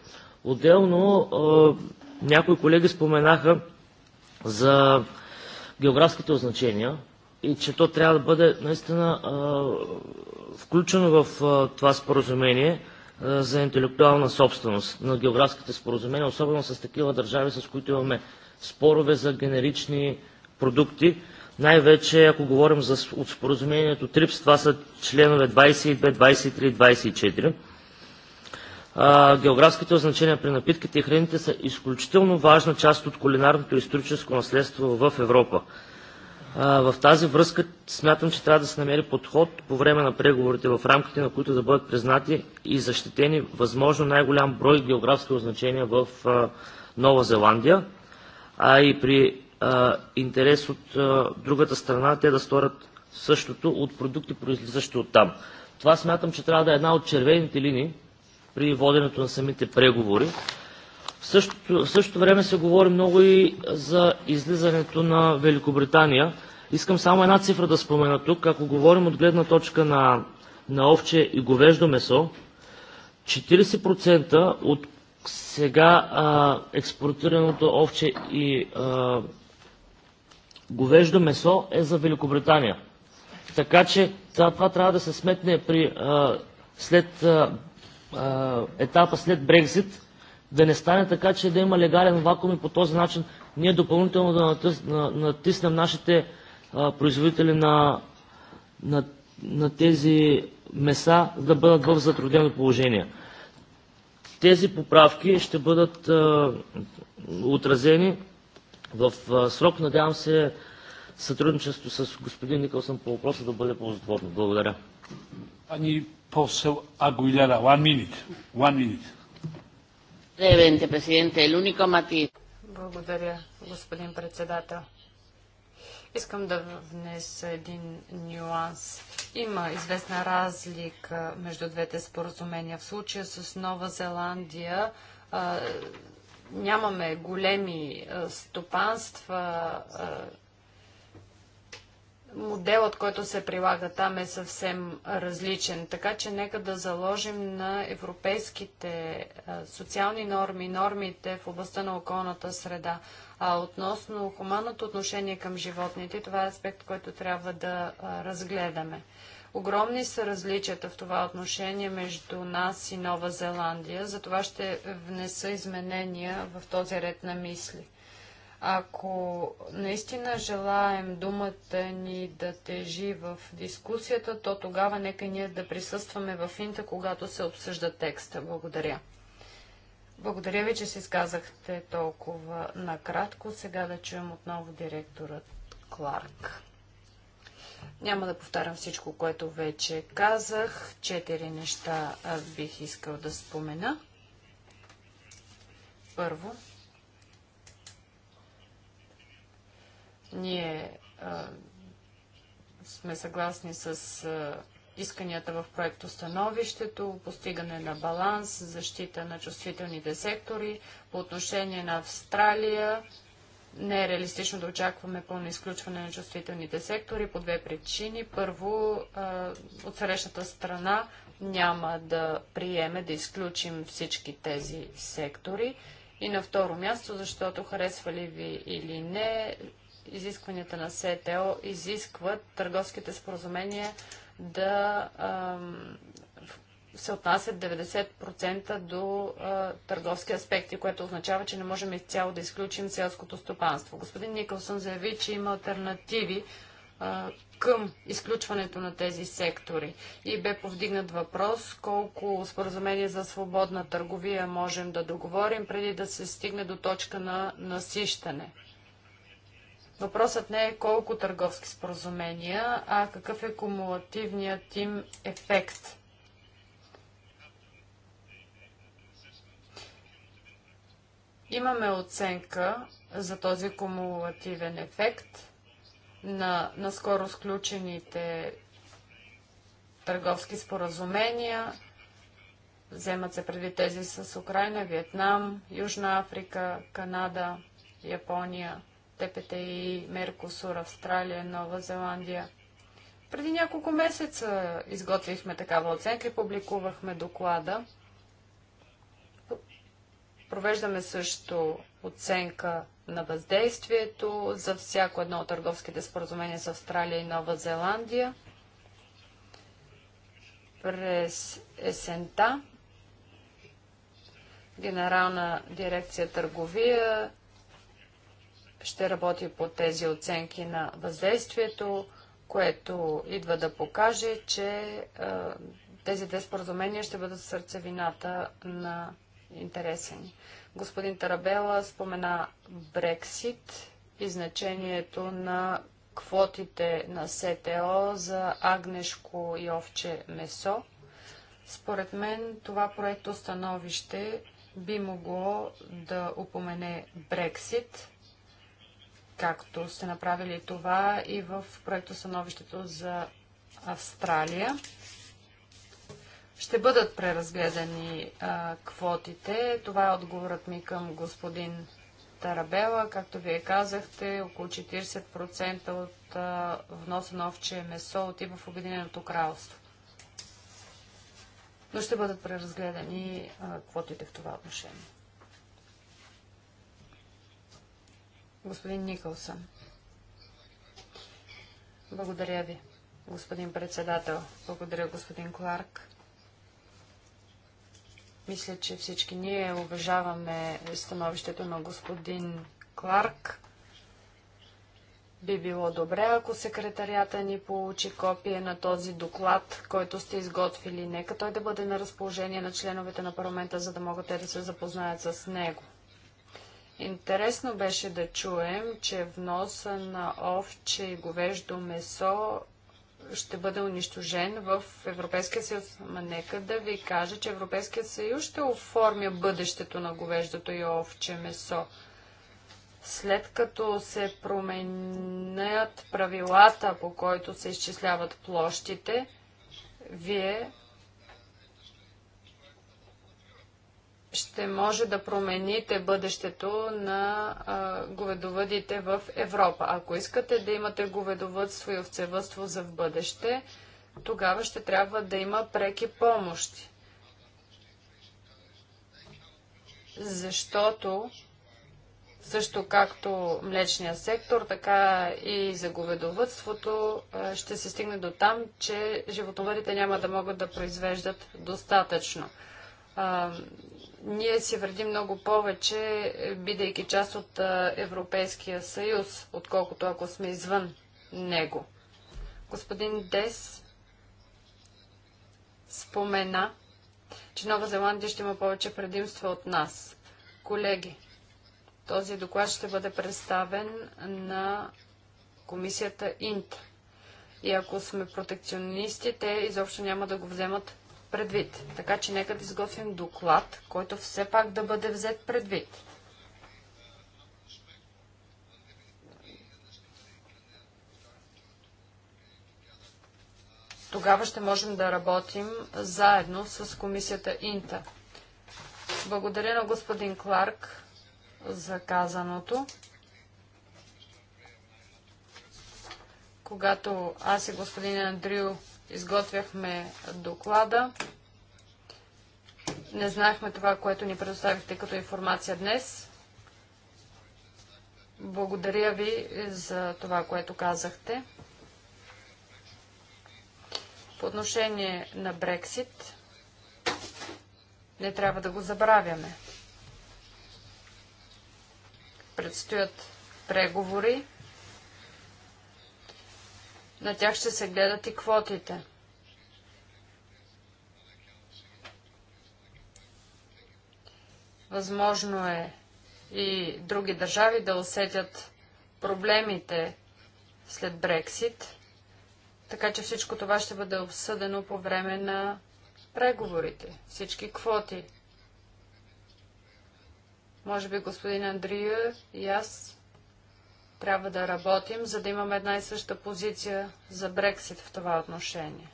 Отделно някои колеги споменаха за географските означения и че то трябва да бъде наистина включено в това споразумение за интелектуална собственост на географските споразумения, особено с такива държави, с които имаме спорове за генерични продукти. Най-вече, ако говорим за, от споразумението ТРИПС, това са членове 22, 23 и 24 географските означения при напитките и храните са изключително важна част от кулинарното и историческо наследство в Европа. в тази връзка смятам, че трябва да се намери подход по време на преговорите, в рамките на които да бъдат признати и защитени възможно най-голям брой географски означения в Нова Зеландия, а и при интерес от другата страна те да сторят същото от продукти, произлизащи от там. Това смятам, че трябва да е една от червените линии, при воденето на самите преговори. В същото, в същото време се говори много и за излизането на Великобритания. Искам само една цифра да спомена тук. Ако говорим от гледна точка на, на овче и говеждо месо, 40% от сега а, експортираното овче и а, говеждо месо е за Великобритания. Така че това, това трябва да се сметне при, а, след а, етапа след Брекзит, да не стане така, че да има легален вакуум и по този начин ние допълнително да натиснем нашите производители на, на, на тези меса да бъдат в затруднено положение. Тези поправки ще бъдат а, отразени в а, срок. Надявам се сътрудничество с господин Никълсън по въпроса да бъде ползотворно. Благодаря. Aguilera, one minute. One minute. el único matiz. Благодаря, господин председател. Искам да внеса един нюанс. Има известна разлика между двете споразумения. В случая с Нова Зеландия а, нямаме големи а, стопанства, а, моделът, който се прилага там е съвсем различен. Така че нека да заложим на европейските социални норми, нормите в областта на околната среда. А относно хуманното отношение към животните, това е аспект, който трябва да разгледаме. Огромни са различията в това отношение между нас и Нова Зеландия, затова ще внеса изменения в този ред на мисли. Ако наистина желаем думата ни да тежи в дискусията, то тогава нека ние да присъстваме в Инта, когато се обсъжда текста. Благодаря. Благодаря ви, че се изказахте толкова накратко. Сега да чуем отново директорът Кларк. Няма да повтарям всичко, което вече казах. Четири неща бих искал да спомена. Първо, Ние а, сме съгласни с а, исканията в проекто становището, постигане на баланс, защита на чувствителните сектори. По отношение на Австралия не е реалистично да очакваме пълно изключване на чувствителните сектори по две причини. Първо, а, от срещната страна няма да приеме да изключим всички тези сектори. И на второ място, защото харесва ли ви или не, изискванията на СТО изискват търговските споразумения да се отнасят 90% до търговски аспекти, което означава, че не можем изцяло да изключим селското стопанство. Господин Никълсън заяви, че има альтернативи към изключването на тези сектори. И бе повдигнат въпрос колко споразумение за свободна търговия можем да договорим преди да се стигне до точка на насищане. Въпросът не е колко търговски споразумения, а какъв е кумулативният им ефект. Имаме оценка за този кумулативен ефект на наскоро сключените търговски споразумения. Вземат се преди тези с Украина, Виетнам, Южна Африка, Канада, Япония – ТПТИ, Меркосур, Австралия, Нова Зеландия. Преди няколко месеца изготвихме такава оценка и публикувахме доклада. Провеждаме също оценка на въздействието за всяко едно от търговските споразумения с Австралия и Нова Зеландия. През есента Генерална дирекция търговия ще работи по тези оценки на въздействието, което идва да покаже, че тези две споразумения ще бъдат сърцевината на интереса ни. Господин Тарабела спомена Брексит и значението на квотите на СТО за агнешко и овче месо. Според мен това проекто становище би могло да упомене Брексит, както сте направили това и в проекта съновището за Австралия. Ще бъдат преразгледани а, квотите. Това е отговорът ми към господин Тарабела. Както вие казахте, около 40% от а, вноса на овче месо отива в Обединеното кралство. Но ще бъдат преразгледани а, квотите в това отношение. Господин Николсън. Благодаря ви, господин председател. Благодаря, господин Кларк. Мисля, че всички ние уважаваме становището на господин Кларк. Би било добре, ако секретарията ни получи копие на този доклад, който сте изготвили. Нека той да бъде на разположение на членовете на парламента, за да могат те да се запознаят с него. Интересно беше да чуем, че вноса на овче и говеждо месо ще бъде унищожен в Европейския съюз. Ма нека да ви кажа, че Европейския съюз ще оформя бъдещето на говеждото и овче месо. След като се променят правилата, по които се изчисляват площите, вие ще може да промените бъдещето на а, говедовъдите в Европа. Ако искате да имате говедовъдство и овцевъдство за в бъдеще, тогава ще трябва да има преки помощи. Защото, също както млечния сектор, така и за говедовътството, ще се стигне до там, че животновъдите няма да могат да произвеждат достатъчно ние си вредим много повече, е, бидейки част от е, Европейския съюз, отколкото ако сме извън него. Господин Дес спомена, че Нова Зеландия ще има повече предимства от нас. Колеги, този доклад ще бъде представен на комисията Инт. И ако сме протекционисти, те изобщо няма да го вземат предвид. Така че нека да изготвим доклад, който все пак да бъде взет предвид. Тогава ще можем да работим заедно с комисията Инта. Благодаря на господин Кларк за казаното. Когато аз и господин Андрю изготвяхме доклада. Не знаехме това, което ни предоставихте като информация днес. Благодаря ви за това, което казахте. По отношение на Брексит, не трябва да го забравяме. Предстоят преговори на тях ще се гледат и квотите. Възможно е и други държави да усетят проблемите след Брексит, така че всичко това ще бъде обсъдено по време на преговорите, всички квоти. Може би господин Андрия и аз трябва да работим, за да имаме една и съща позиция за Брексит в това отношение.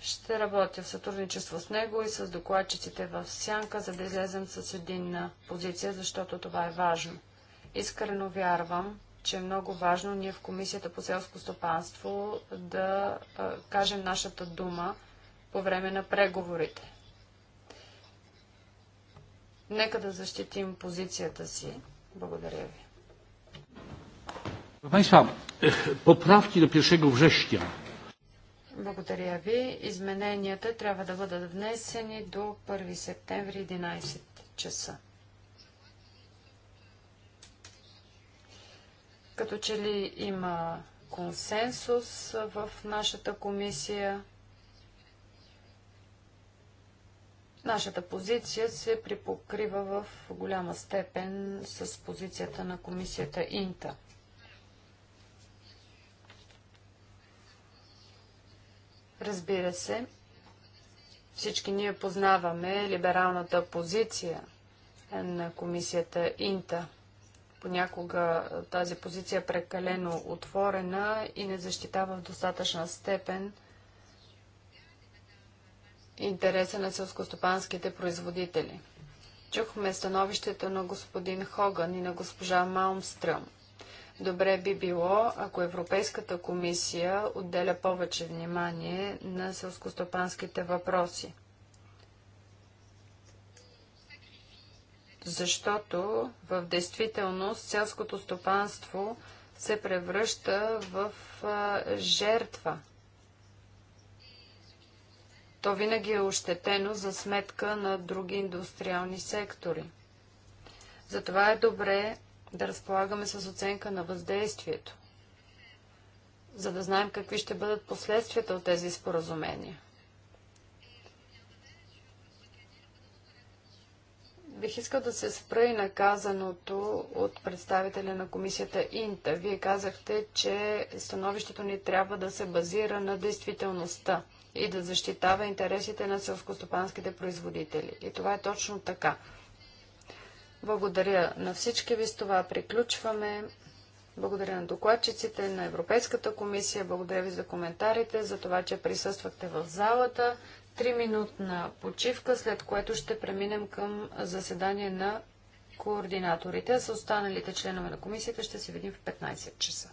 Ще работя в сътрудничество с него и с докладчиците в сянка, за да излезем с единна позиция, защото това е важно. Искрено вярвам, че е много важно ние в Комисията по селско стопанство да кажем нашата дума по време на преговорите. Нека да защитим позицията си. Благодаря ви. Państwa, поправки до 1 врześnia. Благодаря ви. Измененията трябва да бъдат внесени до 1 септември 11 часа. Като че ли има консенсус в нашата комисия, Нашата позиция се припокрива в голяма степен с позицията на комисията Инта. Разбира се, всички ние познаваме либералната позиция на комисията Инта. Понякога тази позиция е прекалено отворена и не защитава в достатъчна степен интереса на селскостопанските производители. Чухме становището на господин Хоган и на госпожа Маумстръм. Добре би било, ако Европейската комисия отделя повече внимание на селскостопанските въпроси. Защото в действителност селското стопанство се превръща в жертва. То винаги е ощетено за сметка на други индустриални сектори. Затова е добре да разполагаме с оценка на въздействието, за да знаем какви ще бъдат последствията от тези споразумения. Бих искал да се спра и наказаното от представителя на комисията Инта. Вие казахте, че становището ни трябва да се базира на действителността и да защитава интересите на селскостопанските производители. И това е точно така. Благодаря на всички ви. С това приключваме. Благодаря на докладчиците, на Европейската комисия. Благодаря ви за коментарите, за това, че присъствахте в залата. Три минутна почивка, след което ще преминем към заседание на координаторите. С останалите членове на комисията ще се видим в 15 часа.